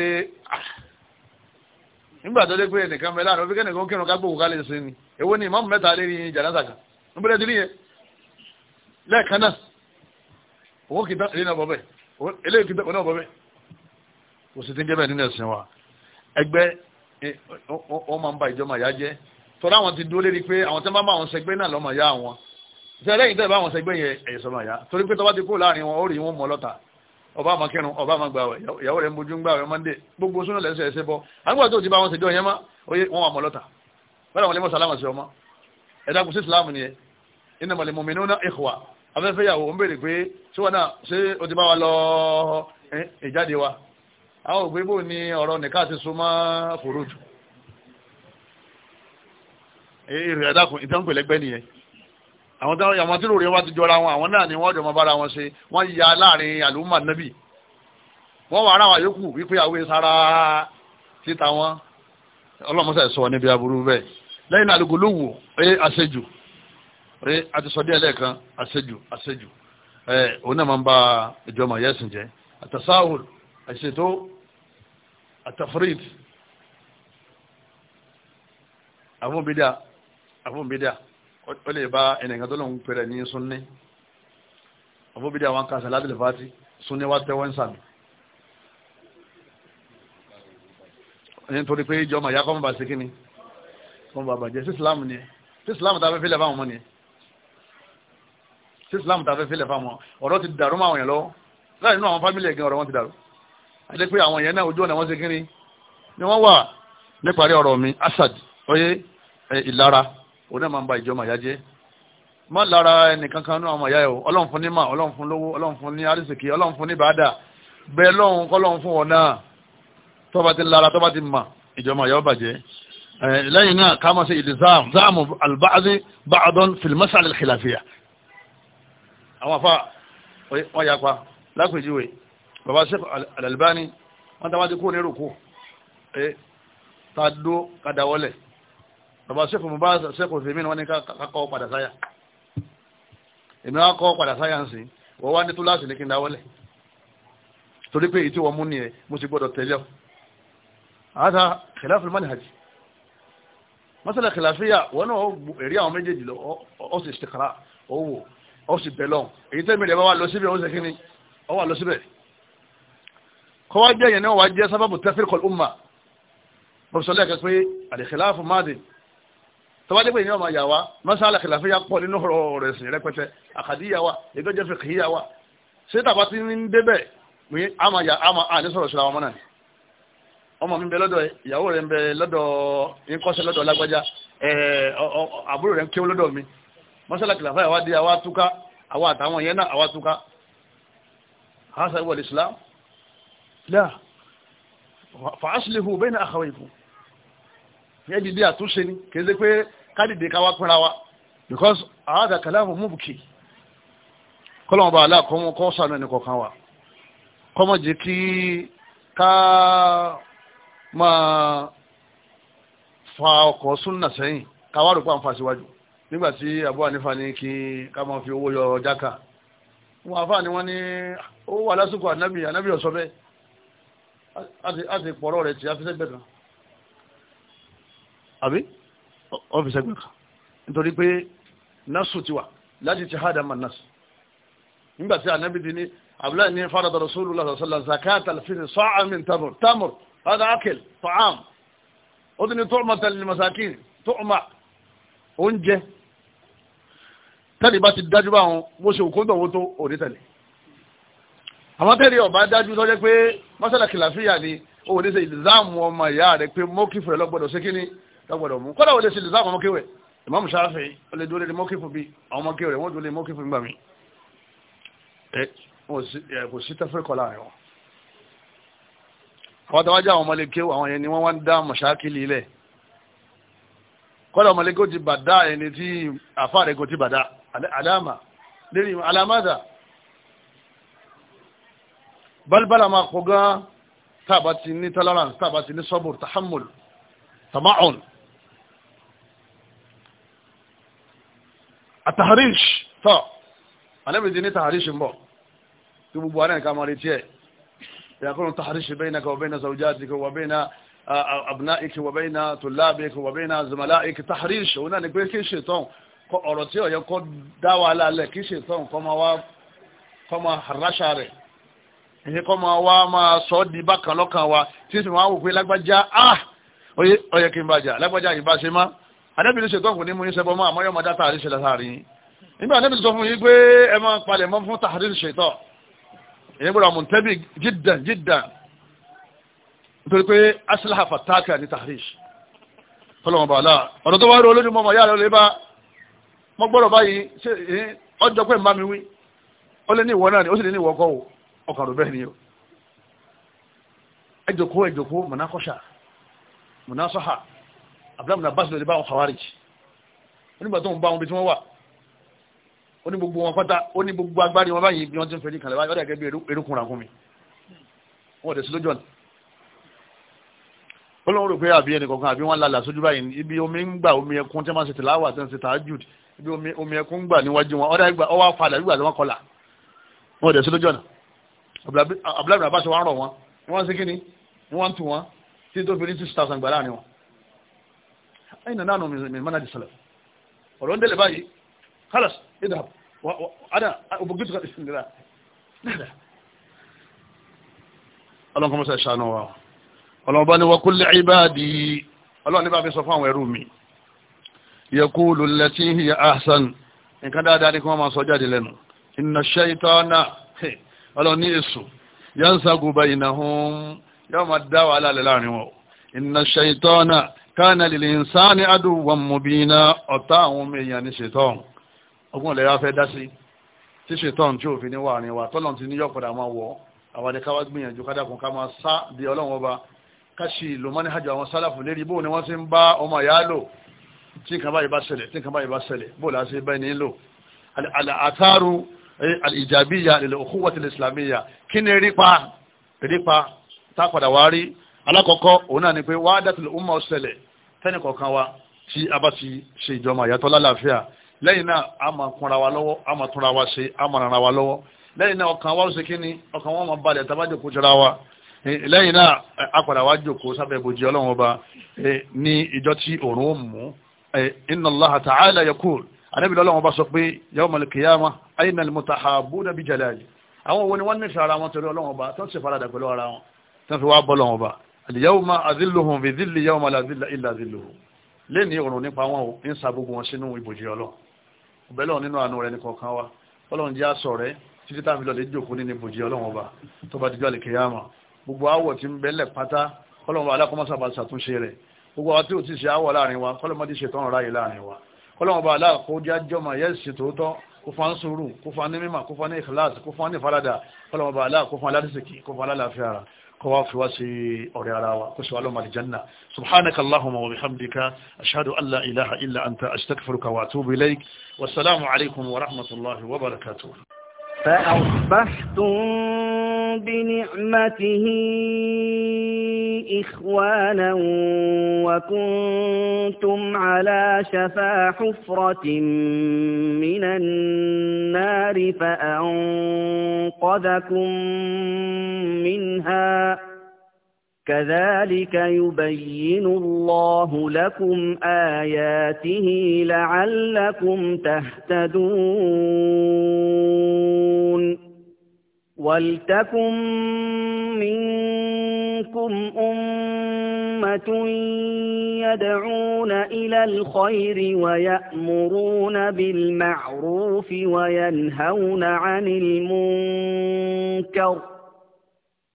nígbà tó dé pé ẹnìkan mẹ́lá àná fíkẹ́ nìkan kírun kágbó òkúta lè ni èwo ni ìmọ̀mù mẹ́ta lè rí jàdásàkà níbo lẹ́ owó kìí tán èyí náà bọ́ bẹ́ẹ̀ eléyìí kìí tán òun náà bọ́ kò sì ti ń jẹ́ bẹ́ẹ̀ nínú ẹ̀sìn wa ẹgbẹ́ wọn máa ń ba ìjọba ìyá jẹ́ tọ́lá àwọn ti dúró lérí pé àwọn tí wọ́n bá bá àwọn sẹgbẹ́ náà lọ́mọ ìyá àwọn ṣe lẹ́yìn tẹ́ bá àwọn sẹgbẹ́ yẹn ẹ̀yẹ sọmọ ìyá torí pé tọ́wá ti kó láàrin wọn ó rí wọn mọ́ lọ́ta ọba àmọ́ kẹrùn ọba àmọ́ gbà ìyàwó rẹ̀ ń bójú ń gbà rẹ̀ mọ́ndé gbogbo súnà lẹ́sẹ̀ ẹ̀ṣẹ̀ bọ́ àgbà tó ti bá wọn sẹjọ́ yẹn mọ́ oyé wọn wà mọ́ lọ́ta bẹ́ẹ̀ wọn lè mọ́ sàlámà sí ọmọ ẹ̀dá kùsí sàlámù nìyẹn innamal mu'minuna ikhwa afẹ́fẹ́ yàwó ń béèrè pé tí wọ́n náà ṣe o ti bá wa lọ ìjáde wa àwọn ògbé bò ní ọ̀rọ̀ nìkan ti súnmọ́ fòròjù èrè ẹ̀dàkùn ìtànkùnlẹ́gbẹ́ nìyẹn àwọn tí àwọn tí lóore wá ti jọra wọn àwọn náà ni wọ́n jọ mọ bára wọn ṣe wọ́n ya láàrin àlùmọ̀ nábì wọ́n wà ara wa yòókù wípé àwé sára títa wọn ọlọ́mọṣẹ́ sọ níbi aburú bẹ́ẹ̀ lẹ́yìn àlùkò lówó ẹ àṣejù ẹ àti sọdí ẹlẹ́ẹ̀kan àṣejù àṣejù òun náà máa ń bá ìjọba yẹ́sìn jẹ́ àtàsáhùl àṣetó àtàfríd àfúnbídà àfúnbídà ó lè bá ẹnìkan tó lóun pẹ̀rẹ̀ ní súnni àfúnbídà wọn kà sàlá tẹlifà tí súnni wá tẹ́wọ́ ń sàmì nítorí pé ìjọba ìyá kọ́ mọ́ bá ṣe kí ni kọ́ Islam ni Islam tá a fẹ́ fílẹ̀ báwọn mọ́ ni sí islam tàfẹ́ fílẹ̀ fáwọn ọ̀rọ̀ ti dàrú máa wọ̀nyẹ̀ lọ́wọ́ láì nínú àwọn fámílì ẹ̀gẹ́ ọ̀rọ̀ wọn ti dàrú àti pé àwọn èèyàn náà ojú ọ̀nà wọn ṣe kínní ni wọ́n wà níparí ọ̀rọ̀ mi asad oyé ìlara oní àmà ń ìjọ màyá jẹ́ má lára ẹnìkan kan nú àwọn àyà o ọlọ́run mà ọlọ́run lówó ọlọ́run arísìkí ọlọ́run fún àwọn afá wọ́n yapa lápèjúwe bàbá Sheikh Al-Albani wọ́n tàbá ti kú ní rúkú ẹ tàdó kàdàwọlẹ̀ bàbá Sheikh mú bá Sheikh Uthaymeen wọ́n ní kakọ́ padà sáyà èmi wọ́n kọ́ padà sáyà ń sìn wọ́n wá ní tó láti ní kí n dáwọlẹ̀ torí pé ìtí wọ́n mú ní ẹ mo ti gbọ́dọ̀ tẹ̀lé ọ àádá khilaful manhaj masala khilafiyya wọ́n náà rí àwọn méjèèjì lọ ọ́ sì ṣe kàrà owó ó sì bẹ̀ lọ́hùn èyí tẹ́mi rẹ̀ bá wà lọ síbẹ̀ ó sì kí ni ó wà lọ síbẹ̀ kọ́ wá jẹ́ yẹn náà wá jẹ́ sábàbù tafriqul umma bọ́sọ̀ lẹ́ẹ̀kẹ́ pé al-khilafu madin tọ́wájú pé ìyẹn ọmọ yà wá masala khilafiyya pọ̀ nínú ọ̀rọ̀ rẹ̀ sìn rẹpẹtẹ àkàdíyà wa ìdọ́jẹ́ fiqhiyya wa ṣé tàbá ti ń débẹ̀ pé àmà yà àmà àní sọ̀rọ̀ síra wọn mọ́ náà ọmọ mi bẹ lọ́dọ̀ ìyàwó rẹ̀ mi masala kìláfà àwa di àwa túká àtàwọn yẹn náà àwa túká hasa ìwà islam la fa aslihu bayna akhawaykum yẹ́ dìde àtúnṣe ni kì í ṣe pé kádìdé ká wá pínra wa because àádà kàlámù múbùkì kọ́lọ̀mọba aláàkọ́mọ́ kọ́ sànú ẹni kọ̀ọ̀kan wa kọ́mọ̀ jẹ́ kí fa ọkọ̀ súnnà sẹ́yìn nígbàtí Abu Hanifa ní kí ká máa fi owó yọ jáka wọn àfáà ni wọ́n ní ó wà lásìkò ànábì ànábì ọ̀sọ́ bẹ́ẹ̀ á ti pọ̀rọ̀ rẹ̀ tí a fi sẹ́gbẹ̀ kan àbí ọ fi sẹ́gbẹ̀ kan nítorí pé násù ti wà láti ti hádà mà násù nígbàtí ànábì ti ní abúlá ní farada rasulullah sallallahu alaihi oúnjẹ tẹ́lẹ̀ bá ti dájú bá wọn mo ṣe òkú dọ̀wọ́ tó òde tẹ̀lé àwọn tẹ́lẹ̀ ọba dájú tó jẹ́ pé mọ́sálà kìláfíà ni òde ṣe ìlìzáàmù ọmọ ìyá rẹ̀ pé mọ́kìfù rẹ̀ lọ́gbọ́dọ̀ ṣé kíní lọ́gbọ́dọ̀ mú kọ́dà òde ṣe ìlìzáàmù ọmọ kéwẹ̀ ìmáàmù Ṣáfì ó lè dúró lé mọ́kìfù bí àwọn ọmọ kéwẹ̀ wọ́n dúró lé mọ́kìfù gbà mí kò sí tẹ́fẹ́kọ̀ láàrin wọn àwọn tàwájú àwọn ọmọlẹ́kẹ́ àwọn yẹn ni wọ́n wá ń dá mọ̀ṣákìlì ilẹ̀ kọ́dà ọmọlẹ́kẹ́ ó ti bàdá ẹni tí àfáà rẹ̀ kò ti bàdá علامة على ماذا بل بل ما خوغا تابتني تلران تابتني صبر تحمل تمعن التحريش تا انا بديني تحريش مو تبو انا كما ريتيه يقول التحريش بينك وبين زوجاتك وبين آه، آه، ابنائك وبين طلابك وبين زملائك تحريش هنا نقول كل شيء ọ̀rọ̀ tí ọ̀yẹ́ kọ́ dá wa lálẹ̀ kí ṣe tán kọ́ máa wá kọ́ máa harasha rẹ̀ èyí kọ́ máa wá máa sọ ọ́ di bákan lọ́kàn wa tí sì máa wò pé lágbájá ah ọ̀yẹ́ kí n bàjá lágbájá yìí bá ṣe má adébìnrin ṣe tán kò ní mú yín ṣẹbọ mọ́ àmọ́ yọ́ máa dá tààrí ṣe látàrí yín nígbà adébì sọ fún yín pé ẹ máa palẹ̀ mọ́ fún tààrí ṣe tán èyí gbọ́dọ̀ mùtẹ́bì jiddan jiddan nítorí pé asilaha fataka ní tààrí ṣe tọ́lọ́mọba aláà ọ̀dọ̀ tó wá rí olójúmọ́ ọmọ yára olè bá mo gbọ́dọ̀ báyìí ṣe ọjọ́ pé mbá mi wí ó lé ní ìwọ náà ni ó sì lé ní ìwọ kọ́ o ọkàn rò bẹ́ẹ̀ ni o ẹ jòkó ẹ jòkó mọ̀nàkọ́ṣà mọ̀nàṣọ́hà abdulhamid abbas lórí báwọn khawarij onígbà tó ń bá wọn bí tí wọ́n wà ó ní gbogbo wọn pátá ó ní gbogbo agbárí wọn báyìí bí wọ́n ti ń fẹ́ ní kàlẹ́ báyìí ó dẹ̀ gẹ́gẹ́ bí erékùnrin àkúnmi wọ́n dẹ̀ sí lójú ọ̀nà ó lóun rò pé àbí ẹnì kankan àbí wọn lálà sójú báyìí ibi omi ń gbà omi ẹkún tí wọn ṣe tìláwà tí wọn ṣe tààjùd ibi omi ẹkún ń gbà níwájú wọn ọdá ìgbà ọwọ́ afadà ìgbà tí wọn kọlà wọn ò dẹ̀ sí lójú ọ̀nà abúlábìrì abáṣe wọn rọ̀ wọn ni wọn ń ṣe kíni ni wọn ń tu wọn tí tó fi ní two thousand gbà láàrin wọn. ẹ̀yin nana nù mí mọ́nà di sọ̀lẹ̀ ọ̀rọ̀ ń délé báyìí kálọ̀s ìdá ọlọ́nkọ́ mọ́sá ìṣàánú wa ọlọ́ọ̀bá ni wọ́n kú lé ibáàdì ọlọ́ọ̀ni bá fi sọ fún àwọn ẹrú mi yẹkú lulẹ̀tí hiya ahsan nǹkan dáadáa ní kí wọ́n máa sọ jáde lẹ́nu inna shaytana ọlọ́ọ̀ni èso yansagu bainahum yóò máa dá wàhálà lẹ́ láàrin wọn inna shaytana kana lil insani aduwwan mubina ọ̀tá àwọn ọmọ èèyàn ní ṣètọ́n ogun ọ̀lẹ́yà fẹ́ dá sí tí ṣètọ́n tí òfin ní wà ní ti ní yọ̀pọ̀dà máa wọ̀ àwọn ẹ̀ka wá gbìyànjú kádàkùn ká máa sá di ọlọ́run ọba káṣí ìlú mọ́níhàjò àwọn sálàfù lérí bóò ni wọ́n ti ń bá ọmọ ìyá lò tí nǹkan báyìí bá ṣẹlẹ̀ tí nǹkan báyìí bá ṣẹlẹ̀ bóò láti bá ẹni lò àtàrù ìjàbíyà lè òkúwọ̀tì islamiyya kí ni rípa rípa tá padà wá rí alákọ̀ọ́kọ́ òun náà ni pé wá dátìlì umma ṣẹlẹ̀ tẹ́nì kọ̀ọ̀kan wa tí a bá ti ṣe ìjọmọ̀ ìyàtọ̀ lálàáfíà lẹ́yìn náà a máa wa lọ́wọ́ a máa wa ṣe a máa wa lọ́wọ́ lẹ́yìn náà ọkàn wa ó ṣe kí ni ọkàn wa máa balẹ̀ tàbájò kó jọra wa Eh, lẹ́yìn náà eh, apàdà wá jòkó sábẹ́ bòjì ọlọ́run ọba eh, ní ìjọ tí òòrùn ó mú inna Allaha ta'ala yaqul ànábì ọlọ́run ọba sọ pé yawmal qiyamah ayna al-mutahabuna bi jalali àwọn wo ni wọ́n nífẹ̀ẹ́ ara wọn torí ọlọ́run ọba tó ń ṣèfaradà pẹ̀lú ara wọn tó ń fi wá bọ́ ọlọ́run ọba al-yawma adhilluhum fi dhilli yawma la dhilla illa dhilluhu lẹ́ni òòrùn nípa wọn ò ń sa gbogbo wọn sínú ìbòjì ọlọ́run ọbẹ̀ lọ́run nínú àánú rẹ̀ nìkan kan wa ọlọ́run jẹ́ àṣọ rẹ̀ títí táfi lọ́ọ́ lè jókòó nínú ìbòjì ọlọ́run ọba tó bá dijọ́ àlìkèyàmà gbogbo àwọ̀ tí ń bẹ́lẹ̀ pátá kọ́lọ́mọ alákọ́mọ́sàbà ṣàtúnṣe rẹ̀ gbogbo àwọn tí ò ti ṣe àwọ̀ láàrin wa kọ́lọ́mọ ti ṣètò ọ̀rọ̀ ayé láàrin wa kọ́lọ́mọ bá aláàkójá jọmọ yẹ́ sì tòótọ́ kó fa ń sùúrù kó fa ní mímọ̀ kó fa ní ìkìláàsì kó fa ní ìfaradà kọ́lọ́mọ bá aláàkó fa aládìsíkì kó fa alálàáfíà ara kó wá fi wá sí ọ̀rẹ́ ara wa kó sì wá lọ́mọ àlìjánná subhanaka wa bihamdika ashhadu an la ilaha illa anta astaghfiruka wa atubu ilayk wasalaamu alaykum wa rahmatullahi wa barakatuh. fa asbahtum بنعمته إخوانا وكنتم على شفا حفرة من النار فأنقذكم منها كذلك يبين الله لكم آياته لعلكم تهتدون ولتكن منكم أمة يدعون إلى الخير ويأمرون بالمعروف وينهون عن المنكر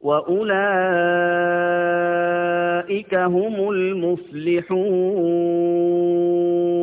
وأولئك هم المفلحون